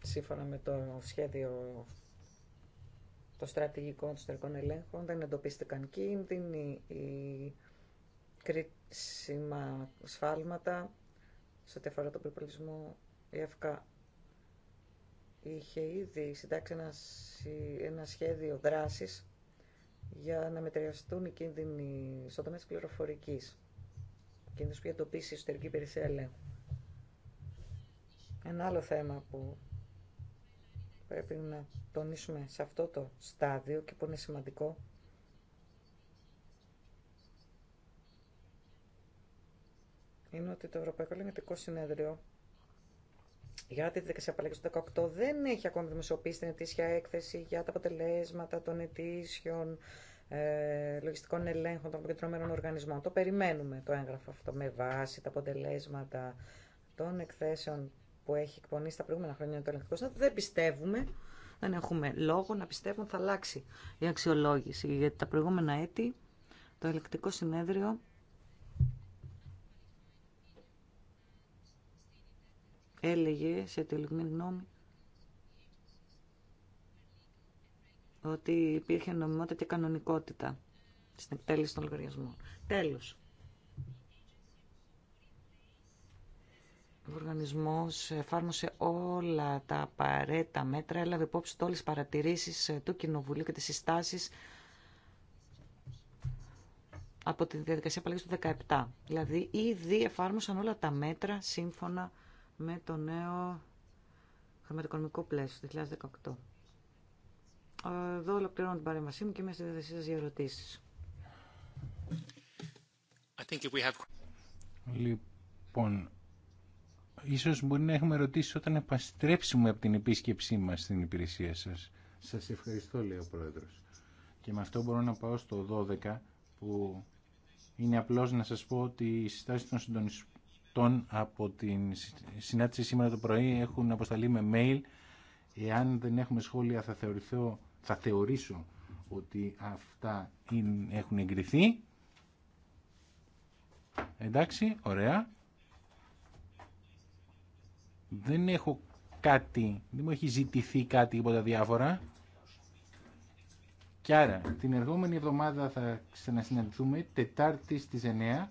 Σύμφωνα με το σχέδιο το στρατηγικό των εσωτερικών ελέγχων δεν εντοπίστηκαν κίνδυνοι, κρίσιμα σφάλματα σε ό,τι αφορά τον η ΕΦΚΑ είχε ήδη συντάξει ένα, σχέδιο δράσης για να μετριαστούν οι κίνδυνοι στο τομέα τη πληροφορικής. Κίνδυνος που εντοπίσει η εσωτερική υπηρεσία Ένα άλλο θέμα που πρέπει να τονίσουμε σε αυτό το στάδιο και που είναι σημαντικό είναι ότι το Ευρωπαϊκό Λεγνητικό Συνέδριο για τη διαδικασία απαλλαγή του 2018 δεν έχει ακόμη δημοσιοποιήσει την ετήσια έκθεση για τα αποτελέσματα των ετήσιων ε, λογιστικών ελέγχων των αποκεντρωμένων οργανισμών. Το περιμένουμε το έγγραφο αυτό με βάση τα αποτελέσματα των εκθέσεων που έχει εκπονήσει τα προηγούμενα χρόνια το ελεγκτικό συνέδριο. Δεν πιστεύουμε, δεν έχουμε λόγο να πιστεύουμε ότι θα αλλάξει η αξιολόγηση. Γιατί τα προηγούμενα έτη το ελεγκτικό συνέδριο έλεγε σε τελική γνώμη ότι υπήρχε νομιμότητα και κανονικότητα στην εκτέλεση των λογαριασμών. Τέλος. Ο οργανισμός εφάρμοσε όλα τα απαραίτητα μέτρα, έλαβε υπόψη όλες τι παρατηρήσεις του Κοινοβουλίου και τι συστάσει από τη διαδικασία απαλλαγής του 2017. Δηλαδή, ήδη εφάρμοσαν όλα τα μέτρα σύμφωνα με το νέο χρηματοοικονομικό πλαίσιο 2018. Εδώ ολοκληρώνω την παρέμβασή μου και είμαι στη διάθεσή σα για ερωτήσει. Λοιπόν, ίσως μπορεί να έχουμε ερωτήσει όταν επαστρέψουμε από την επίσκεψή μας στην υπηρεσία σας. Σας ευχαριστώ, λέει ο Πρόεδρος. Και με αυτό μπορώ να πάω στο 12, που είναι απλώς να σας πω ότι η συστάση των συντονισμών τον από την συνάντηση σήμερα το πρωί έχουν αποσταλεί με mail. Εάν δεν έχουμε σχόλια θα, θεωρηθώ, θα θεωρήσω ότι αυτά έχουν εγκριθεί. Εντάξει, ωραία. Δεν έχω κάτι, δεν μου έχει ζητηθεί κάτι από τα διάφορα. Και άρα, την ερχόμενη εβδομάδα θα ξανασυναντηθούμε, Τετάρτη στις 9